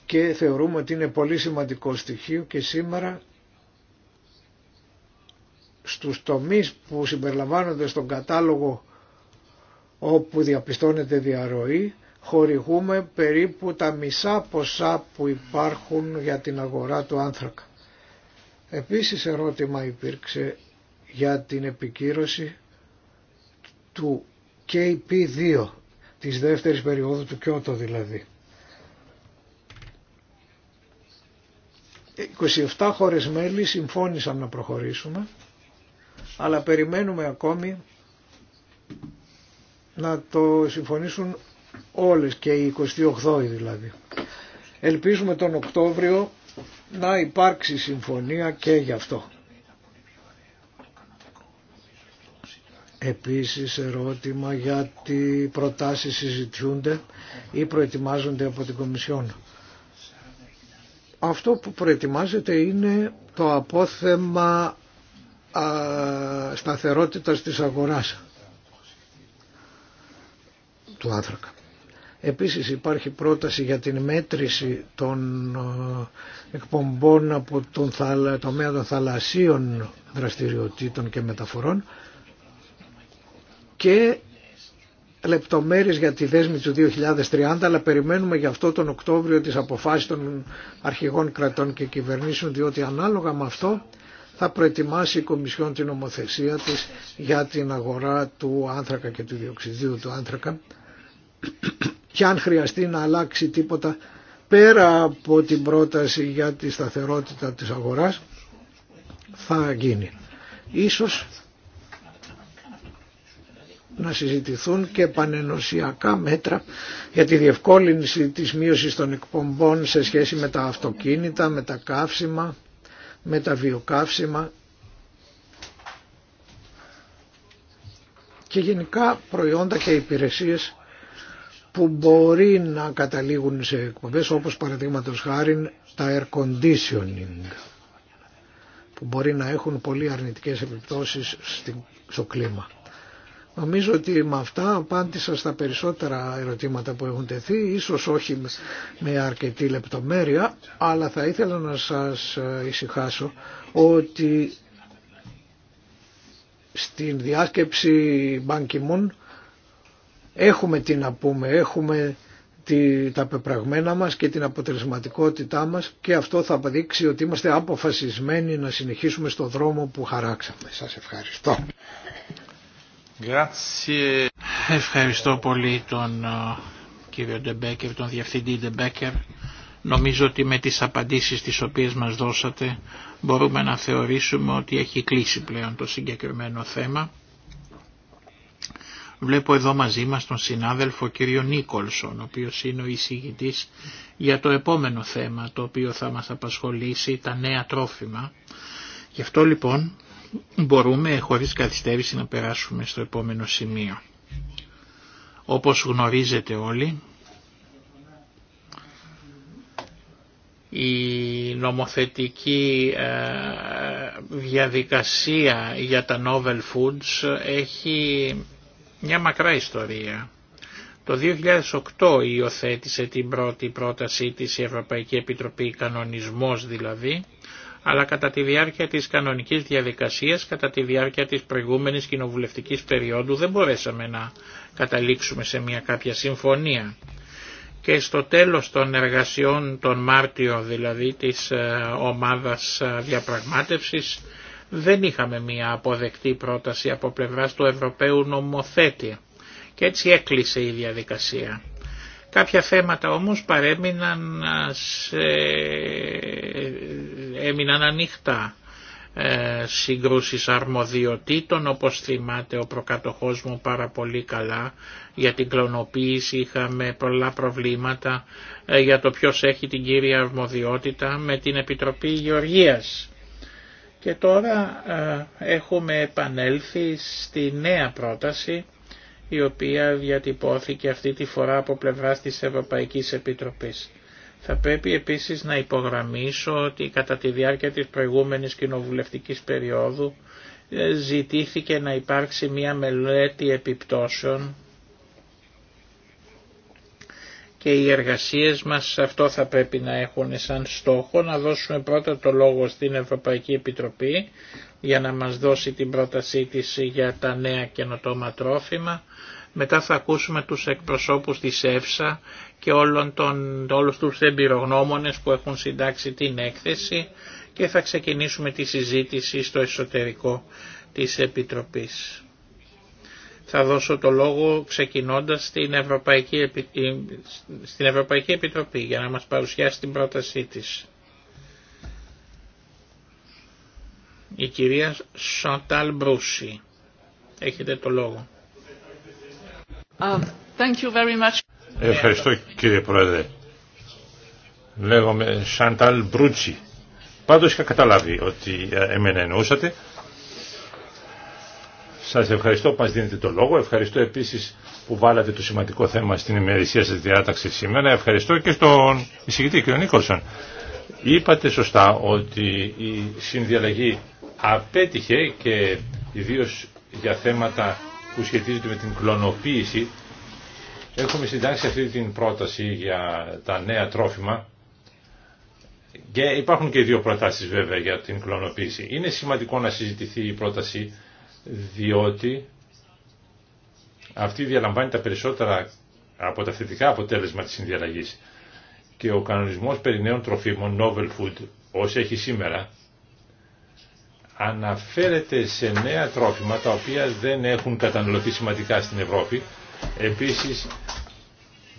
και θεωρούμε ότι είναι πολύ σημαντικό στοιχείο και σήμερα στους τομείς που συμπεριλαμβάνονται στον κατάλογο όπου διαπιστώνεται διαρροή χορηγούμε περίπου τα μισά ποσά που υπάρχουν για την αγορά του άνθρακα. Επίσης ερώτημα υπήρξε για την επικύρωση του KP2 της δεύτερης περίοδου του Κιώτο δηλαδή. 27 χώρες μέλη συμφώνησαν να προχωρήσουμε αλλά περιμένουμε ακόμη να το συμφωνήσουν όλες και οι 28 η δηλαδή. Ελπίζουμε τον Οκτώβριο να υπάρξει συμφωνία και γι' αυτό. Επίσης ερώτημα γιατί προτάσεις συζητιούνται ή προετοιμάζονται από την Κομισιόν. Αυτό που προετοιμάζεται είναι το απόθεμα σταθερότητας της αγοράς του άνθρακα. Επίσης υπάρχει πρόταση για την μέτρηση των εκπομπών από τον τομέα των θαλασσίων δραστηριοτήτων και μεταφορών και λεπτομέρειες για τη δέσμη του 2030 αλλά περιμένουμε γι' αυτό τον Οκτώβριο τις αποφάσεις των αρχηγών κρατών και κυβερνήσεων διότι ανάλογα με αυτό θα προετοιμάσει η Κομισιόν την ομοθεσία της για την αγορά του άνθρακα και του διοξιδίου του άνθρακα και αν χρειαστεί να αλλάξει τίποτα πέρα από την πρόταση για τη σταθερότητα της αγοράς θα γίνει. Ίσως να συζητηθούν και πανενοσιακά μέτρα για τη διευκόλυνση της μείωσης των εκπομπών σε σχέση με τα αυτοκίνητα, με τα καύσιμα με τα βιοκαύσιμα και γενικά προϊόντα και υπηρεσίες που μπορεί να καταλήγουν σε εκπομπές όπως παραδείγματο χάρη τα air conditioning που μπορεί να έχουν πολύ αρνητικές επιπτώσεις στο κλίμα. Νομίζω ότι με αυτά απάντησα στα περισσότερα ερωτήματα που έχουν τεθεί, ίσως όχι με αρκετή λεπτομέρεια, αλλά θα ήθελα να σας ε, ησυχάσω ότι στην διάσκεψη Μπάνκιμον έχουμε τι να πούμε, έχουμε τα πεπραγμένα μας και την αποτελεσματικότητά μας και αυτό θα αποδείξει ότι είμαστε αποφασισμένοι να συνεχίσουμε στο δρόμο που χαράξαμε. Σας ευχαριστώ. Ευχαριστώ πολύ τον ε, κύριο Ντεμπέκερ, τον διευθυντή Ντεμπέκερ. Νομίζω ότι με τις απαντήσεις τις οποίες μας δώσατε μπορούμε να θεωρήσουμε ότι έχει κλείσει πλέον το συγκεκριμένο θέμα. Βλέπω εδώ μαζί μας τον συνάδελφο κύριο Νίκολσον, ο οποίος είναι ο εισηγητής για το επόμενο θέμα το οποίο θα μας απασχολήσει, τα νέα τρόφιμα. Γι' αυτό λοιπόν μπορούμε χωρίς καθυστέρηση να περάσουμε στο επόμενο σημείο. Όπως γνωρίζετε όλοι, η νομοθετική ε, διαδικασία για τα novel foods έχει μια μακρά ιστορία. Το 2008 υιοθέτησε την πρώτη πρότασή της η Ευρωπαϊκή Επιτροπή Κανονισμός δηλαδή, αλλά κατά τη διάρκεια της κανονικής διαδικασίας, κατά τη διάρκεια της προηγούμενης κοινοβουλευτικής περίοδου δεν μπορέσαμε να καταλήξουμε σε μια κάποια συμφωνία. Και στο τέλος των εργασιών τον Μάρτιο δηλαδή της ε, ομάδας ε, διαπραγμάτευσης δεν είχαμε μια αποδεκτή πρόταση από πλευράς του Ευρωπαίου νομοθέτη και έτσι έκλεισε η διαδικασία. Κάποια θέματα όμως παρέμειναν σε... έμειναν ανοιχτά ε, συγκρούσεις αρμοδιοτήτων όπως θυμάται ο προκατοχός μου πάρα πολύ καλά για την κλωνοποίηση είχαμε πολλά προβλήματα ε, για το ποιος έχει την κύρια αρμοδιότητα με την Επιτροπή Γεωργίας. Και τώρα ε, έχουμε επανέλθει στη νέα πρόταση η οποία διατυπώθηκε αυτή τη φορά από πλευρά της Ευρωπαϊκής Επιτροπής. Θα πρέπει επίσης να υπογραμμίσω ότι κατά τη διάρκεια της προηγούμενης κοινοβουλευτικής περίοδου ε, ζητήθηκε να υπάρξει μια μελέτη επιπτώσεων και οι εργασίες μας αυτό θα πρέπει να έχουν σαν στόχο να δώσουμε πρώτα το λόγο στην Ευρωπαϊκή Επιτροπή για να μας δώσει την πρότασή της για τα νέα καινοτόμα τρόφιμα. Μετά θα ακούσουμε τους εκπροσώπους της ΕΦΣΑ και όλων των, όλους τους εμπειρογνώμονες που έχουν συντάξει την έκθεση και θα ξεκινήσουμε τη συζήτηση στο εσωτερικό της Επιτροπής. Θα δώσω το λόγο ξεκινώντας στην Ευρωπαϊκή, στην Ευρωπαϊκή Επιτροπή για να μας παρουσιάσει την πρότασή της. Η κυρία Σαντάλ Μπρούση. Έχετε το λόγο. Um, ευχαριστώ κύριε Πρόεδρε. Λέγομαι Σαντάλ Μπρούτσι. Πάντως είχα καταλάβει ότι ε, εμένα εννοούσατε. Σας ευχαριστώ που μας δίνετε το λόγο. Ευχαριστώ επίσης που βάλατε το σημαντικό θέμα στην ημερησία σας διάταξη σήμερα. Ευχαριστώ και στον εισηγητή κύριο Νίκολσον Είπατε σωστά ότι η συνδιαλλαγή απέτυχε και ιδίω για θέματα που σχετίζονται με την κλωνοποίηση έχουμε συντάξει αυτή την πρόταση για τα νέα τρόφιμα και υπάρχουν και δύο προτάσεις βέβαια για την κλωνοποίηση. Είναι σημαντικό να συζητηθεί η πρόταση διότι αυτή διαλαμβάνει τα περισσότερα από τα θετικά αποτέλεσμα της συνδιαλλαγής και ο κανονισμός περί νέων τροφίμων, novel food, όσο έχει σήμερα, αναφέρεται σε νέα τρόφιμα τα οποία δεν έχουν καταναλωθεί σημαντικά στην Ευρώπη. Επίσης,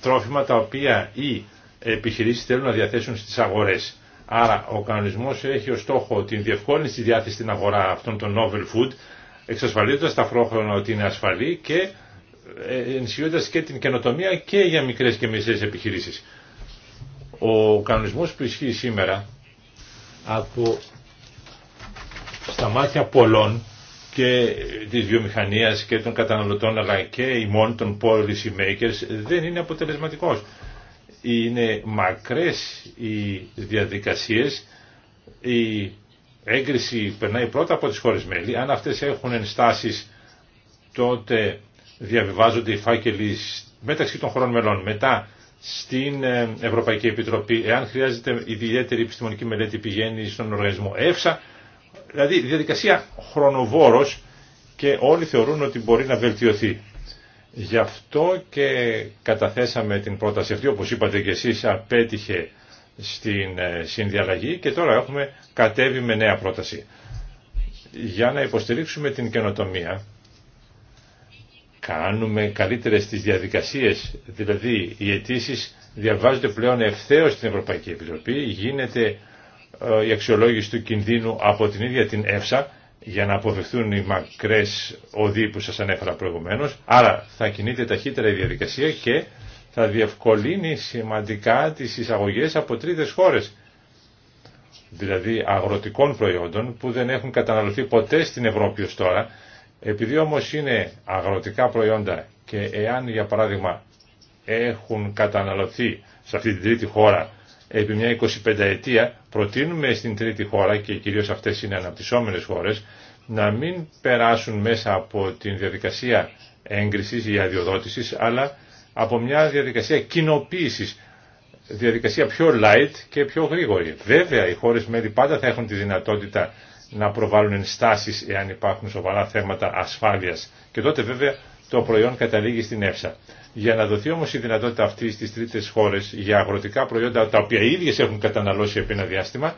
τρόφιμα τα οποία οι επιχειρήσεις θέλουν να διαθέσουν στις αγορές. Άρα, ο κανονισμός έχει ως στόχο την διευκόλυνση της διάθεση στην αγορά αυτών των novel food, εξασφαλίζοντας ταυτόχρονα ότι είναι ασφαλή και ε, ενισχύοντας και την καινοτομία και για μικρές και μεσαίες επιχειρήσεις. Ο κανονισμός που ισχύει σήμερα από στα μάτια πολλών και της βιομηχανίας και των καταναλωτών αλλά και ημών των policy makers δεν είναι αποτελεσματικός. Είναι μακρές οι διαδικασίες, η έγκριση περνάει πρώτα από τις χώρες μέλη, αν αυτές έχουν ενστάσεις τότε διαβιβάζονται οι φάκελοι μεταξύ των χωρών μελών. Μετά στην ε, Ευρωπαϊκή Επιτροπή. Εάν χρειάζεται ιδιαίτερη επιστημονική μελέτη πηγαίνει στον οργανισμό ΕΦΣΑ. Δηλαδή διαδικασία χρονοβόρος και όλοι θεωρούν ότι μπορεί να βελτιωθεί. Γι' αυτό και καταθέσαμε την πρόταση αυτή, όπως είπατε και εσείς, απέτυχε στην ε, συνδιαλλαγή και τώρα έχουμε κατέβει με νέα πρόταση. Για να υποστηρίξουμε την καινοτομία κάνουμε καλύτερες τις διαδικασίες, δηλαδή οι αιτήσει διαβάζονται πλέον ευθέως στην Ευρωπαϊκή Επιτροπή, γίνεται ε, η αξιολόγηση του κινδύνου από την ίδια την ΕΦΣΑ για να αποφευθούν οι μακρές οδοί που σας ανέφερα προηγουμένως. Άρα θα κινείται ταχύτερα η διαδικασία και θα διευκολύνει σημαντικά τις εισαγωγές από τρίτες χώρες. Δηλαδή αγροτικών προϊόντων που δεν έχουν καταναλωθεί ποτέ στην Ευρώπη ως τώρα επειδή όμως είναι αγροτικά προϊόντα και εάν για παράδειγμα έχουν καταναλωθεί σε αυτή την τρίτη χώρα επί μια 25 ετία προτείνουμε στην τρίτη χώρα και κυρίως αυτές είναι αναπτυσσόμενες χώρες να μην περάσουν μέσα από την διαδικασία έγκρισης ή αδειοδότησης αλλά από μια διαδικασία κοινοποίηση, διαδικασία πιο light και πιο γρήγορη. Βέβαια οι χώρες μέλη πάντα θα έχουν τη δυνατότητα να προβάλλουν ενστάσεις εάν υπάρχουν σοβαρά θέματα ασφάλειας. Και τότε βέβαια το προϊόν καταλήγει στην ΕΦΣΑ. Για να δοθεί όμως η δυνατότητα αυτή στις τρίτες χώρες για αγροτικά προϊόντα τα οποία οι ίδιες έχουν καταναλώσει επί ένα διάστημα,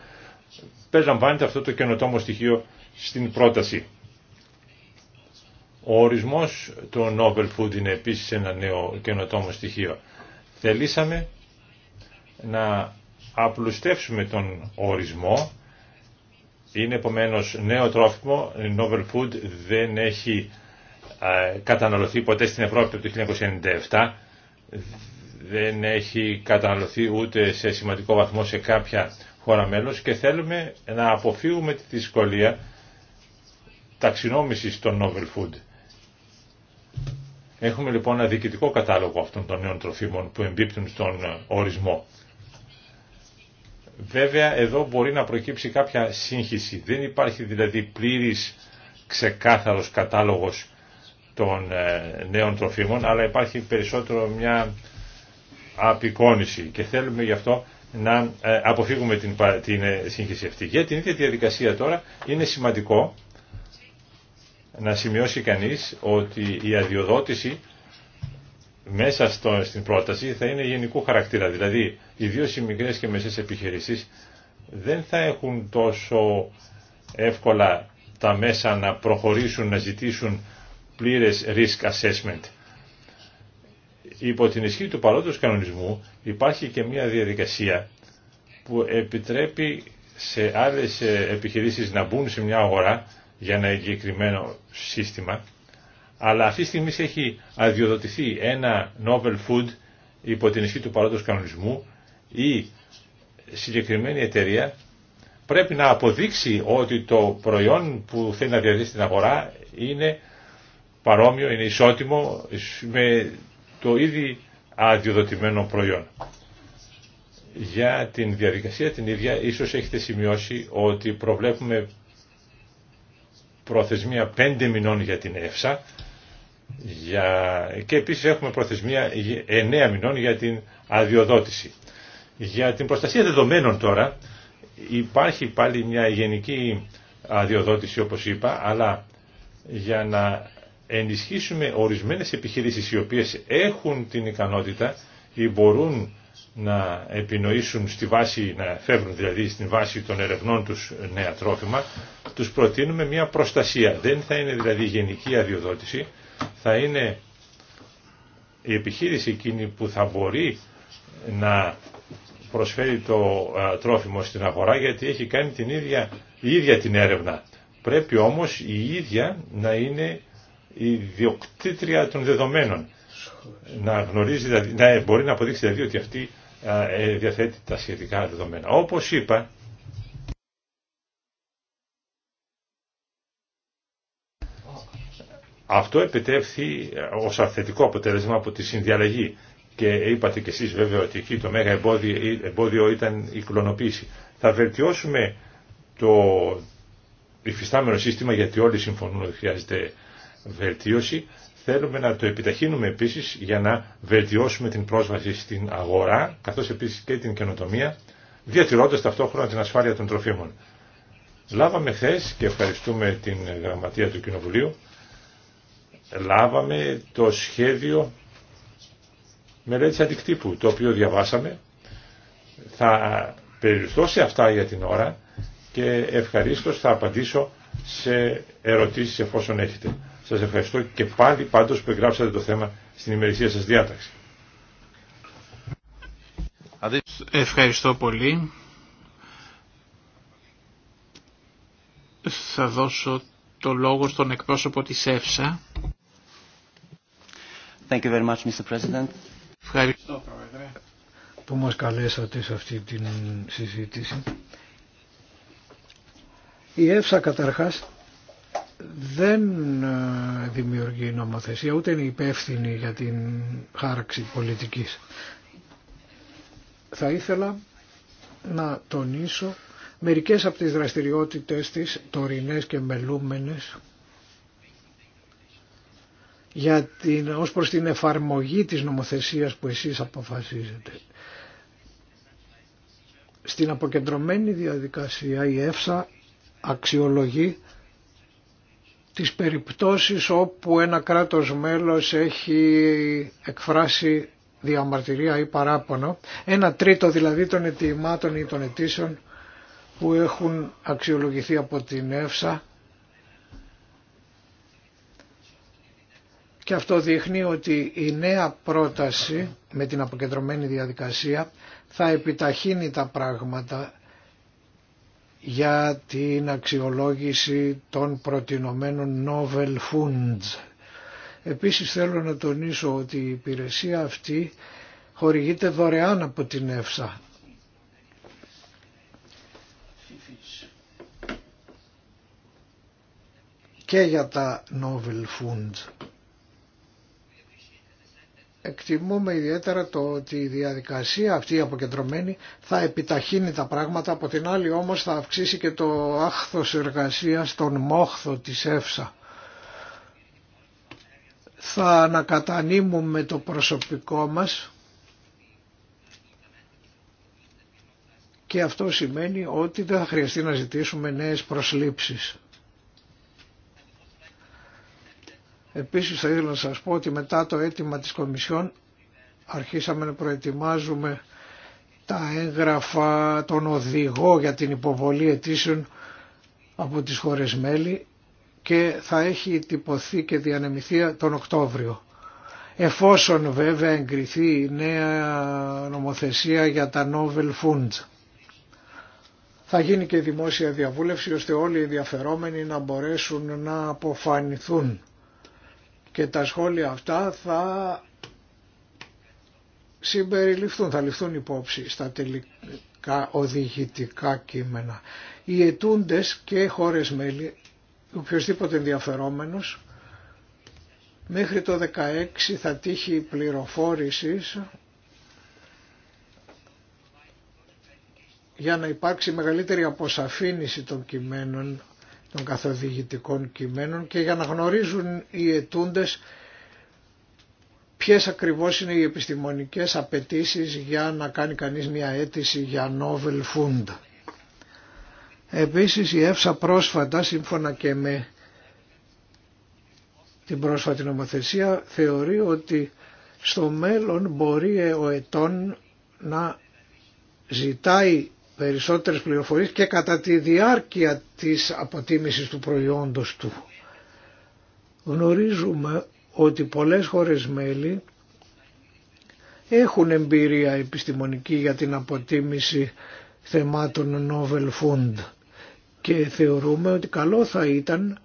περιλαμβάνεται αυτό το καινοτόμο στοιχείο στην πρόταση. Ο ορισμός του novel food είναι επίσης ένα νέο καινοτόμο στοιχείο. Θελήσαμε να απλουστεύσουμε τον ορισμό είναι επομένως νέο τρόφιμο, novel food, δεν έχει καταναλωθεί ποτέ στην Ευρώπη από το 1997, δεν έχει καταναλωθεί ούτε σε σημαντικό βαθμό σε κάποια χώρα μέλος και θέλουμε να αποφύγουμε τη δυσκολία ταξινόμησης των novel food. Έχουμε λοιπόν ένα διοικητικό κατάλογο αυτών των νέων τροφίμων που εμπίπτουν στον ορισμό. Βέβαια εδώ μπορεί να προκύψει κάποια σύγχυση. Δεν υπάρχει δηλαδή πλήρης ξεκάθαρος κατάλογος των ε, νέων τροφίμων, αλλά υπάρχει περισσότερο μια απεικόνηση και θέλουμε γι' αυτό να ε, αποφύγουμε την, την ε, σύγχυση αυτή. Για την ίδια διαδικασία τώρα είναι σημαντικό να σημειώσει κανείς ότι η αδειοδότηση μέσα στην πρόταση θα είναι γενικού χαρακτήρα. Δηλαδή, ιδίω οι μικρέ και μεσές επιχειρήσεις δεν θα έχουν τόσο εύκολα τα μέσα να προχωρήσουν, να ζητήσουν πλήρες risk assessment. Υπό την ισχύ του παρόντος κανονισμού υπάρχει και μια διαδικασία που επιτρέπει σε άλλες επιχειρήσεις να μπουν σε μια αγορά για ένα εγκεκριμένο σύστημα αλλά αυτή τη στιγμή έχει αδειοδοτηθεί ένα novel food υπό την ισχύ του παρόντος κανονισμού ή συγκεκριμένη εταιρεία πρέπει να αποδείξει ότι το προϊόν που θέλει να διαδίδει στην αγορά είναι παρόμοιο, είναι ισότιμο με το ήδη αδειοδοτημένο προϊόν. Για την διαδικασία την ίδια ίσως έχετε σημειώσει ότι προβλέπουμε προθεσμία πέντε μηνών για την ΕΦΣΑ για... και επίσης έχουμε προθεσμία 9 μηνών για την αδειοδότηση. Για την προστασία δεδομένων τώρα υπάρχει πάλι μια γενική αδειοδότηση όπως είπα, αλλά για να ενισχύσουμε ορισμένες επιχειρήσεις οι οποίες έχουν την ικανότητα ή μπορούν να επινοήσουν στη βάση, να φεύγουν δηλαδή στην βάση των ερευνών τους νέα τρόφιμα, τους προτείνουμε μια προστασία. Δεν θα είναι δηλαδή γενική αδειοδότηση, θα είναι η επιχείρηση εκείνη που θα μπορεί να προσφέρει το τρόφιμο στην αγορά γιατί έχει κάνει την ίδια, ίδια την έρευνα. Πρέπει όμως η ίδια να είναι η διοκτήτρια των δεδομένων. Να, γνωρίζει, δηλαδή, να μπορεί να αποδείξει δηλαδή ότι αυτή ε, διαθέτει τα σχετικά δεδομένα. Όπως είπα, Αυτό επιτεύχθη ε, ως αρθετικό αποτέλεσμα από τη συνδιαλλαγή και είπατε κι εσείς βέβαια ότι εκεί το μέγα εμπόδιο, εμπόδιο ήταν η κλωνοποίηση. Θα βελτιώσουμε το υφιστάμενο σύστημα γιατί όλοι συμφωνούν ότι χρειάζεται βελτίωση. Θέλουμε να το επιταχύνουμε επίσης για να βελτιώσουμε την πρόσβαση στην αγορά καθώς επίσης και την καινοτομία διατηρώντας ταυτόχρονα την ασφάλεια των τροφίμων. Λάβαμε χθε και ευχαριστούμε την γραμματεία του Κοινοβουλίου λάβαμε το σχέδιο μελέτης αντικτύπου, το οποίο διαβάσαμε. Θα περιοριστώ σε αυτά για την ώρα και ευχαρίστως θα απαντήσω σε ερωτήσεις εφόσον έχετε. Σας ευχαριστώ και πάλι πάντως που εγγράψατε το θέμα στην ημερησία σας διάταξη. Ευχαριστώ πολύ. Θα δώσω το λόγο στον εκπρόσωπο της ΕΦΣΑ. Thank you very much, Mr. President. Ευχαριστώ, Πρόεδρε, που μας καλέσατε σε αυτή την συζήτηση. Η ΕΦΣΑ καταρχάς δεν ε, δημιουργεί νομοθεσία, ούτε είναι υπεύθυνη για την χάραξη πολιτικής. Θα ήθελα να τονίσω μερικές από τις δραστηριότητες της, τωρινές και μελούμενες, για την, ως προς την εφαρμογή της νομοθεσίας που εσείς αποφασίζετε. Στην αποκεντρωμένη διαδικασία η ΕΦΣΑ αξιολογεί τις περιπτώσεις όπου ένα κράτος μέλος έχει εκφράσει διαμαρτυρία ή παράπονο, ένα τρίτο δηλαδή των αιτημάτων ή των αιτήσεων που έχουν αξιολογηθεί από την ΕΦΣΑ και αυτό δείχνει ότι η νέα πρόταση με την αποκεντρωμένη διαδικασία θα επιταχύνει τα πράγματα για την αξιολόγηση των προτινομένων novel funds. Επίσης θέλω να τονίσω ότι η υπηρεσία αυτή χορηγείται δωρεάν από την ΕΦΣΑ. και για τα novel funds εκτιμούμε ιδιαίτερα το ότι η διαδικασία αυτή η αποκεντρωμένη θα επιταχύνει τα πράγματα, από την άλλη όμως θα αυξήσει και το άχθος εργασίας στον μόχθο της ΕΦΣΑ. Θα ανακατανύμουμε το προσωπικό μας και αυτό σημαίνει ότι δεν θα χρειαστεί να ζητήσουμε νέες προσλήψεις. Επίσης θα ήθελα να σας πω ότι μετά το αίτημα της Κομισιόν αρχίσαμε να προετοιμάζουμε τα έγγραφα, των οδηγό για την υποβολή αιτήσεων από τις χώρες μέλη και θα έχει τυπωθεί και διανεμηθεί τον Οκτώβριο. Εφόσον βέβαια εγκριθεί η νέα νομοθεσία για τα Novel Funds. Θα γίνει και δημόσια διαβούλευση ώστε όλοι οι ενδιαφερόμενοι να μπορέσουν να αποφανηθούν και τα σχόλια αυτά θα συμπεριληφθούν, θα ληφθούν υπόψη στα τελικά οδηγητικά κείμενα. Οι ετούντες και χώρες μέλη, οποιοδήποτε ενδιαφερόμενος, μέχρι το 16 θα τύχει πληροφόρησης για να υπάρξει μεγαλύτερη αποσαφήνιση των κειμένων των καθοδηγητικών κειμένων και για να γνωρίζουν οι ετούντες ποιες ακριβώς είναι οι επιστημονικές απαιτήσει για να κάνει κανείς μια αίτηση για Novel Fund. Επίσης η ΕΦΣΑ πρόσφατα, σύμφωνα και με την πρόσφατη νομοθεσία, θεωρεί ότι στο μέλλον μπορεί ο ετών να ζητάει περισσότερες πληροφορίες και κατά τη διάρκεια της αποτίμησης του προϊόντος του. Γνωρίζουμε ότι πολλές χώρες μέλη έχουν εμπειρία επιστημονική για την αποτίμηση θεμάτων Novel Fund και θεωρούμε ότι καλό θα ήταν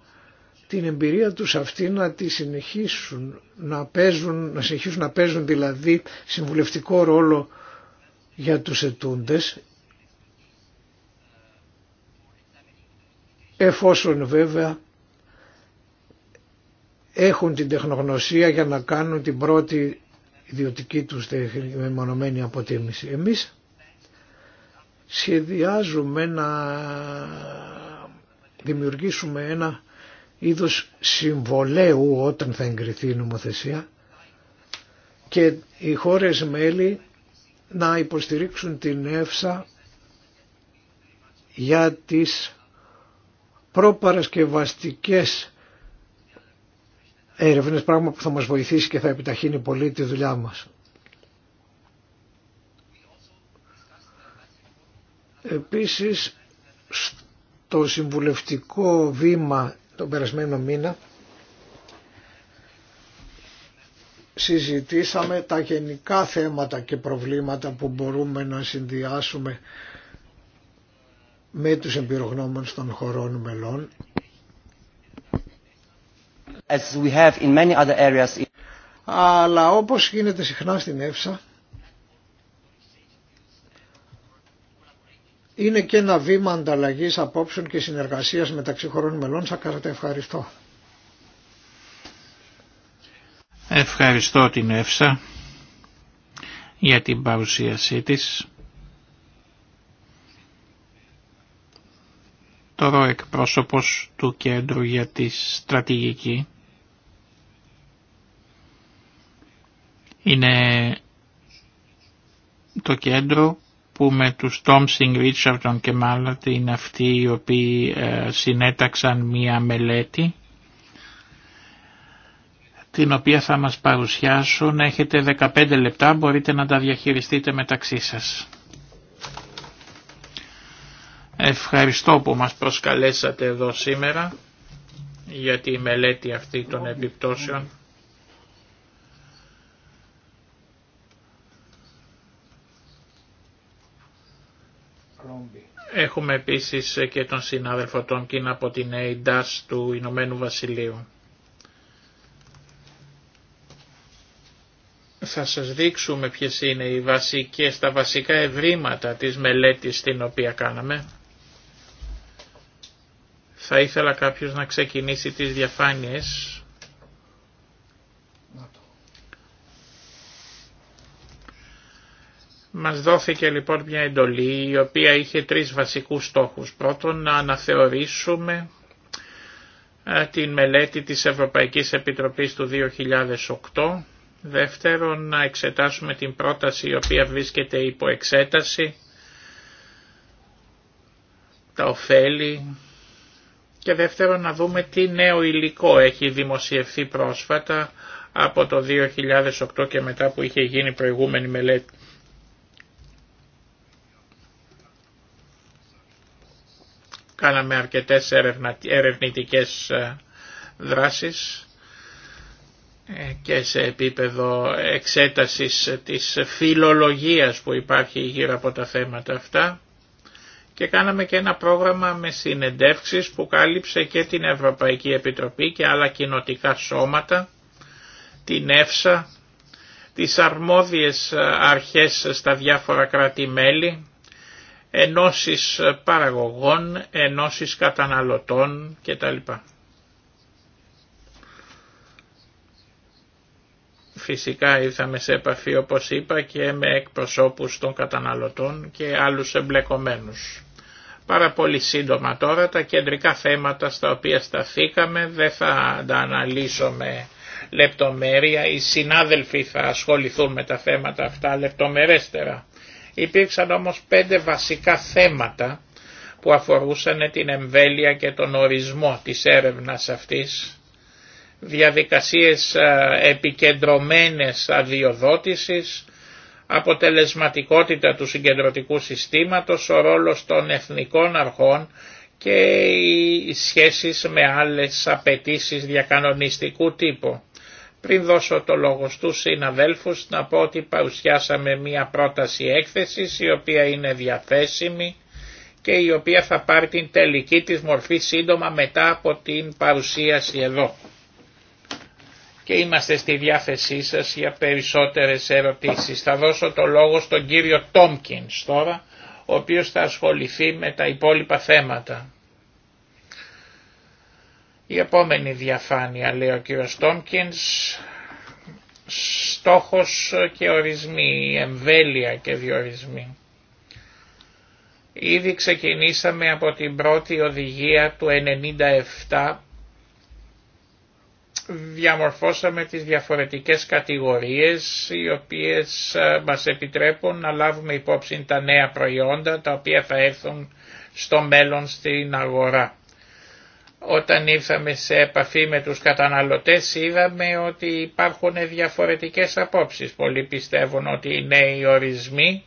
την εμπειρία τους αυτή να τη συνεχίσουν, να, παίζουν, να συνεχίσουν να παίζουν δηλαδή συμβουλευτικό ρόλο για τους ετούντες εφόσον βέβαια έχουν την τεχνογνωσία για να κάνουν την πρώτη ιδιωτική τους μεμονωμένη αποτίμηση. Εμείς σχεδιάζουμε να δημιουργήσουμε ένα είδος συμβολέου όταν θα εγκριθεί η νομοθεσία και οι χώρες μέλη να υποστηρίξουν την ΕΦΣΑ για τις προπαρασκευαστικές έρευνες, πράγμα που θα μας βοηθήσει και θα επιταχύνει πολύ τη δουλειά μας. Επίσης, στο συμβουλευτικό βήμα τον περασμένο μήνα, συζητήσαμε τα γενικά θέματα και προβλήματα που μπορούμε να συνδυάσουμε με τους εμπειρογνώμονες των χωρών μελών αλλά όπως γίνεται συχνά στην ΕΦΣΑ είναι και ένα βήμα ανταλλαγής απόψεων και συνεργασίας μεταξύ χωρών μελών. Σας ευχαριστώ. Ευχαριστώ την ΕΦΣΑ για την παρουσίασή της. Τώρα ο εκπρόσωπος του Κέντρου για τη Στρατηγική είναι το κέντρο που με τους Τόμσινγκ, Ρίτσαρτον και Μάλλατ είναι αυτοί οι οποίοι ε, συνέταξαν μία μελέτη την οποία θα μας παρουσιάσουν. Έχετε 15 λεπτά, μπορείτε να τα διαχειριστείτε μεταξύ σας. Ευχαριστώ που μας προσκαλέσατε εδώ σήμερα για τη μελέτη αυτή των επιπτώσεων. Έχουμε επίσης και τον συνάδελφο Τόνκιν από την ΕΙΝΤΑΣ του Ηνωμένου Βασιλείου. Θα σας δείξουμε ποιες είναι οι βασικές, τα βασικά ευρήματα της μελέτης την οποία κάναμε. Θα ήθελα κάποιος να ξεκινήσει τις διαφάνειες. Μας δόθηκε λοιπόν μια εντολή η οποία είχε τρεις βασικούς στόχους. Πρώτον να αναθεωρήσουμε ε, την μελέτη της Ευρωπαϊκής Επιτροπής του 2008. Δεύτερον να εξετάσουμε την πρόταση η οποία βρίσκεται υπό εξέταση, τα ωφέλη, και δεύτερον να δούμε τι νέο υλικό έχει δημοσιευθεί πρόσφατα από το 2008 και μετά που είχε γίνει προηγούμενη μελέτη. Κάναμε αρκετές ερευνητικές ε, δράσεις ε, και σε επίπεδο εξέτασης της φιλολογίας που υπάρχει γύρω από τα θέματα αυτά και κάναμε και ένα πρόγραμμα με συνεντεύξεις που κάλυψε και την Ευρωπαϊκή Επιτροπή και άλλα κοινοτικά σώματα, την ΕΦΣΑ, τις αρμόδιες ε, αρχές στα διάφορα κράτη-μέλη, ενώσεις παραγωγών, ενώσεις καταναλωτών κτλ. Φυσικά ήρθαμε σε επαφή όπως είπα και με εκπροσώπους των καταναλωτών και άλλους εμπλεκομένους. Πάρα πολύ σύντομα τώρα τα κεντρικά θέματα στα οποία σταθήκαμε δεν θα τα αναλύσω με λεπτομέρεια. Οι συνάδελφοι θα ασχοληθούν με τα θέματα αυτά λεπτομερέστερα. Υπήρξαν όμως πέντε βασικά θέματα που αφορούσαν την εμβέλεια και τον ορισμό της έρευνας αυτής, διαδικασίες ε, επικεντρωμένες αδειοδότησης, αποτελεσματικότητα του συγκεντρωτικού συστήματος, ο ρόλος των εθνικών αρχών και οι σχέσεις με άλλες απαιτήσει διακανονιστικού τύπου. Πριν δώσω το λόγο στους συναδέλφους να πω ότι παρουσιάσαμε μία πρόταση έκθεσης η οποία είναι διαθέσιμη και η οποία θα πάρει την τελική της μορφή σύντομα μετά από την παρουσίαση εδώ και είμαστε στη διάθεσή σας για περισσότερες ερωτήσεις. Θα δώσω το λόγο στον κύριο Τόμκινς τώρα, ο οποίος θα ασχοληθεί με τα υπόλοιπα θέματα. Η επόμενη διαφάνεια, λέει ο κύριος Τόμκινς, στόχος και ορισμοί, εμβέλεια και διορισμοί. Ήδη ξεκινήσαμε από την πρώτη οδηγία του 97 διαμορφώσαμε τις διαφορετικές κατηγορίες οι οποίες ε, μας επιτρέπουν να λάβουμε υπόψη τα νέα προϊόντα τα οποία θα έρθουν στο μέλλον στην αγορά. Όταν ήρθαμε σε επαφή με τους καταναλωτές είδαμε ότι υπάρχουν διαφορετικές απόψεις. Πολλοί πιστεύουν ότι οι νέοι ορισμοί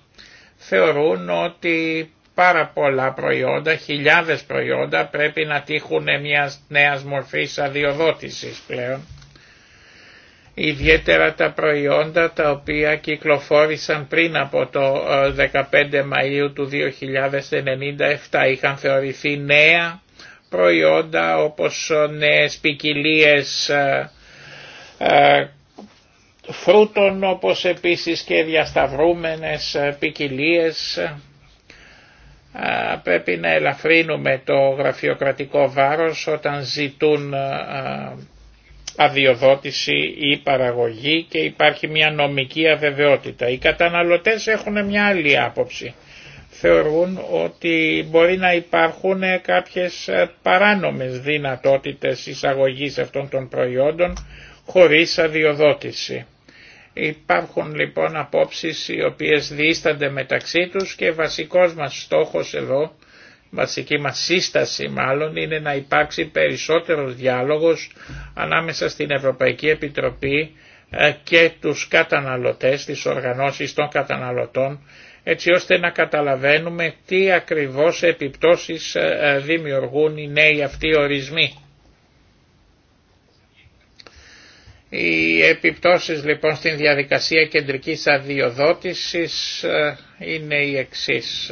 θεωρούν ότι πάρα πολλά προϊόντα, χιλιάδες προϊόντα πρέπει να τύχουν μια νέα μορφή διοδότησης πλέον. Ιδιαίτερα τα προϊόντα τα οποία κυκλοφόρησαν πριν από το 15 ε, Μαΐου του 2097 είχαν θεωρηθεί νέα προϊόντα όπως ε, νέες ποικιλίε ε, φρούτων όπως επίσης και διασταυρούμενες ποικιλίε πρέπει να ελαφρύνουμε το γραφειοκρατικό βάρος όταν ζητούν αδειοδότηση ή παραγωγή και υπάρχει μια νομική αβεβαιότητα. Οι καταναλωτές έχουν μια άλλη άποψη. Θεωρούν ότι μπορεί να υπάρχουν κάποιες παράνομες δυνατότητες εισαγωγής αυτών των προϊόντων χωρίς αδειοδότηση. Υπάρχουν λοιπόν απόψεις οι οποίες διήστανται μεταξύ τους και βασικός μας στόχος εδώ, βασική μας σύσταση μάλλον, είναι να υπάρξει περισσότερος διάλογος ανάμεσα στην Ευρωπαϊκή Επιτροπή ε, και τους καταναλωτές, τις οργανώσεις των καταναλωτών, έτσι ώστε να καταλαβαίνουμε τι ακριβώς επιπτώσεις ε, ε, δημιουργούν οι νέοι αυτοί ορισμοί. Οι επιπτώσεις λοιπόν στην διαδικασία κεντρικής αδειοδότησης ε, είναι οι εξής.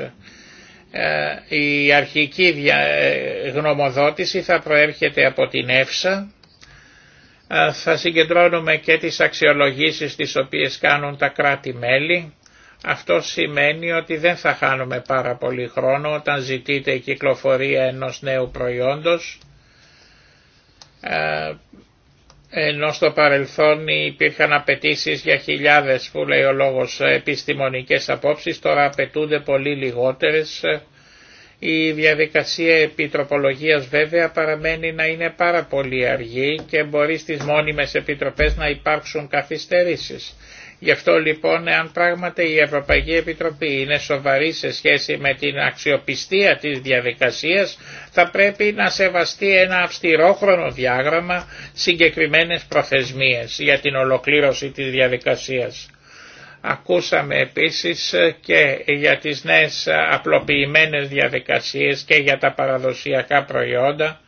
Ε, η αρχική ε, γνωμοδότηση θα προέρχεται από την ΕΦΣΑ. Θα συγκεντρώνουμε και τις αξιολογήσεις τις οποίες κάνουν τα κράτη-μέλη. Αυτό σημαίνει ότι δεν θα χάνουμε πάρα πολύ χρόνο όταν ζητείται η κυκλοφορία ενός νέου προϊόντος ενώ στο παρελθόν υπήρχαν απαιτήσει για χιλιάδες που λέει ο λόγος επιστημονικές απόψεις, τώρα απαιτούνται πολύ λιγότερες. Η διαδικασία επιτροπολογίας βέβαια παραμένει να είναι πάρα πολύ αργή και μπορεί στις μόνιμες επιτροπές να υπάρξουν καθυστερήσεις. Γι' αυτό λοιπόν εάν πράγματι η Ευρωπαϊκή Επιτροπή είναι σοβαρή σε σχέση με την αξιοπιστία της διαδικασίας θα πρέπει να σεβαστεί ένα αυστηρόχρονο διάγραμμα συγκεκριμένες προθεσμίες για την ολοκλήρωση της διαδικασίας. Ακούσαμε επίσης και για τις νέες απλοποιημένες διαδικασίες και για τα παραδοσιακά προϊόντα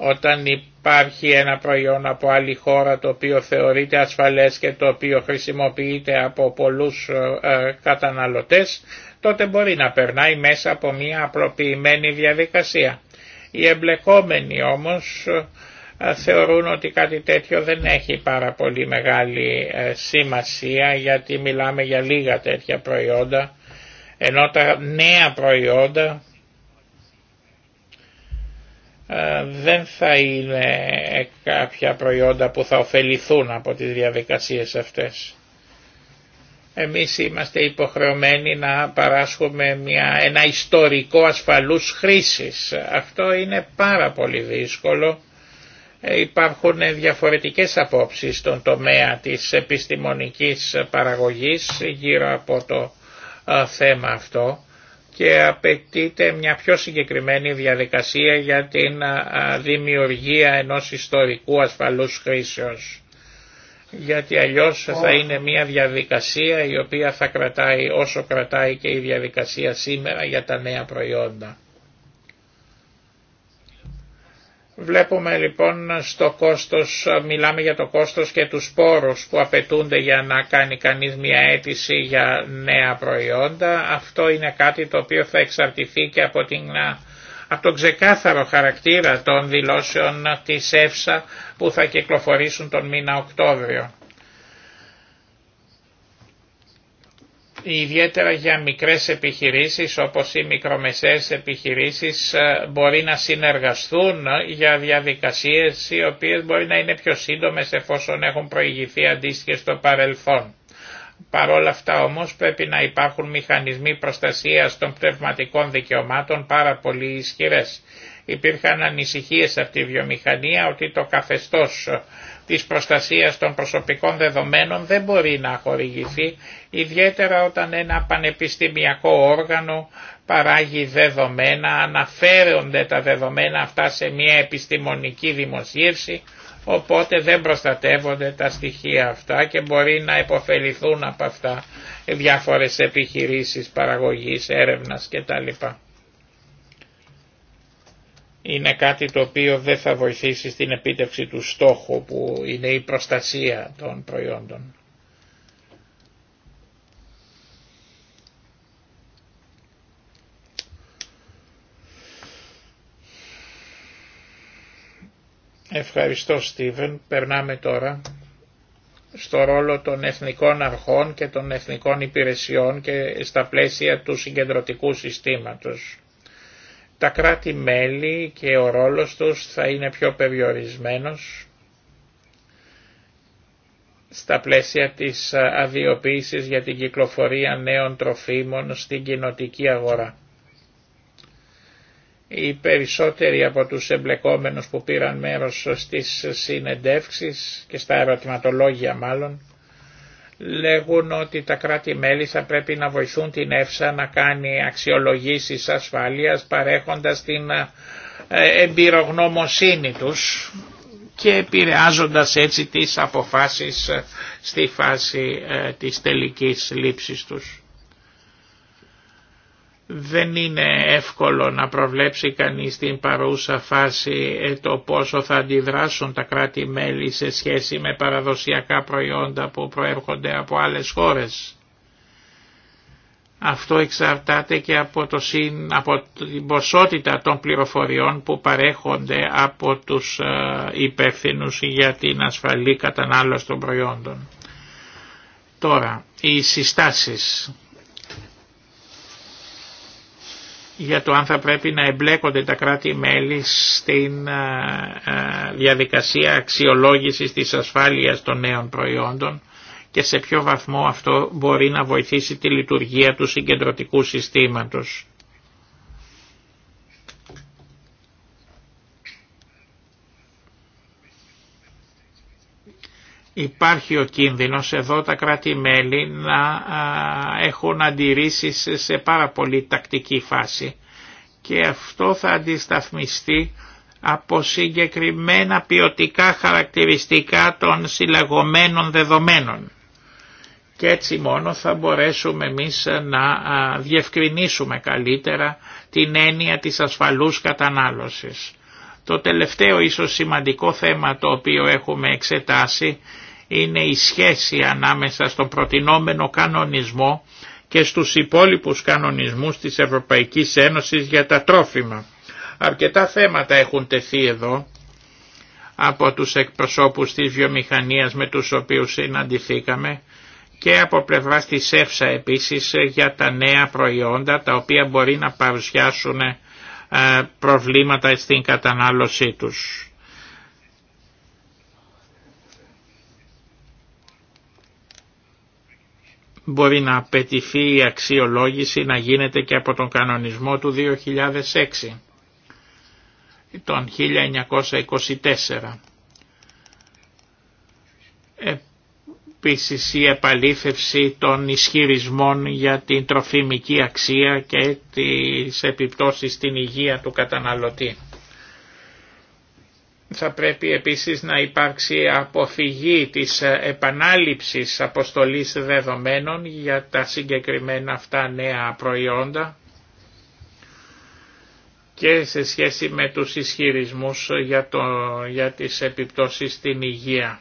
όταν υπάρχει ένα προϊόν από άλλη χώρα το οποίο θεωρείται ασφαλές και το οποίο χρησιμοποιείται από πολλούς ε, ε, καταναλωτές, τότε μπορεί να περνάει μέσα από μια απλοποιημένη διαδικασία. Οι εμπλεκόμενοι όμως ε, θεωρούν ότι κάτι τέτοιο δεν έχει πάρα πολύ μεγάλη σημασία γιατί μιλάμε για λίγα τέτοια προϊόντα ενώ τα νέα προϊόντα ε, δεν θα είναι κάποια προϊόντα που θα ωφεληθούν από τις διαδικασίες αυτές. Εμείς είμαστε υποχρεωμένοι να παράσχουμε μια, ένα ιστορικό ασφαλούς χρήσης. Αυτό είναι πάρα πολύ δύσκολο. Ε, υπάρχουν διαφορετικές απόψεις στον τομέα της επιστημονικής παραγωγής γύρω από το ε, θέμα αυτό και απαιτείται μια πιο συγκεκριμένη διαδικασία για την δημιουργία ενός ιστορικού ασφαλούς χρήσεως. Γιατί αλλιώς θα είναι μια διαδικασία η οποία θα κρατάει όσο κρατάει και η διαδικασία σήμερα για τα νέα προϊόντα. Βλέπουμε λοιπόν στο κόστος, μιλάμε για το κόστος και τους πόρους που απαιτούνται για να κάνει κανείς μια αίτηση για νέα προϊόντα. Αυτό είναι κάτι το οποίο θα εξαρτηθεί και από, την, από τον ξεκάθαρο χαρακτήρα των δηλώσεων της ΕΦΣΑ που θα κυκλοφορήσουν τον μήνα Οκτώβριο. ιδιαίτερα για μικρές επιχειρήσεις όπως οι μικρομεσαίες επιχειρήσεις ε, μπορεί να συνεργαστούν για διαδικασίες οι οποίες μπορεί να είναι πιο σύντομες εφόσον έχουν προηγηθεί αντίστοιχε στο παρελθόν. Παρόλα αυτά όμως πρέπει να υπάρχουν μηχανισμοί προστασίας των πνευματικών δικαιωμάτων πάρα πολύ ισχυρές. Υπήρχαν ανησυχίες αυτή τη βιομηχανία ότι το καθεστώς της προστασίας των προσωπικών δεδομένων δεν μπορεί να χορηγηθεί, ιδιαίτερα όταν ένα πανεπιστημιακό όργανο παράγει δεδομένα, αναφέρονται τα δεδομένα αυτά σε μια επιστημονική δημοσίευση, οπότε δεν προστατεύονται τα στοιχεία αυτά και μπορεί να υποφεληθούν από αυτά διάφορες επιχειρήσεις παραγωγής, έρευνας κτλ είναι κάτι το οποίο δεν θα βοηθήσει στην επίτευξη του στόχου που είναι η προστασία των προϊόντων. Ευχαριστώ Στίβεν. Περνάμε τώρα στο ρόλο των εθνικών αρχών και των εθνικών υπηρεσιών και στα πλαίσια του συγκεντρωτικού συστήματος τα κράτη-μέλη και ο ρόλος τους θα είναι πιο περιορισμένος στα πλαίσια της αδειοποίησης για την κυκλοφορία νέων τροφίμων στην κοινοτική αγορά. Οι περισσότεροι από τους εμπλεκόμενους που πήραν μέρος στις συνεντεύξεις και στα ερωτηματολόγια μάλλον λέγουν ότι τα κράτη-μέλη θα πρέπει να βοηθούν την ΕΦΣΑ να κάνει αξιολογήσεις ασφάλειας παρέχοντας την ε, εμπειρογνωμοσύνη τους και επηρεάζοντας έτσι τις αποφάσεις ε, στη φάση ε, της τελικής λήψης τους. Δεν είναι εύκολο να προβλέψει κανείς την παρούσα φάση ε, το πόσο θα αντιδράσουν τα κράτη-μέλη σε σχέση με παραδοσιακά προϊόντα που προέρχονται από άλλες χώρες. Αυτό εξαρτάται και από, το, την ποσότητα των πληροφοριών που παρέχονται από τους ε, υπεύθυνου για την ασφαλή κατανάλωση των προϊόντων. Τώρα, οι συστάσεις για το αν θα πρέπει να εμπλέκονται τα κράτη-μέλη στην ε, ε, διαδικασία αξιολόγησης της ασφάλειας των νέων προϊόντων και σε ποιο βαθμό αυτό μπορεί να βοηθήσει τη λειτουργία του συγκεντρωτικού συστήματος. Υπάρχει ο κίνδυνος εδώ τα κράτη-μέλη να έχουν αντιρρήσεις σε πάρα πολύ τακτική φάση και αυτό θα αντισταθμιστεί από συγκεκριμένα ποιοτικά χαρακτηριστικά των συλλαγωμένων δεδομένων. Και έτσι μόνο θα μπορέσουμε εμείς να διευκρινίσουμε καλύτερα την έννοια της ασφαλούς κατανάλωσης. Το τελευταίο ίσως σημαντικό θέμα το οποίο έχουμε εξετάσει είναι η σχέση ανάμεσα στον προτινόμενο κανονισμό και στους υπόλοιπους κανονισμούς της Ευρωπαϊκής Ένωσης για τα τρόφιμα. Αρκετά θέματα έχουν τεθεί εδώ από τους εκπροσώπους της βιομηχανίας με τους οποίους συναντηθήκαμε και από πλευρά της ΕΦΣΑ επίσης για τα νέα προϊόντα τα οποία μπορεί να παρουσιάσουν ε, προβλήματα στην κατανάλωσή τους. μπορεί να απαιτηθεί η αξιολόγηση να γίνεται και από τον κανονισμό του 2006, τον 1924. Επίσης η επαλήθευση των ισχυρισμών για την τροφιμική αξία και τις επιπτώσεις στην υγεία του καταναλωτή. Θα πρέπει επίσης να υπάρξει αποφυγή της επανάληψης αποστολής δεδομένων για τα συγκεκριμένα αυτά νέα προϊόντα και σε σχέση με τους ισχυρισμούς για, το, για τις επιπτώσεις στην υγεία.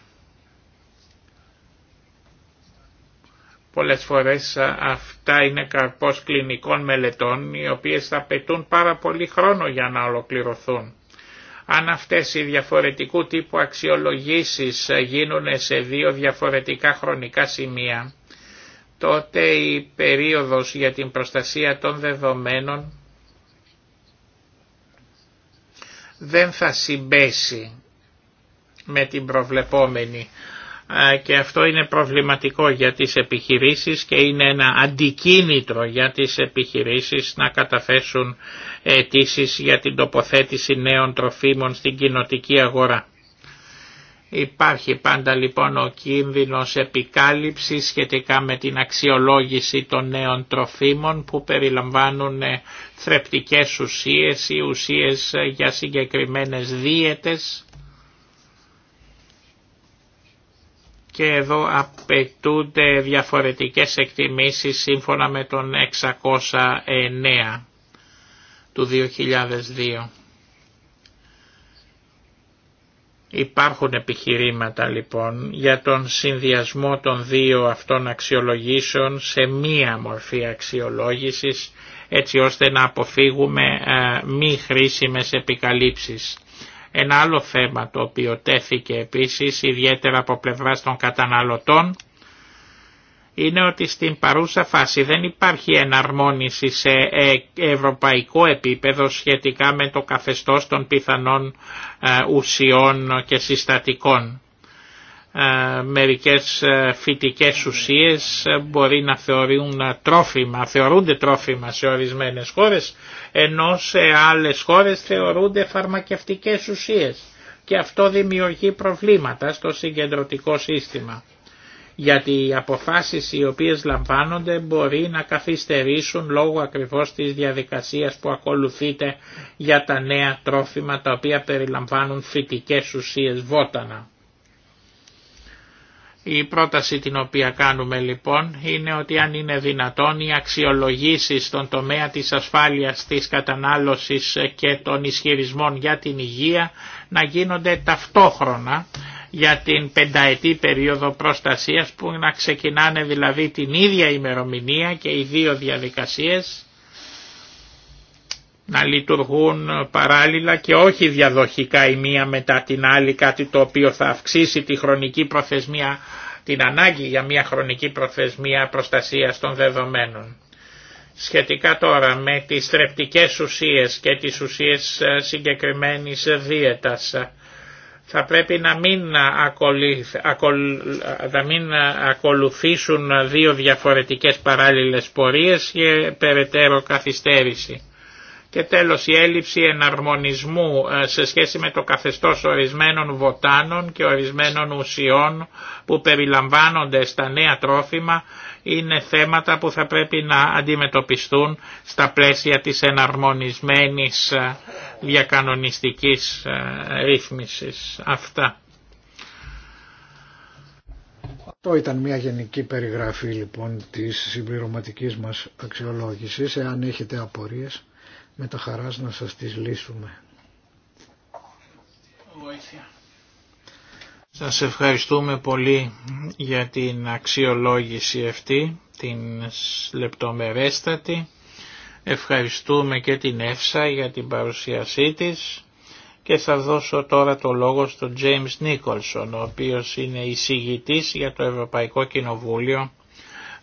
Πολλές φορές αυτά είναι καρπός κλινικών μελετών οι οποίες θα πετούν πάρα πολύ χρόνο για να ολοκληρωθούν. Αν αυτές οι διαφορετικού τύπου αξιολογήσεις γίνουν σε δύο διαφορετικά χρονικά σημεία, τότε η περίοδος για την προστασία των δεδομένων δεν θα συμπέσει με την προβλεπόμενη και αυτό είναι προβληματικό για τις επιχειρήσεις και είναι ένα αντικίνητρο για τις επιχειρήσεις να καταθέσουν αιτήσει για την τοποθέτηση νέων τροφίμων στην κοινοτική αγορά. Υπάρχει πάντα λοιπόν ο κίνδυνος επικάλυψης σχετικά με την αξιολόγηση των νέων τροφίμων που περιλαμβάνουν ε, θρεπτικές ουσίες ή ουσίες ε, για συγκεκριμένες δίαιτες και εδώ απαιτούνται διαφορετικές εκτιμήσεις σύμφωνα με τον 609 του 2002. Υπάρχουν επιχειρήματα λοιπόν για τον συνδυασμό των δύο αυτών αξιολογήσεων σε μία μορφή αξιολόγησης έτσι ώστε να αποφύγουμε ε, μη χρήσιμες επικαλύψεις. Ένα άλλο θέμα το οποίο τέθηκε επίσης ιδιαίτερα από πλευρά των καταναλωτών είναι ότι στην παρούσα φάση δεν υπάρχει εναρμόνιση σε ε, ευρωπαϊκό επίπεδο σχετικά με το καθεστώς των πιθανών ε, ουσιών και συστατικών. Ε, μερικές ε, φυτικές ουσίες ε, μπορεί να θεωρούν τρόφιμα, θεωρούνται τρόφιμα σε ορισμένες χώρες, ενώ σε άλλες χώρες θεωρούνται φαρμακευτικές ουσίες και αυτό δημιουργεί προβλήματα στο συγκεντρωτικό σύστημα. Γιατί οι αποφάσεις οι οποίες λαμβάνονται μπορεί να καθυστερήσουν λόγω ακριβώς της διαδικασίας που ακολουθείται για τα νέα τρόφιμα τα οποία περιλαμβάνουν φυτικές ουσίες βότανα. Η πρόταση την οποία κάνουμε λοιπόν είναι ότι αν είναι δυνατόν οι αξιολογήσεις στον τομέα της ασφάλειας της κατανάλωσης και των ισχυρισμών για την υγεία να γίνονται ταυτόχρονα για την πενταετή περίοδο προστασίας που να ξεκινάνε δηλαδή την ίδια ημερομηνία και οι δύο διαδικασίες να λειτουργούν παράλληλα και όχι διαδοχικά η μία μετά την άλλη κάτι το οποίο θα αυξήσει τη χρονική προθεσμία, την ανάγκη για μια χρονική προθεσμία προστασίας των δεδομένων. Σχετικά τώρα με τις θρεπτικές ουσίες και τις ουσίες ε, συγκεκριμένης δίαιτας ε, θα πρέπει να μην, να μην ακολουθήσουν δύο διαφορετικές παράλληλες πορείες και περαιτέρω καθυστέρηση. Και τέλος η έλλειψη εναρμονισμού ε, σε σχέση με το καθεστώς ορισμένων βοτάνων και ορισμένων ουσιών που περιλαμβάνονται στα νέα τρόφιμα είναι θέματα που θα πρέπει να αντιμετωπιστούν στα πλαίσια της εναρμονισμένης ε, διακανονιστικής ε, ρύθμισης. Αυτά. Αυτό ήταν μια γενική περιγραφή λοιπόν της συμπληρωματικής μας αξιολόγησης. Εάν έχετε απορίες με τα χαράς να σας τις λύσουμε. Σας ευχαριστούμε πολύ για την αξιολόγηση αυτή, την λεπτομερέστατη. Ευχαριστούμε και την Εύσα για την παρουσίασή της και θα δώσω τώρα το λόγο στον James Nicholson, ο οποίος είναι εισηγητής για το Ευρωπαϊκό Κοινοβούλιο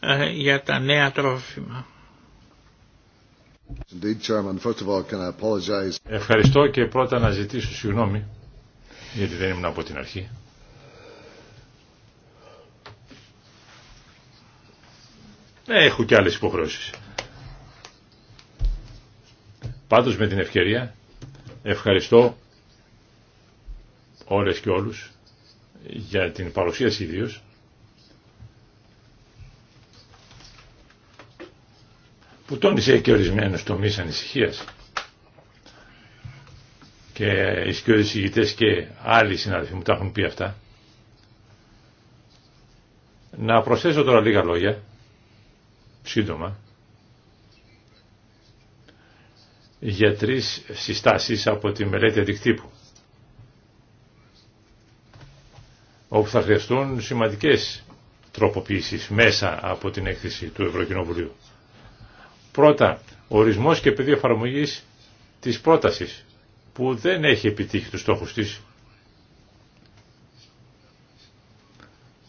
ε, για τα νέα τρόφιμα. Ευχαριστώ και πρώτα να ζητήσω συγγνώμη, γιατί δεν ήμουν από την αρχή. Ε, έχω και άλλες υποχρεώσεις. Πάντως με την ευκαιρία ευχαριστώ όλες και όλους για την παρουσίαση ιδίως που τόνισε και ορισμένους τομείς ανησυχίας και οι σκιώδεις ηγητές και άλλοι συνάδελφοι μου τα έχουν πει αυτά να προσθέσω τώρα λίγα λόγια σύντομα για τρεις συστάσεις από τη μελέτη αντικτύπου όπου θα χρειαστούν σημαντικές τροποποίησεις μέσα από την έκθεση του Ευρωκοινοβουλίου. Πρώτα, ορισμός και πεδίο εφαρμογή της πρότασης που δεν έχει επιτύχει τους στόχους της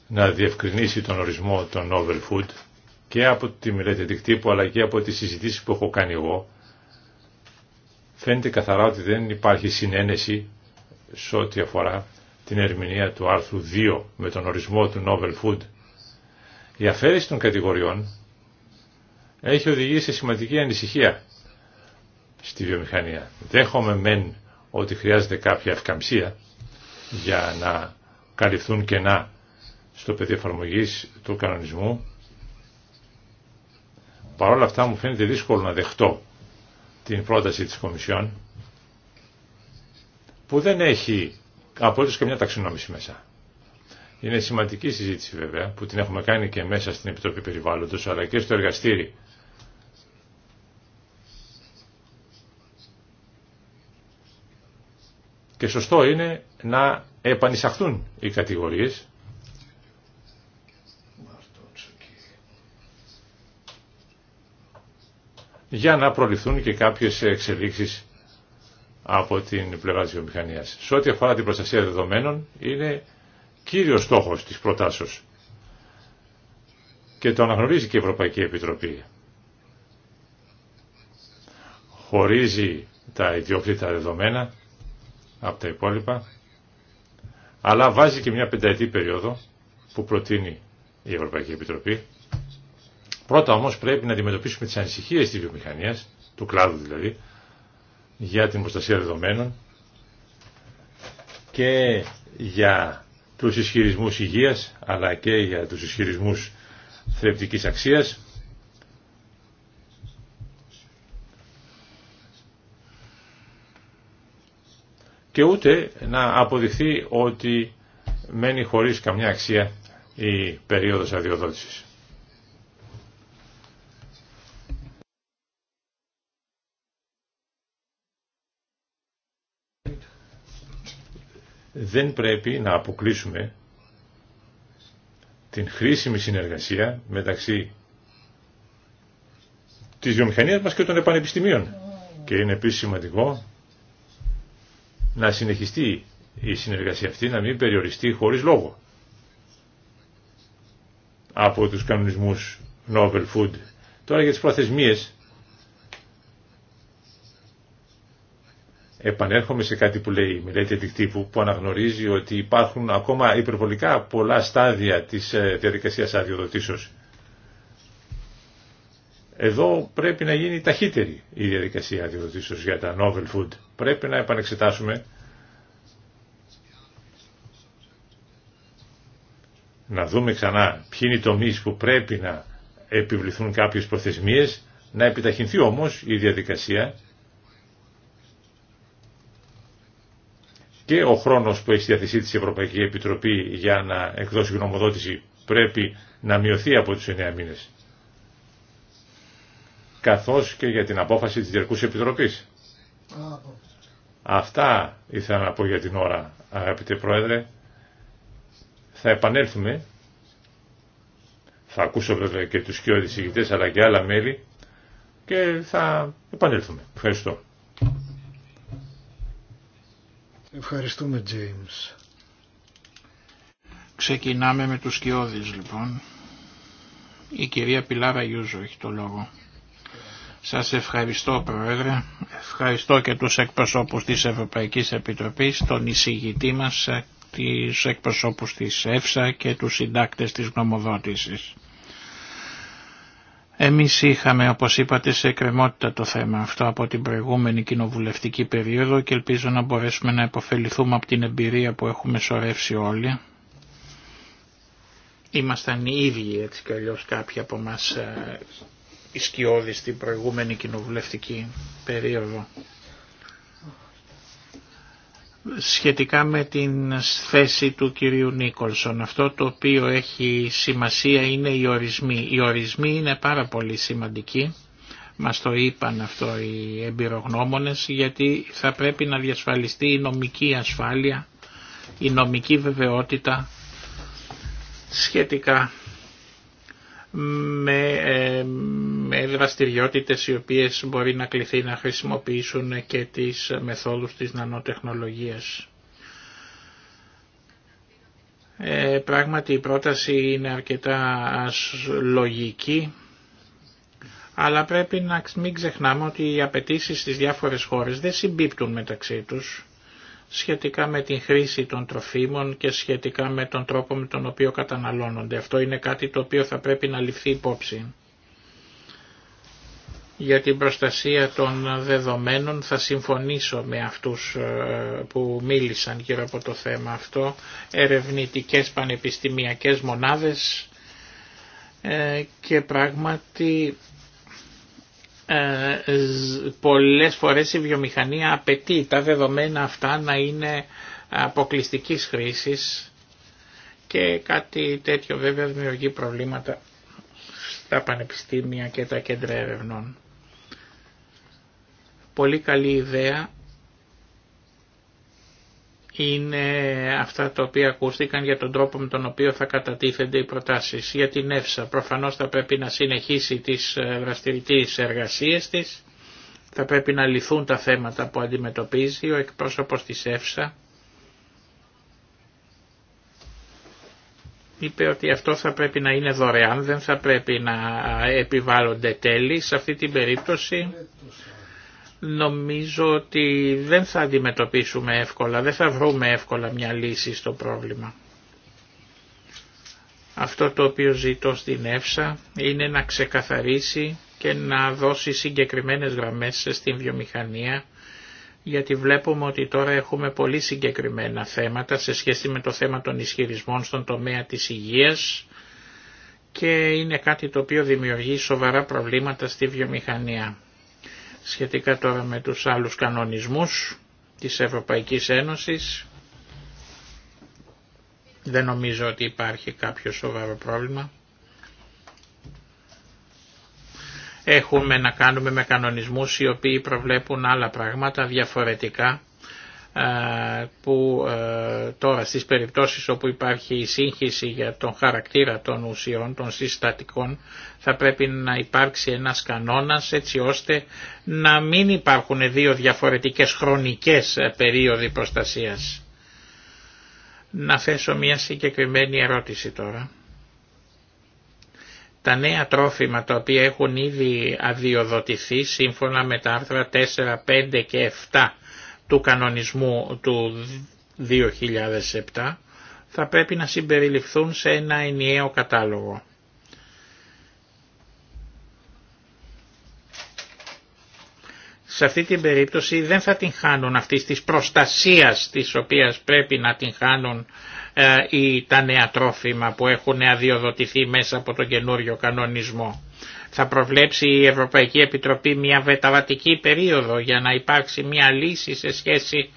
να διευκρινίσει τον ορισμό των novel food και από τη μελέτη δικτύπου αλλά και από τις συζητήσεις που έχω κάνει εγώ φαίνεται καθαρά ότι δεν υπάρχει συνένεση σε ό,τι αφορά την ερμηνεία του άρθρου 2 με τον ορισμό του novel food. Η αφαίρεση των κατηγοριών έχει οδηγήσει σε σημαντική ανησυχία στη βιομηχανία. Δέχομαι μεν ότι χρειάζεται κάποια ευκαμψία για να καλυφθούν κενά στο πεδίο εφαρμογή του κανονισμού. Παρ' όλα αυτά μου φαίνεται δύσκολο να δεχτώ την πρόταση της Κομισιόν που δεν έχει απολύτως καμιά ταξινόμηση μέσα. Είναι σημαντική συζήτηση βέβαια που την έχουμε κάνει και μέσα στην Επιτροπή Περιβάλλοντος αλλά και στο εργαστήρι Και σωστό είναι να επανισαχθούν οι κατηγορίες για να προληφθούν και κάποιες εξελίξεις από την πλευρά της βιομηχανίας. Σε ό,τι αφορά την προστασία δεδομένων είναι κύριος στόχος της προτάσεως και το αναγνωρίζει και η Ευρωπαϊκή Επιτροπή. Χωρίζει τα ιδιόκτητα δεδομένα από τα υπόλοιπα, αλλά βάζει και μια πενταετή περίοδο που προτείνει η Ευρωπαϊκή Επιτροπή. Πρώτα όμως πρέπει να αντιμετωπίσουμε τις ανησυχίες της βιομηχανίας, του κλάδου δηλαδή, για την προστασία δεδομένων και για τους ισχυρισμούς υγείας αλλά και για τους ισχυρισμούς θρεπτικής αξίας και ούτε να αποδειχθεί ότι μένει χωρίς καμιά αξία η περίοδος αδειοδότησης. Δεν πρέπει να αποκλείσουμε την χρήσιμη συνεργασία μεταξύ της βιομηχανίας μας και των επανεπιστημίων. Και είναι επίσης σημαντικό να συνεχιστεί η συνεργασία αυτή, να μην περιοριστεί χωρίς λόγο από τους κανονισμούς Novel Food. Τώρα για τις προθεσμίες επανέρχομαι σε κάτι που λέει η μελέτη αντικτύπου που αναγνωρίζει ότι υπάρχουν ακόμα υπερβολικά πολλά στάδια της ε, διαδικασίας αδειοδοτήσεως. Εδώ πρέπει να γίνει ταχύτερη η διαδικασία αντιδοτήσεως για τα novel food. Πρέπει να επανεξετάσουμε να δούμε ξανά ποιοι είναι οι τομείς που πρέπει να επιβληθούν κάποιες προθεσμίες, να επιταχυνθεί όμως η διαδικασία και ο χρόνος που έχει στη διαθεσή της Ευρωπαϊκή Επιτροπή για να εκδώσει γνωμοδότηση πρέπει να μειωθεί από τους 9 μήνες καθώς και για την απόφαση της Διερκούς Επιτροπής. Αυτά ήθελα να πω για την ώρα, αγαπητέ Πρόεδρε. Θα επανέλθουμε. Θα ακούσω βέβαια και τους και ηγητές αλλά και άλλα μέλη και θα επανέλθουμε. Ευχαριστώ. Ευχαριστούμε, James. Ξεκινάμε με τους σκιώδεις, λοιπόν. Η κυρία Πιλάρα Γιούζο έχει το λόγο. Σας ευχαριστώ Πρόεδρε, ευχαριστώ και τους εκπροσώπους της Ευρωπαϊκής Επιτροπής, τον εισηγητή μας, ε, τους εκπροσώπους της ΕΦΣΑ και τους συντάκτες της γνωμοδότησης. Εμείς είχαμε, όπως είπατε, σε εκκρεμότητα το θέμα αυτό από την προηγούμενη κοινοβουλευτική περίοδο και ελπίζω να μπορέσουμε να υποφεληθούμε από την εμπειρία που έχουμε σωρεύσει όλοι. Ήμασταν οι ίδιοι έτσι κι αλλιώς κάποιοι από μας ε, στην προηγούμενη κοινοβουλευτική περίοδο. Σχετικά με την θέση του κυρίου Νίκολσον, αυτό το οποίο έχει σημασία είναι οι ορισμοί. Οι ορισμοί είναι πάρα πολύ σημαντικοί, μας το είπαν αυτό οι εμπειρογνώμονες, γιατί θα πρέπει να διασφαλιστεί η νομική ασφάλεια, η νομική βεβαιότητα σχετικά με, ε, με δραστηριότητες οι οποίες μπορεί να κληθεί να χρησιμοποιήσουν και τις μεθόδους της νανοτεχνολογίας. Ε, πράγματι η πρόταση είναι αρκετά λογική, αλλά πρέπει να μην ξεχνάμε ότι οι απαιτήσει στις διάφορες χώρες δεν συμπίπτουν μεταξύ τους σχετικά με την χρήση των τροφίμων και σχετικά με τον τρόπο με τον οποίο καταναλώνονται. Αυτό είναι κάτι το οποίο θα πρέπει να ληφθεί υπόψη. Για την προστασία των δεδομένων θα συμφωνήσω με αυτούς ε, που μίλησαν γύρω από το θέμα αυτό, ερευνητικές πανεπιστημιακές μονάδες ε, και πράγματι ε, πολλές φορές η βιομηχανία απαιτεί τα δεδομένα αυτά να είναι αποκλειστικής χρήσης και κάτι τέτοιο βέβαια δημιουργεί προβλήματα στα πανεπιστήμια και τα κέντρα ερευνών. Πολύ καλή ιδέα είναι αυτά τα οποία ακούστηκαν για τον τρόπο με τον οποίο θα κατατίθενται οι προτάσεις. Για την ΕΦΣΑ προφανώς θα πρέπει να συνεχίσει τις ε, δραστηριτές εργασίες της, θα πρέπει να λυθούν τα θέματα που αντιμετωπίζει ο εκπρόσωπος της ΕΦΣΑ. είπε ότι αυτό θα πρέπει να είναι δωρεάν, δεν θα πρέπει να ε, επιβάλλονται τέλη. Σε αυτή την περίπτωση νομίζω ότι δεν θα αντιμετωπίσουμε εύκολα, δεν θα βρούμε εύκολα μια λύση στο πρόβλημα. Αυτό το οποίο ζητώ στην ΕΦΣΑ είναι να ξεκαθαρίσει και να δώσει συγκεκριμένες γραμμές στην βιομηχανία γιατί βλέπουμε ότι τώρα έχουμε πολύ συγκεκριμένα θέματα σε σχέση με το θέμα των ισχυρισμών στον τομέα της υγείας και είναι κάτι το οποίο δημιουργεί σοβαρά προβλήματα στη βιομηχανία. Σχετικά τώρα με τους άλλους κανονισμούς της Ευρωπαϊκής Ένωσης, δεν νομίζω ότι υπάρχει κάποιο σοβαρό πρόβλημα. Έχουμε να κάνουμε με κανονισμούς οι οποίοι προβλέπουν άλλα πράγματα διαφορετικά που ε, τώρα στις περιπτώσεις όπου υπάρχει η σύγχυση για τον χαρακτήρα των ουσιών, των συστατικών, θα πρέπει να υπάρξει ένας κανόνας έτσι ώστε να μην υπάρχουν δύο διαφορετικές χρονικές ε, περίοδοι προστασίας. Να θέσω μια συγκεκριμένη ερώτηση τώρα. Τα νέα τρόφιμα τα οποία έχουν ήδη αδειοδοτηθεί σύμφωνα με τα άρθρα 4, 5 και 7 του κανονισμού του 2007 θα πρέπει να συμπεριληφθούν σε ένα ενιαίο κατάλογο. σε αυτή την περίπτωση δεν θα την χάνουν αυτής της προστασίας της οποίας πρέπει να την χάνουν ή ε, τα νέα τρόφιμα που έχουν αδειοδοτηθεί μέσα από τον καινούριο κανονισμό. Θα προβλέψει η Ευρωπαϊκή Επιτροπή μια βεταβατική περίοδο για να υπάρξει μια λύση σε σχέση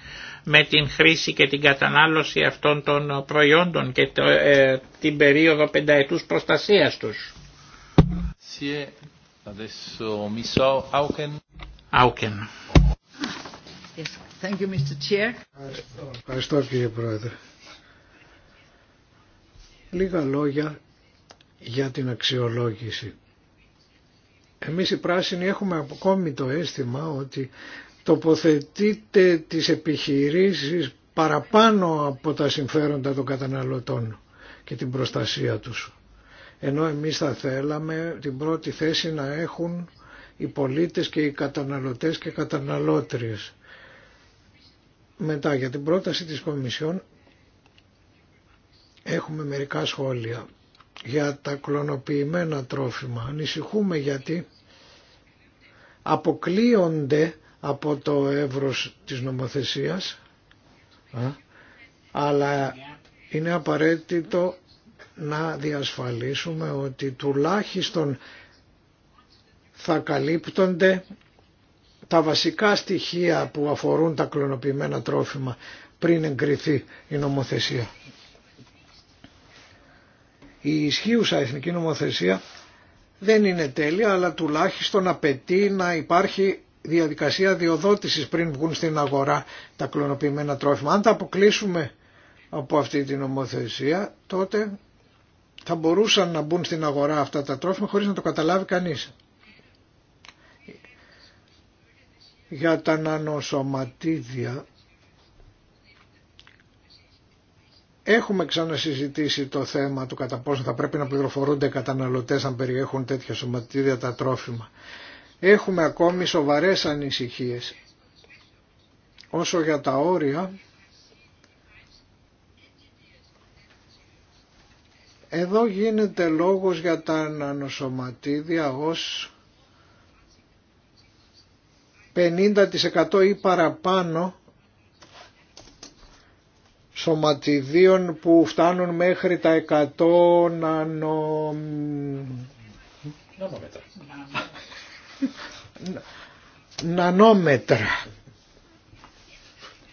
με την χρήση και την κατανάλωση αυτών των προϊόντων και το, ε, την περίοδο πενταετούς προστασίας τους. Yes. Thank you, Mr. Chair. Ευχαριστώ. Ευχαριστώ κύριε Πρόεδρε. Λίγα λόγια για την αξιολόγηση. Εμείς οι πράσινοι έχουμε ακόμη το αίσθημα ότι τοποθετείτε τις επιχειρήσεις παραπάνω από τα συμφέροντα των καταναλωτών και την προστασία τους. Ενώ εμείς θα θέλαμε την πρώτη θέση να έχουν οι πολίτες και οι καταναλωτές και καταναλώτριες. Μετά για την πρόταση της Κομισιόν έχουμε μερικά σχόλια για τα κλωνοποιημένα τρόφιμα. Ανησυχούμε γιατί αποκλείονται από το εύρος της νομοθεσίας αλλά είναι απαραίτητο να διασφαλίσουμε ότι τουλάχιστον θα καλύπτονται τα βασικά στοιχεία που αφορούν τα κλωνοποιημένα τρόφιμα πριν εγκριθεί η νομοθεσία. Η ισχύουσα εθνική νομοθεσία δεν είναι τέλεια αλλά τουλάχιστον απαιτεί να υπάρχει διαδικασία διοδότησης πριν βγουν στην αγορά τα κλωνοποιημένα τρόφιμα. Αν τα αποκλείσουμε από αυτή την νομοθεσία τότε θα μπορούσαν να μπουν στην αγορά αυτά τα τρόφιμα χωρίς να το καταλάβει κανείς. Για τα νανοσωματίδια Έχουμε ξανασυζητήσει το θέμα του κατά πόσο θα πρέπει να πληροφορούνται οι καταναλωτές αν περιέχουν τέτοια σωματίδια τα τρόφιμα. Έχουμε ακόμη σοβαρές ανησυχίες. Όσο για τα όρια, εδώ γίνεται λόγος για τα νανοσωματίδια ως 50% ή παραπάνω σωματιδίων που φτάνουν μέχρι τα 100 Νανόμετρα. Νανόμετρα.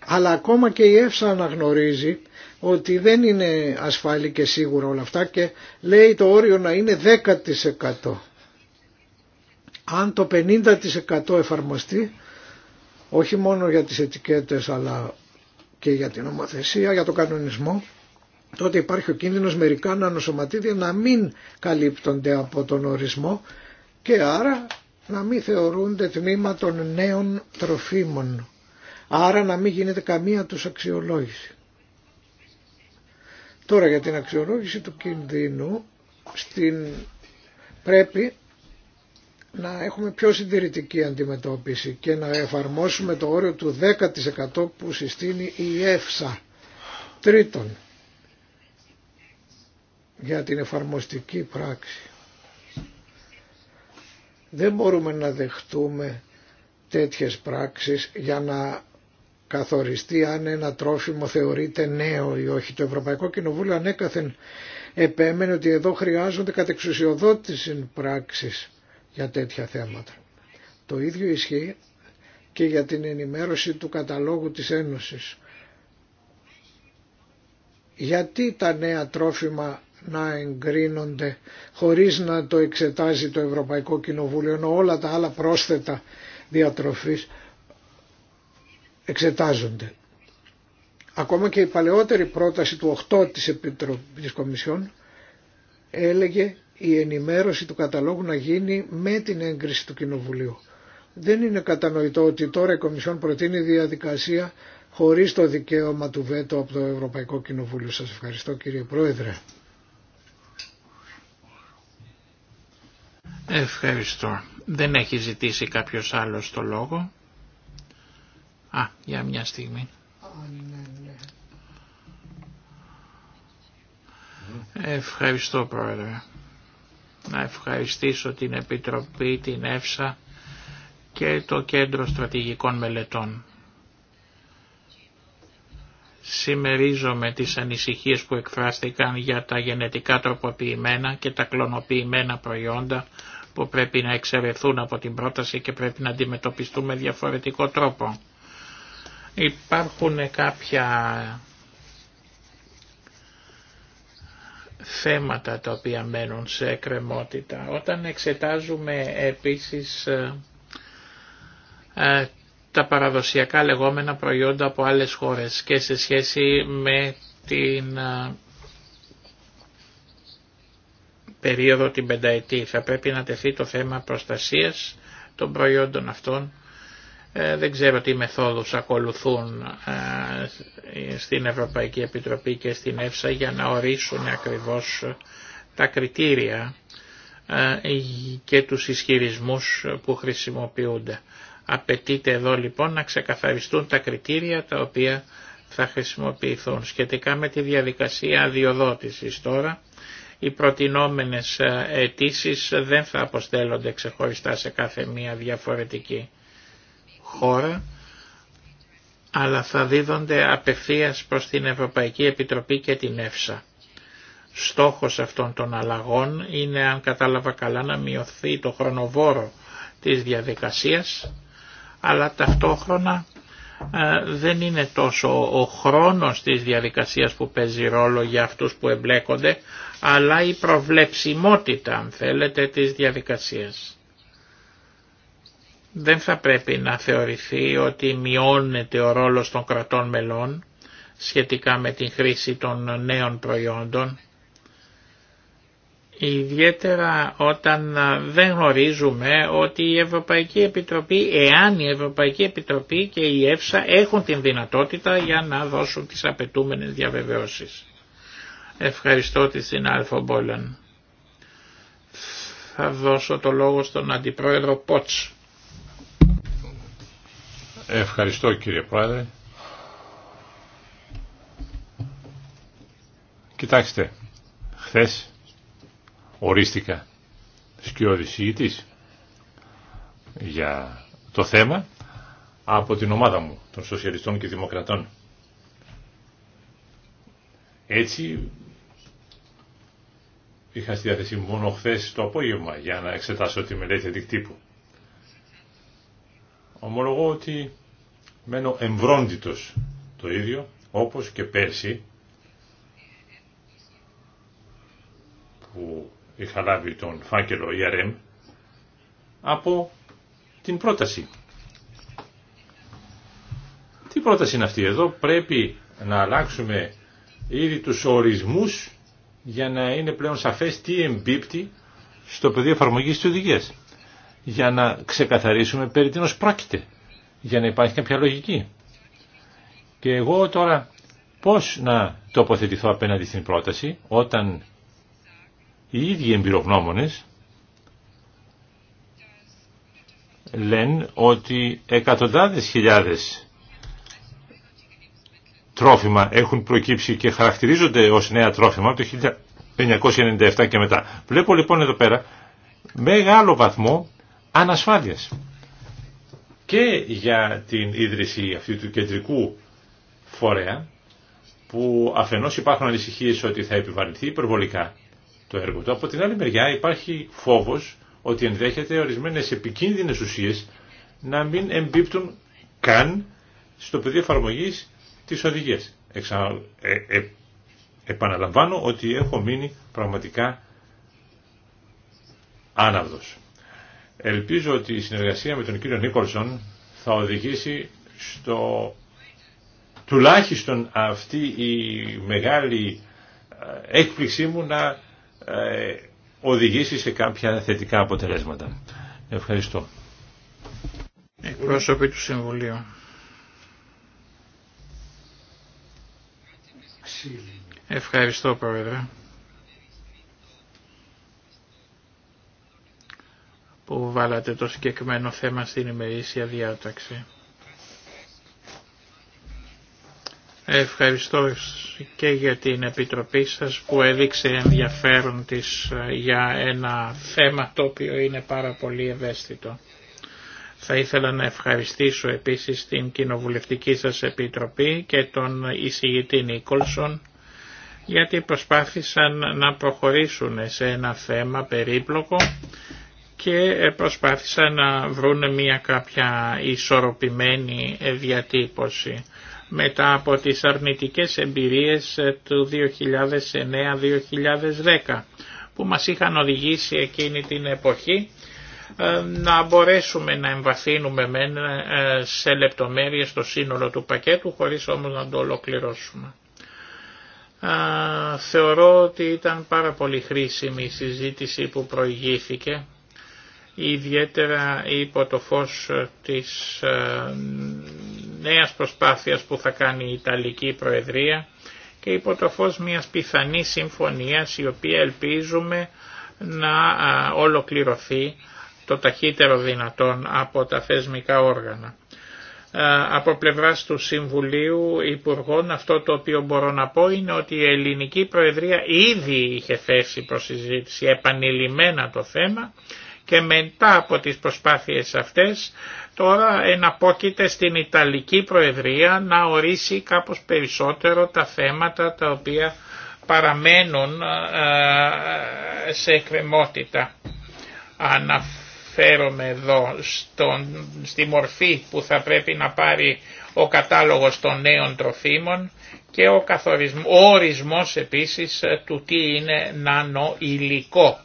Αλλά ακόμα και η ΕΦΣΑ αναγνωρίζει ότι δεν είναι ασφαλή και σίγουρα όλα αυτά και λέει το όριο να είναι 10%. Αν το 50% εφαρμοστεί, όχι μόνο για τις ετικέτες αλλά και για την ομοθεσία, για τον κανονισμό, τότε υπάρχει ο κίνδυνος μερικά νανοσωματίδια να μην καλύπτονται από τον ορισμό και άρα να μην θεωρούνται τμήμα των νέων τροφίμων. Άρα να μην γίνεται καμία τους αξιολόγηση. Τώρα για την αξιολόγηση του κινδύνου στην... πρέπει να έχουμε πιο συντηρητική αντιμετώπιση και να εφαρμόσουμε το όριο του 10% που συστήνει η ΕΦΣΑ. Τρίτον, για την εφαρμοστική πράξη. Δεν μπορούμε να δεχτούμε τέτοιες πράξεις για να καθοριστεί αν ένα τρόφιμο θεωρείται νέο ή όχι. Το Ευρωπαϊκό Κοινοβούλιο ανέκαθεν επέμενε ότι εδώ χρειάζονται κατεξουσιοδότηση πράξεις για τέτοια θέματα. Το ίδιο ισχύει και για την ενημέρωση του καταλόγου της Ένωσης. Γιατί τα νέα τρόφιμα να εγκρίνονται χωρίς να το εξετάζει το Ευρωπαϊκό Κοινοβούλιο ενώ όλα τα άλλα πρόσθετα διατροφής εξετάζονται. Ακόμα και η παλαιότερη πρόταση του 8 της, Επιτροπής, Κομισιών έλεγε η ενημέρωση του καταλόγου να γίνει με την έγκριση του Κοινοβουλίου. Δεν είναι κατανοητό ότι τώρα η Κομισιόν προτείνει διαδικασία χωρίς το δικαίωμα του βέτο από το Ευρωπαϊκό Κοινοβούλιο. Σας ευχαριστώ κύριε Πρόεδρε. Ευχαριστώ. Δεν έχει ζητήσει κάποιος άλλος το λόγο. Α, για μια στιγμή. Ευχαριστώ Πρόεδρε να ευχαριστήσω την Επιτροπή, την ΕΦΣΑ και το Κέντρο Στρατηγικών Μελετών. Σημερίζομαι τις ανησυχίες που εκφράστηκαν για τα γενετικά τροποποιημένα και τα κλωνοποιημένα προϊόντα που πρέπει να εξαιρεθούν από την πρόταση και πρέπει να αντιμετωπιστούν με διαφορετικό τρόπο. Υπάρχουν κάποια θέματα τα οποία μένουν σε εκκρεμότητα. Όταν εξετάζουμε επίσης ε, ε, τα παραδοσιακά λεγόμενα προϊόντα από άλλες χώρες και σε σχέση με την ε, περίοδο την πενταετή θα πρέπει να τεθεί το θέμα προστασίας των προϊόντων αυτών ε, δεν ξέρω τι μεθόδους ακολουθούν ε, στην Ευρωπαϊκή Επιτροπή και στην ΕΦΣΑ για να ορίσουν ακριβώς τα κριτήρια ε, και τους ισχυρισμούς που χρησιμοποιούνται. Απαιτείται εδώ λοιπόν να ξεκαθαριστούν τα κριτήρια τα οποία θα χρησιμοποιηθούν. Σχετικά με τη διαδικασία αδειοδότησης τώρα, οι προτινόμενες αιτήσει δεν θα αποστέλλονται ξεχωριστά σε κάθε μία διαφορετική χώρα αλλά θα δίδονται απευθείας προς την Ευρωπαϊκή Επιτροπή και την ΕΦΣΑ. Στόχος αυτών των αλλαγών είναι αν κατάλαβα καλά να μειωθεί το χρονοβόρο της διαδικασίας αλλά ταυτόχρονα ε, δεν είναι τόσο ο χρόνος της διαδικασίας που παίζει ρόλο για αυτούς που εμπλέκονται αλλά η προβλεψιμότητα αν θέλετε της διαδικασίας δεν θα πρέπει να θεωρηθεί ότι μειώνεται ο ρόλος των κρατών μελών σχετικά με την χρήση των νέων προϊόντων, ιδιαίτερα όταν δεν γνωρίζουμε ότι η Ευρωπαϊκή Επιτροπή, εάν η Ευρωπαϊκή Επιτροπή και η ΕΦΣΑ έχουν την δυνατότητα για να δώσουν τις απαιτούμενες διαβεβαιώσεις. Ευχαριστώ τη συνάδελφο Μπόλεν. Θα δώσω το λόγο στον Αντιπρόεδρο Πότς. Ευχαριστώ κύριε Πρόεδρε. Κοιτάξτε, χθες ορίστηκα σκιοδησίτης για το θέμα από την ομάδα μου των Σοσιαλιστών και Δημοκρατών. Έτσι είχα στη διάθεση μόνο χθε το απόγευμα για να εξετάσω τη μελέτη αντικτύπου. Ομολογώ ότι μένω εμβρόντιτος το ίδιο, όπως και πέρσι, που είχα λάβει τον φάκελο ERM, από την πρόταση. Τι πρόταση είναι αυτή εδώ, πρέπει να αλλάξουμε ήδη τους ορισμούς για να είναι πλέον σαφές τι εμπίπτει στο πεδίο εφαρμογής της οδηγίας για να ξεκαθαρίσουμε περί τίνος πρόκειται, για να υπάρχει κάποια λογική. Και εγώ τώρα πώς να τοποθετηθώ απέναντι στην πρόταση όταν οι ίδιοι εμπειρογνώμονες λένε ότι εκατοντάδες χιλιάδες τρόφιμα έχουν προκύψει και χαρακτηρίζονται ως νέα τρόφιμα από το 1997 και μετά. Βλέπω λοιπόν εδώ πέρα μεγάλο βαθμό ανασφάλειας. Και για την ίδρυση αυτή του κεντρικού φορέα που αφενός υπάρχουν ανησυχίες ότι θα επιβαρυνθεί υπερβολικά το έργο του. Από την άλλη μεριά υπάρχει φόβος ότι ενδέχεται ορισμένες επικίνδυνες ουσίες να μην εμπίπτουν καν στο πεδίο εφαρμογή της οδηγίας. Ε, ε, επαναλαμβάνω ότι έχω μείνει πραγματικά άναυδος. Ελπίζω ότι η συνεργασία με τον κύριο Νίκολσον θα οδηγήσει στο τουλάχιστον αυτή η μεγάλη ε, έκπληξή μου να ε, οδηγήσει σε κάποια θετικά αποτελέσματα. Ευχαριστώ. Εκπρόσωποι του Συμβουλίου. Ευχαριστώ Πρόεδρε. που βάλατε το συγκεκριμένο θέμα στην ημερήσια διάταξη. Ευχαριστώ και για την Επιτροπή σας που έδειξε ενδιαφέρον της ε, για ένα θέμα το οποίο είναι πάρα πολύ ευαίσθητο. Θα ήθελα να ευχαριστήσω επίσης την Κοινοβουλευτική σας Επιτροπή και τον εισηγητή Νίκολσον γιατί προσπάθησαν να προχωρήσουν σε ένα θέμα περίπλοκο και προσπάθησαν να βρουν μια κάποια ισορροπημένη διατύπωση μετά από τις αρνητικές εμπειρίες του 2009-2010 που μας είχαν οδηγήσει εκείνη την εποχή ε, να μπορέσουμε να εμβαθύνουμε ε, σε λεπτομέρειες το σύνολο του πακέτου χωρίς όμως να το ολοκληρώσουμε. Ε, θεωρώ ότι ήταν πάρα πολύ χρήσιμη η συζήτηση που προηγήθηκε ιδιαίτερα υπό το φως ε, της ε, νέας προσπάθειας που θα κάνει η Ιταλική Προεδρία και υπό το φως μιας πιθανής συμφωνίας η οποία ελπίζουμε να ε, ολοκληρωθεί το ταχύτερο δυνατόν από τα θεσμικά όργανα. Από πλευράς του Συμβουλίου Υπουργών αυτό το οποίο μπορώ να πω είναι ότι η Ελληνική Προεδρία ήδη είχε θέσει προσυζήτηση επανειλημμένα το θέμα και μετά από τις προσπάθειες αυτές τώρα εναπόκειται στην Ιταλική Προεδρία να ορίσει κάπως περισσότερο τα θέματα τα οποία παραμένουν ε, ε, σε εκκρεμότητα. Αναφέρομαι εδώ στον, στη μορφή που θα πρέπει να πάρει ο κατάλογος των νέων τροφίμων και ο, καθορισμός, ο ορισμός επίσης ε, του τι είναι νανοηλικό.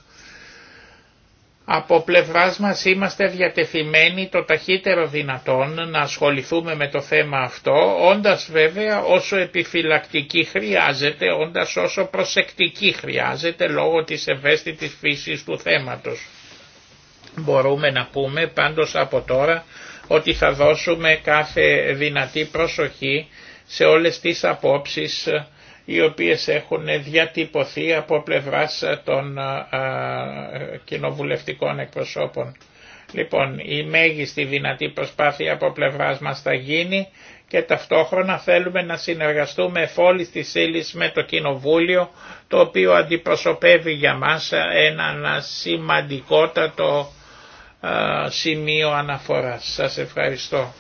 Από πλευράς μας είμαστε διατεθειμένοι το ταχύτερο δυνατόν να ασχοληθούμε με το θέμα αυτό, όντας βέβαια όσο επιφυλακτική χρειάζεται, όντας όσο προσεκτική χρειάζεται λόγω της ευαίσθητης φύσης του θέματος. Μπορούμε να πούμε πάντως από τώρα ότι θα δώσουμε κάθε δυνατή προσοχή σε όλες τις απόψεις οι οποίες έχουν διατυπωθεί από πλευράς ε, των ε, ε, κοινοβουλευτικών εκπροσώπων. Λοιπόν, η μέγιστη δυνατή προσπάθεια από πλευράς μας θα γίνει και ταυτόχρονα θέλουμε να συνεργαστούμε εφόλης της ύλης με το Κοινοβούλιο, το οποίο αντιπροσωπεύει για μας ένα σημαντικότατο σημείο αναφοράς. Σας ευχαριστώ.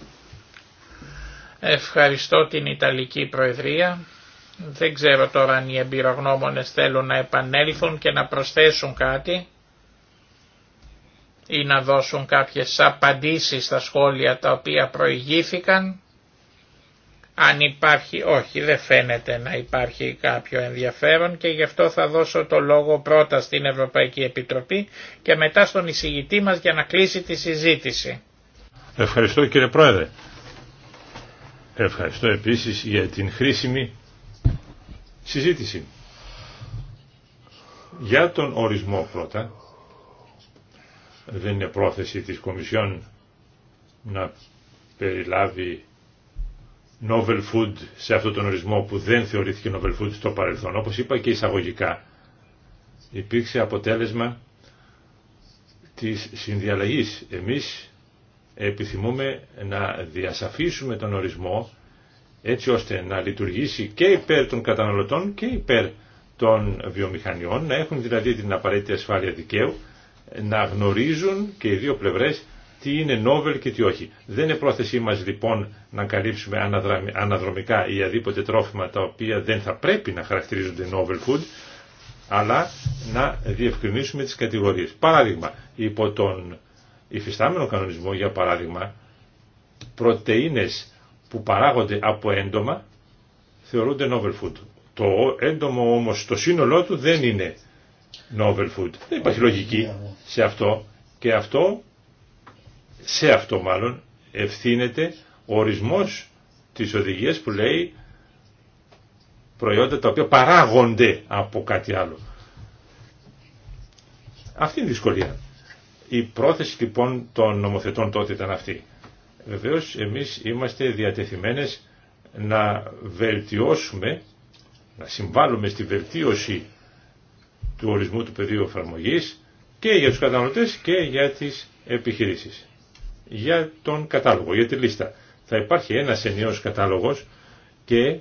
Ευχαριστώ την Ιταλική Προεδρία. Δεν ξέρω τώρα αν οι εμπειρογνώμονες θέλουν να επανέλθουν και να προσθέσουν κάτι ή να δώσουν κάποιες απαντήσεις στα σχόλια τα οποία προηγήθηκαν. Αν υπάρχει, όχι δεν φαίνεται να υπάρχει κάποιο ενδιαφέρον και γι' αυτό θα δώσω το λόγο πρώτα στην Ευρωπαϊκή Επιτροπή και μετά στον εισηγητή μας για να κλείσει τη συζήτηση. Ευχαριστώ κύριε Πρόεδρε. Ευχαριστώ επίσης για την χρήσιμη συζήτηση. Για τον ορισμό πρώτα, δεν είναι πρόθεση της Κομισιόν να περιλάβει novel food σε αυτόν τον ορισμό που δεν θεωρήθηκε novel food στο παρελθόν. Όπως είπα και εισαγωγικά, υπήρξε αποτέλεσμα της συνδιαλλαγής. Εμείς επιθυμούμε να διασαφίσουμε τον ορισμό έτσι ώστε να λειτουργήσει και υπέρ των καταναλωτών και υπέρ των βιομηχανιών, να έχουν δηλαδή την απαραίτητη ασφάλεια δικαίου, να γνωρίζουν και οι δύο πλευρές τι είναι νόβελ και τι όχι. Δεν είναι πρόθεσή μας λοιπόν να καλύψουμε αναδρομικά ή αδίποτε τρόφιμα τα οποία δεν θα πρέπει να χαρακτηρίζονται novel food, αλλά να διευκρινίσουμε τις κατηγορίες. Παράδειγμα, υπό τον υφιστάμενο κανονισμό, για παράδειγμα, πρωτεΐνες που παράγονται από έντομα θεωρούνται novel food. Το έντομο όμως το σύνολό του δεν είναι novel food. Δεν υπάρχει λογική σε αυτό και αυτό, σε αυτό μάλλον ευθύνεται ο ορισμός της οδηγίας που λέει προϊόντα τα οποία παράγονται από κάτι άλλο. Αυτή είναι η δυσκολία. Η πρόθεση λοιπόν των νομοθετών τότε ήταν αυτή. Βεβαίως εμείς είμαστε διατεθειμένες να βελτιώσουμε, να συμβάλλουμε στη βελτίωση του ορισμού του πεδίου εφαρμογή και για τους καταναλωτές και για τις επιχειρήσεις. Για τον κατάλογο, για τη λίστα. Θα υπάρχει ένας ενιαίος κατάλογος και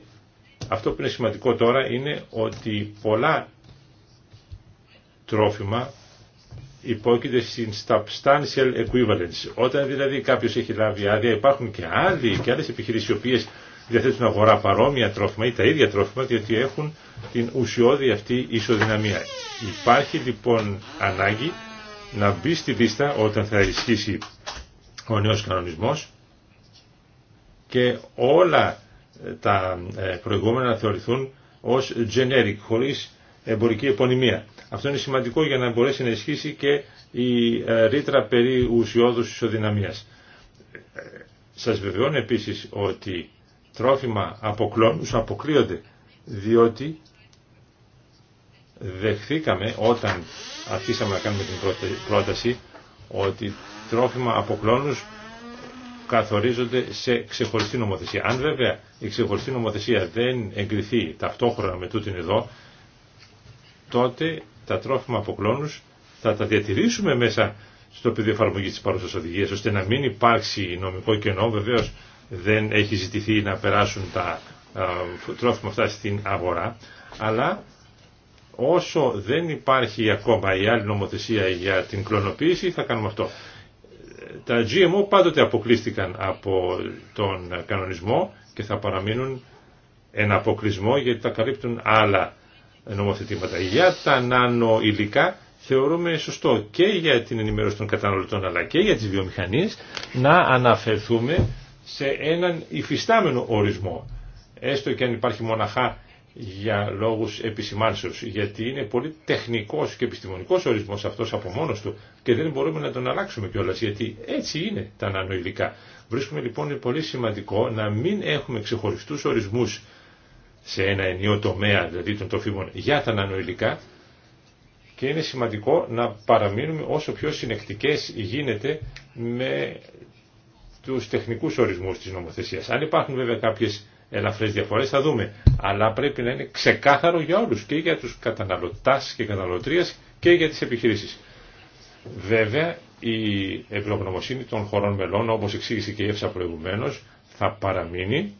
αυτό που είναι σημαντικό τώρα είναι ότι πολλά τρόφιμα υπόκειται στην substantial equivalence. Όταν δηλαδή κάποιος έχει λάβει άδεια υπάρχουν και άλλοι και άλλες επιχειρήσεις οι οποίες διαθέτουν αγορά παρόμοια τρόφιμα ή τα ίδια τρόφιμα διότι έχουν την ουσιώδη αυτή ισοδυναμία. Υπάρχει λοιπόν ανάγκη να μπει στη λίστα όταν θα ισχύσει ο νέος κανονισμός και όλα τα ε, προηγούμενα να θεωρηθούν ως generic χωρίς εμπορική επωνυμία. Αυτό είναι σημαντικό για να μπορέσει να ισχύσει και η ε, ρήτρα περί ουσιώδους ισοδυναμίας. Ε, σας βεβαιώνω επίσης ότι τρόφιμα από κλόνους αποκλείονται διότι δεχθήκαμε όταν αρχίσαμε να κάνουμε την πρόταση ότι τρόφιμα από καθορίζονται σε ξεχωριστή νομοθεσία. Αν βέβαια η ξεχωριστή νομοθεσία δεν εγκριθεί ταυτόχρονα με τούτην εδώ, τότε τα τρόφιμα από κλόνους θα τα διατηρήσουμε μέσα στο πεδίο εφαρμογή της παρούσας οδηγία, ώστε να μην υπάρξει νομικό κενό βεβαίω δεν έχει ζητηθεί να περάσουν τα τρόφιμα αυτά στην αγορά αλλά όσο δεν υπάρχει ακόμα η άλλη νομοθεσία για την κλωνοποίηση θα κάνουμε αυτό. Τα GMO πάντοτε αποκλείστηκαν από τον κανονισμό και θα παραμείνουν ένα αποκλεισμό γιατί τα καλύπτουν άλλα νομοθετήματα για τα νάνο θεωρούμε σωστό και για την ενημέρωση των καταναλωτών αλλά και για τις βιομηχανίες να αναφερθούμε σε έναν υφιστάμενο ορισμό έστω και αν υπάρχει μοναχά για λόγους επισημάνσεως γιατί είναι πολύ τεχνικός και επιστημονικός ορισμός αυτός από μόνος του και δεν μπορούμε να τον αλλάξουμε κιόλα. γιατί έτσι είναι τα νανοηλικά. Βρίσκουμε λοιπόν πολύ σημαντικό να μην έχουμε ξεχωριστούς ορισμούς σε ένα ενίο τομέα, δηλαδή των τροφίμων, για τα νανοηλικά και είναι σημαντικό να παραμείνουμε όσο πιο συνεκτικές γίνεται με τους τεχνικούς ορισμούς της νομοθεσίας. Αν υπάρχουν βέβαια κάποιες ελαφρές διαφορές θα δούμε, αλλά πρέπει να είναι ξεκάθαρο για όλους και για τους καταναλωτάς και καταναλωτρίας και για τις επιχειρήσεις. Βέβαια η ευρωγνωμοσύνη των χωρών μελών όπως εξήγησε και η Εύσα προηγουμένως θα παραμείνει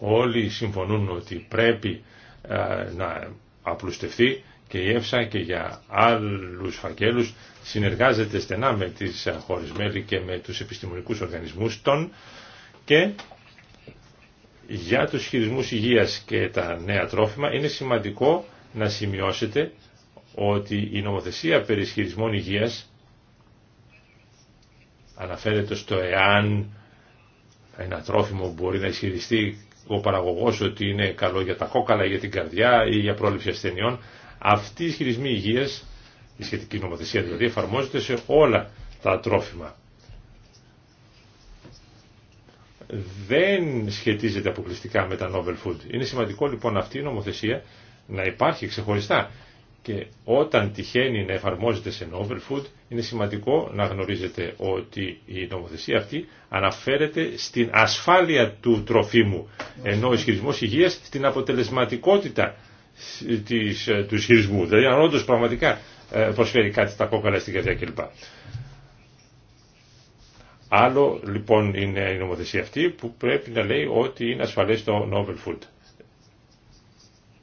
Όλοι συμφωνούν ότι πρέπει ε, να απλουστευτεί και η ΕΦΣΑ και για άλλους φακέλους συνεργάζεται στενά με τις χώρες και με τους επιστημονικούς οργανισμούς των και για τους χειρισμούς υγείας και τα νέα τρόφιμα είναι σημαντικό να σημειώσετε ότι η νομοθεσία περί χειρισμών υγείας αναφέρεται στο εάν ένα τρόφιμο μπορεί να ισχυριστεί ο παραγωγό ότι είναι καλό για τα κόκαλα, για την καρδιά ή για πρόληψη ασθενειών. Αυτή η χειρισμοί υγείας, η σχετική νομοθεσία δηλαδή, εφαρμόζεται σε όλα τα τρόφιμα. Δεν σχετίζεται αποκλειστικά με τα novel food. Είναι σημαντικό λοιπόν αυτή η νομοθεσία να υπάρχει ξεχωριστά και όταν τυχαίνει να εφαρμόζεται σε novel food, είναι σημαντικό να γνωρίζετε ότι η νομοθεσία αυτή αναφέρεται στην ασφάλεια του τροφίμου, ενώ ο ισχυρισμό υγεία στην αποτελεσματικότητα της, του ισχυρισμού. Δηλαδή, αν όντω πραγματικά ε, προσφέρει κάτι στα κόκκαλα στην καρδιά κλπ. Άλλο λοιπόν είναι η νομοθεσία αυτή που πρέπει να λέει ότι είναι ασφαλές το novel food.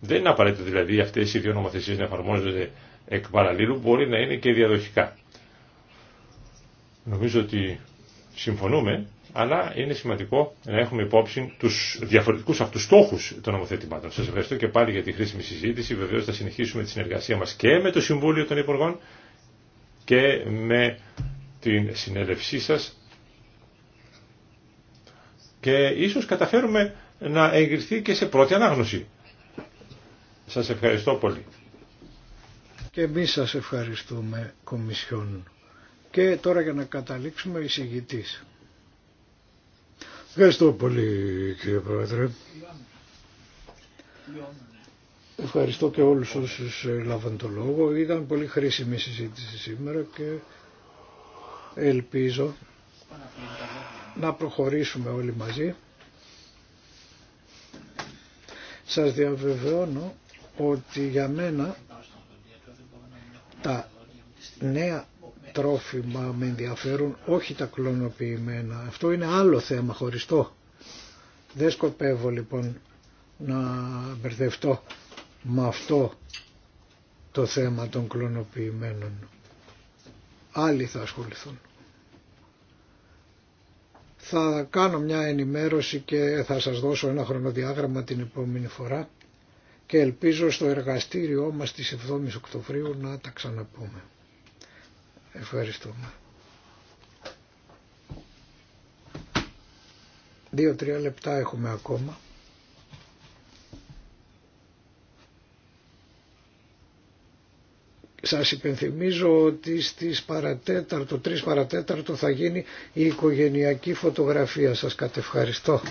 Δεν είναι απαραίτητο δηλαδή αυτέ οι δύο νομοθεσίε να εφαρμόζονται εκ παραλίλου, μπορεί να είναι και διαδοχικά. Νομίζω ότι συμφωνούμε, αλλά είναι σημαντικό να έχουμε υπόψη του διαφορετικού αυτού στόχου των νομοθετημάτων. Σα ευχαριστώ και πάλι για τη χρήσιμη συζήτηση. βεβαίω θα συνεχίσουμε τη συνεργασία μα και με το Συμβούλιο των Υπουργών και με την συνέλευσή σας και ίσως καταφέρουμε να εγκριθεί και σε πρώτη ανάγνωση. Σας ευχαριστώ πολύ. Και εμείς σας ευχαριστούμε Κομισιόν. Και τώρα για να καταλήξουμε εισηγητής. Ευχαριστώ πολύ κύριε Πρόεδρε. Ευχαριστώ και όλους όσους ε, λάβαν το λόγο. Ήταν πολύ χρήσιμη η συζήτηση σήμερα και ελπίζω να προχωρήσουμε όλοι μαζί. Σας διαβεβαιώνω ότι για μένα τα νέα τρόφιμα με ενδιαφέρουν, όχι τα κλωνοποιημένα. Αυτό είναι άλλο θέμα, χωριστό. Δεν σκοπεύω λοιπόν να μπερδευτώ με αυτό το θέμα των κλωνοποιημένων. Άλλοι θα ασχοληθούν. Θα κάνω μια ενημέρωση και θα σας δώσω ένα χρονοδιάγραμμα την επόμενη φορά και ελπίζω στο εργαστήριό μας της 7 Οκτωβρίου να τα ξαναπούμε. Ευχαριστούμε. Δύο-τρία λεπτά έχουμε ακόμα. Σας υπενθυμίζω ότι στις παρατέταρτο, τρεις παρατέταρτο θα γίνει η οικογενειακή φωτογραφία. Σας κατευχαριστώ.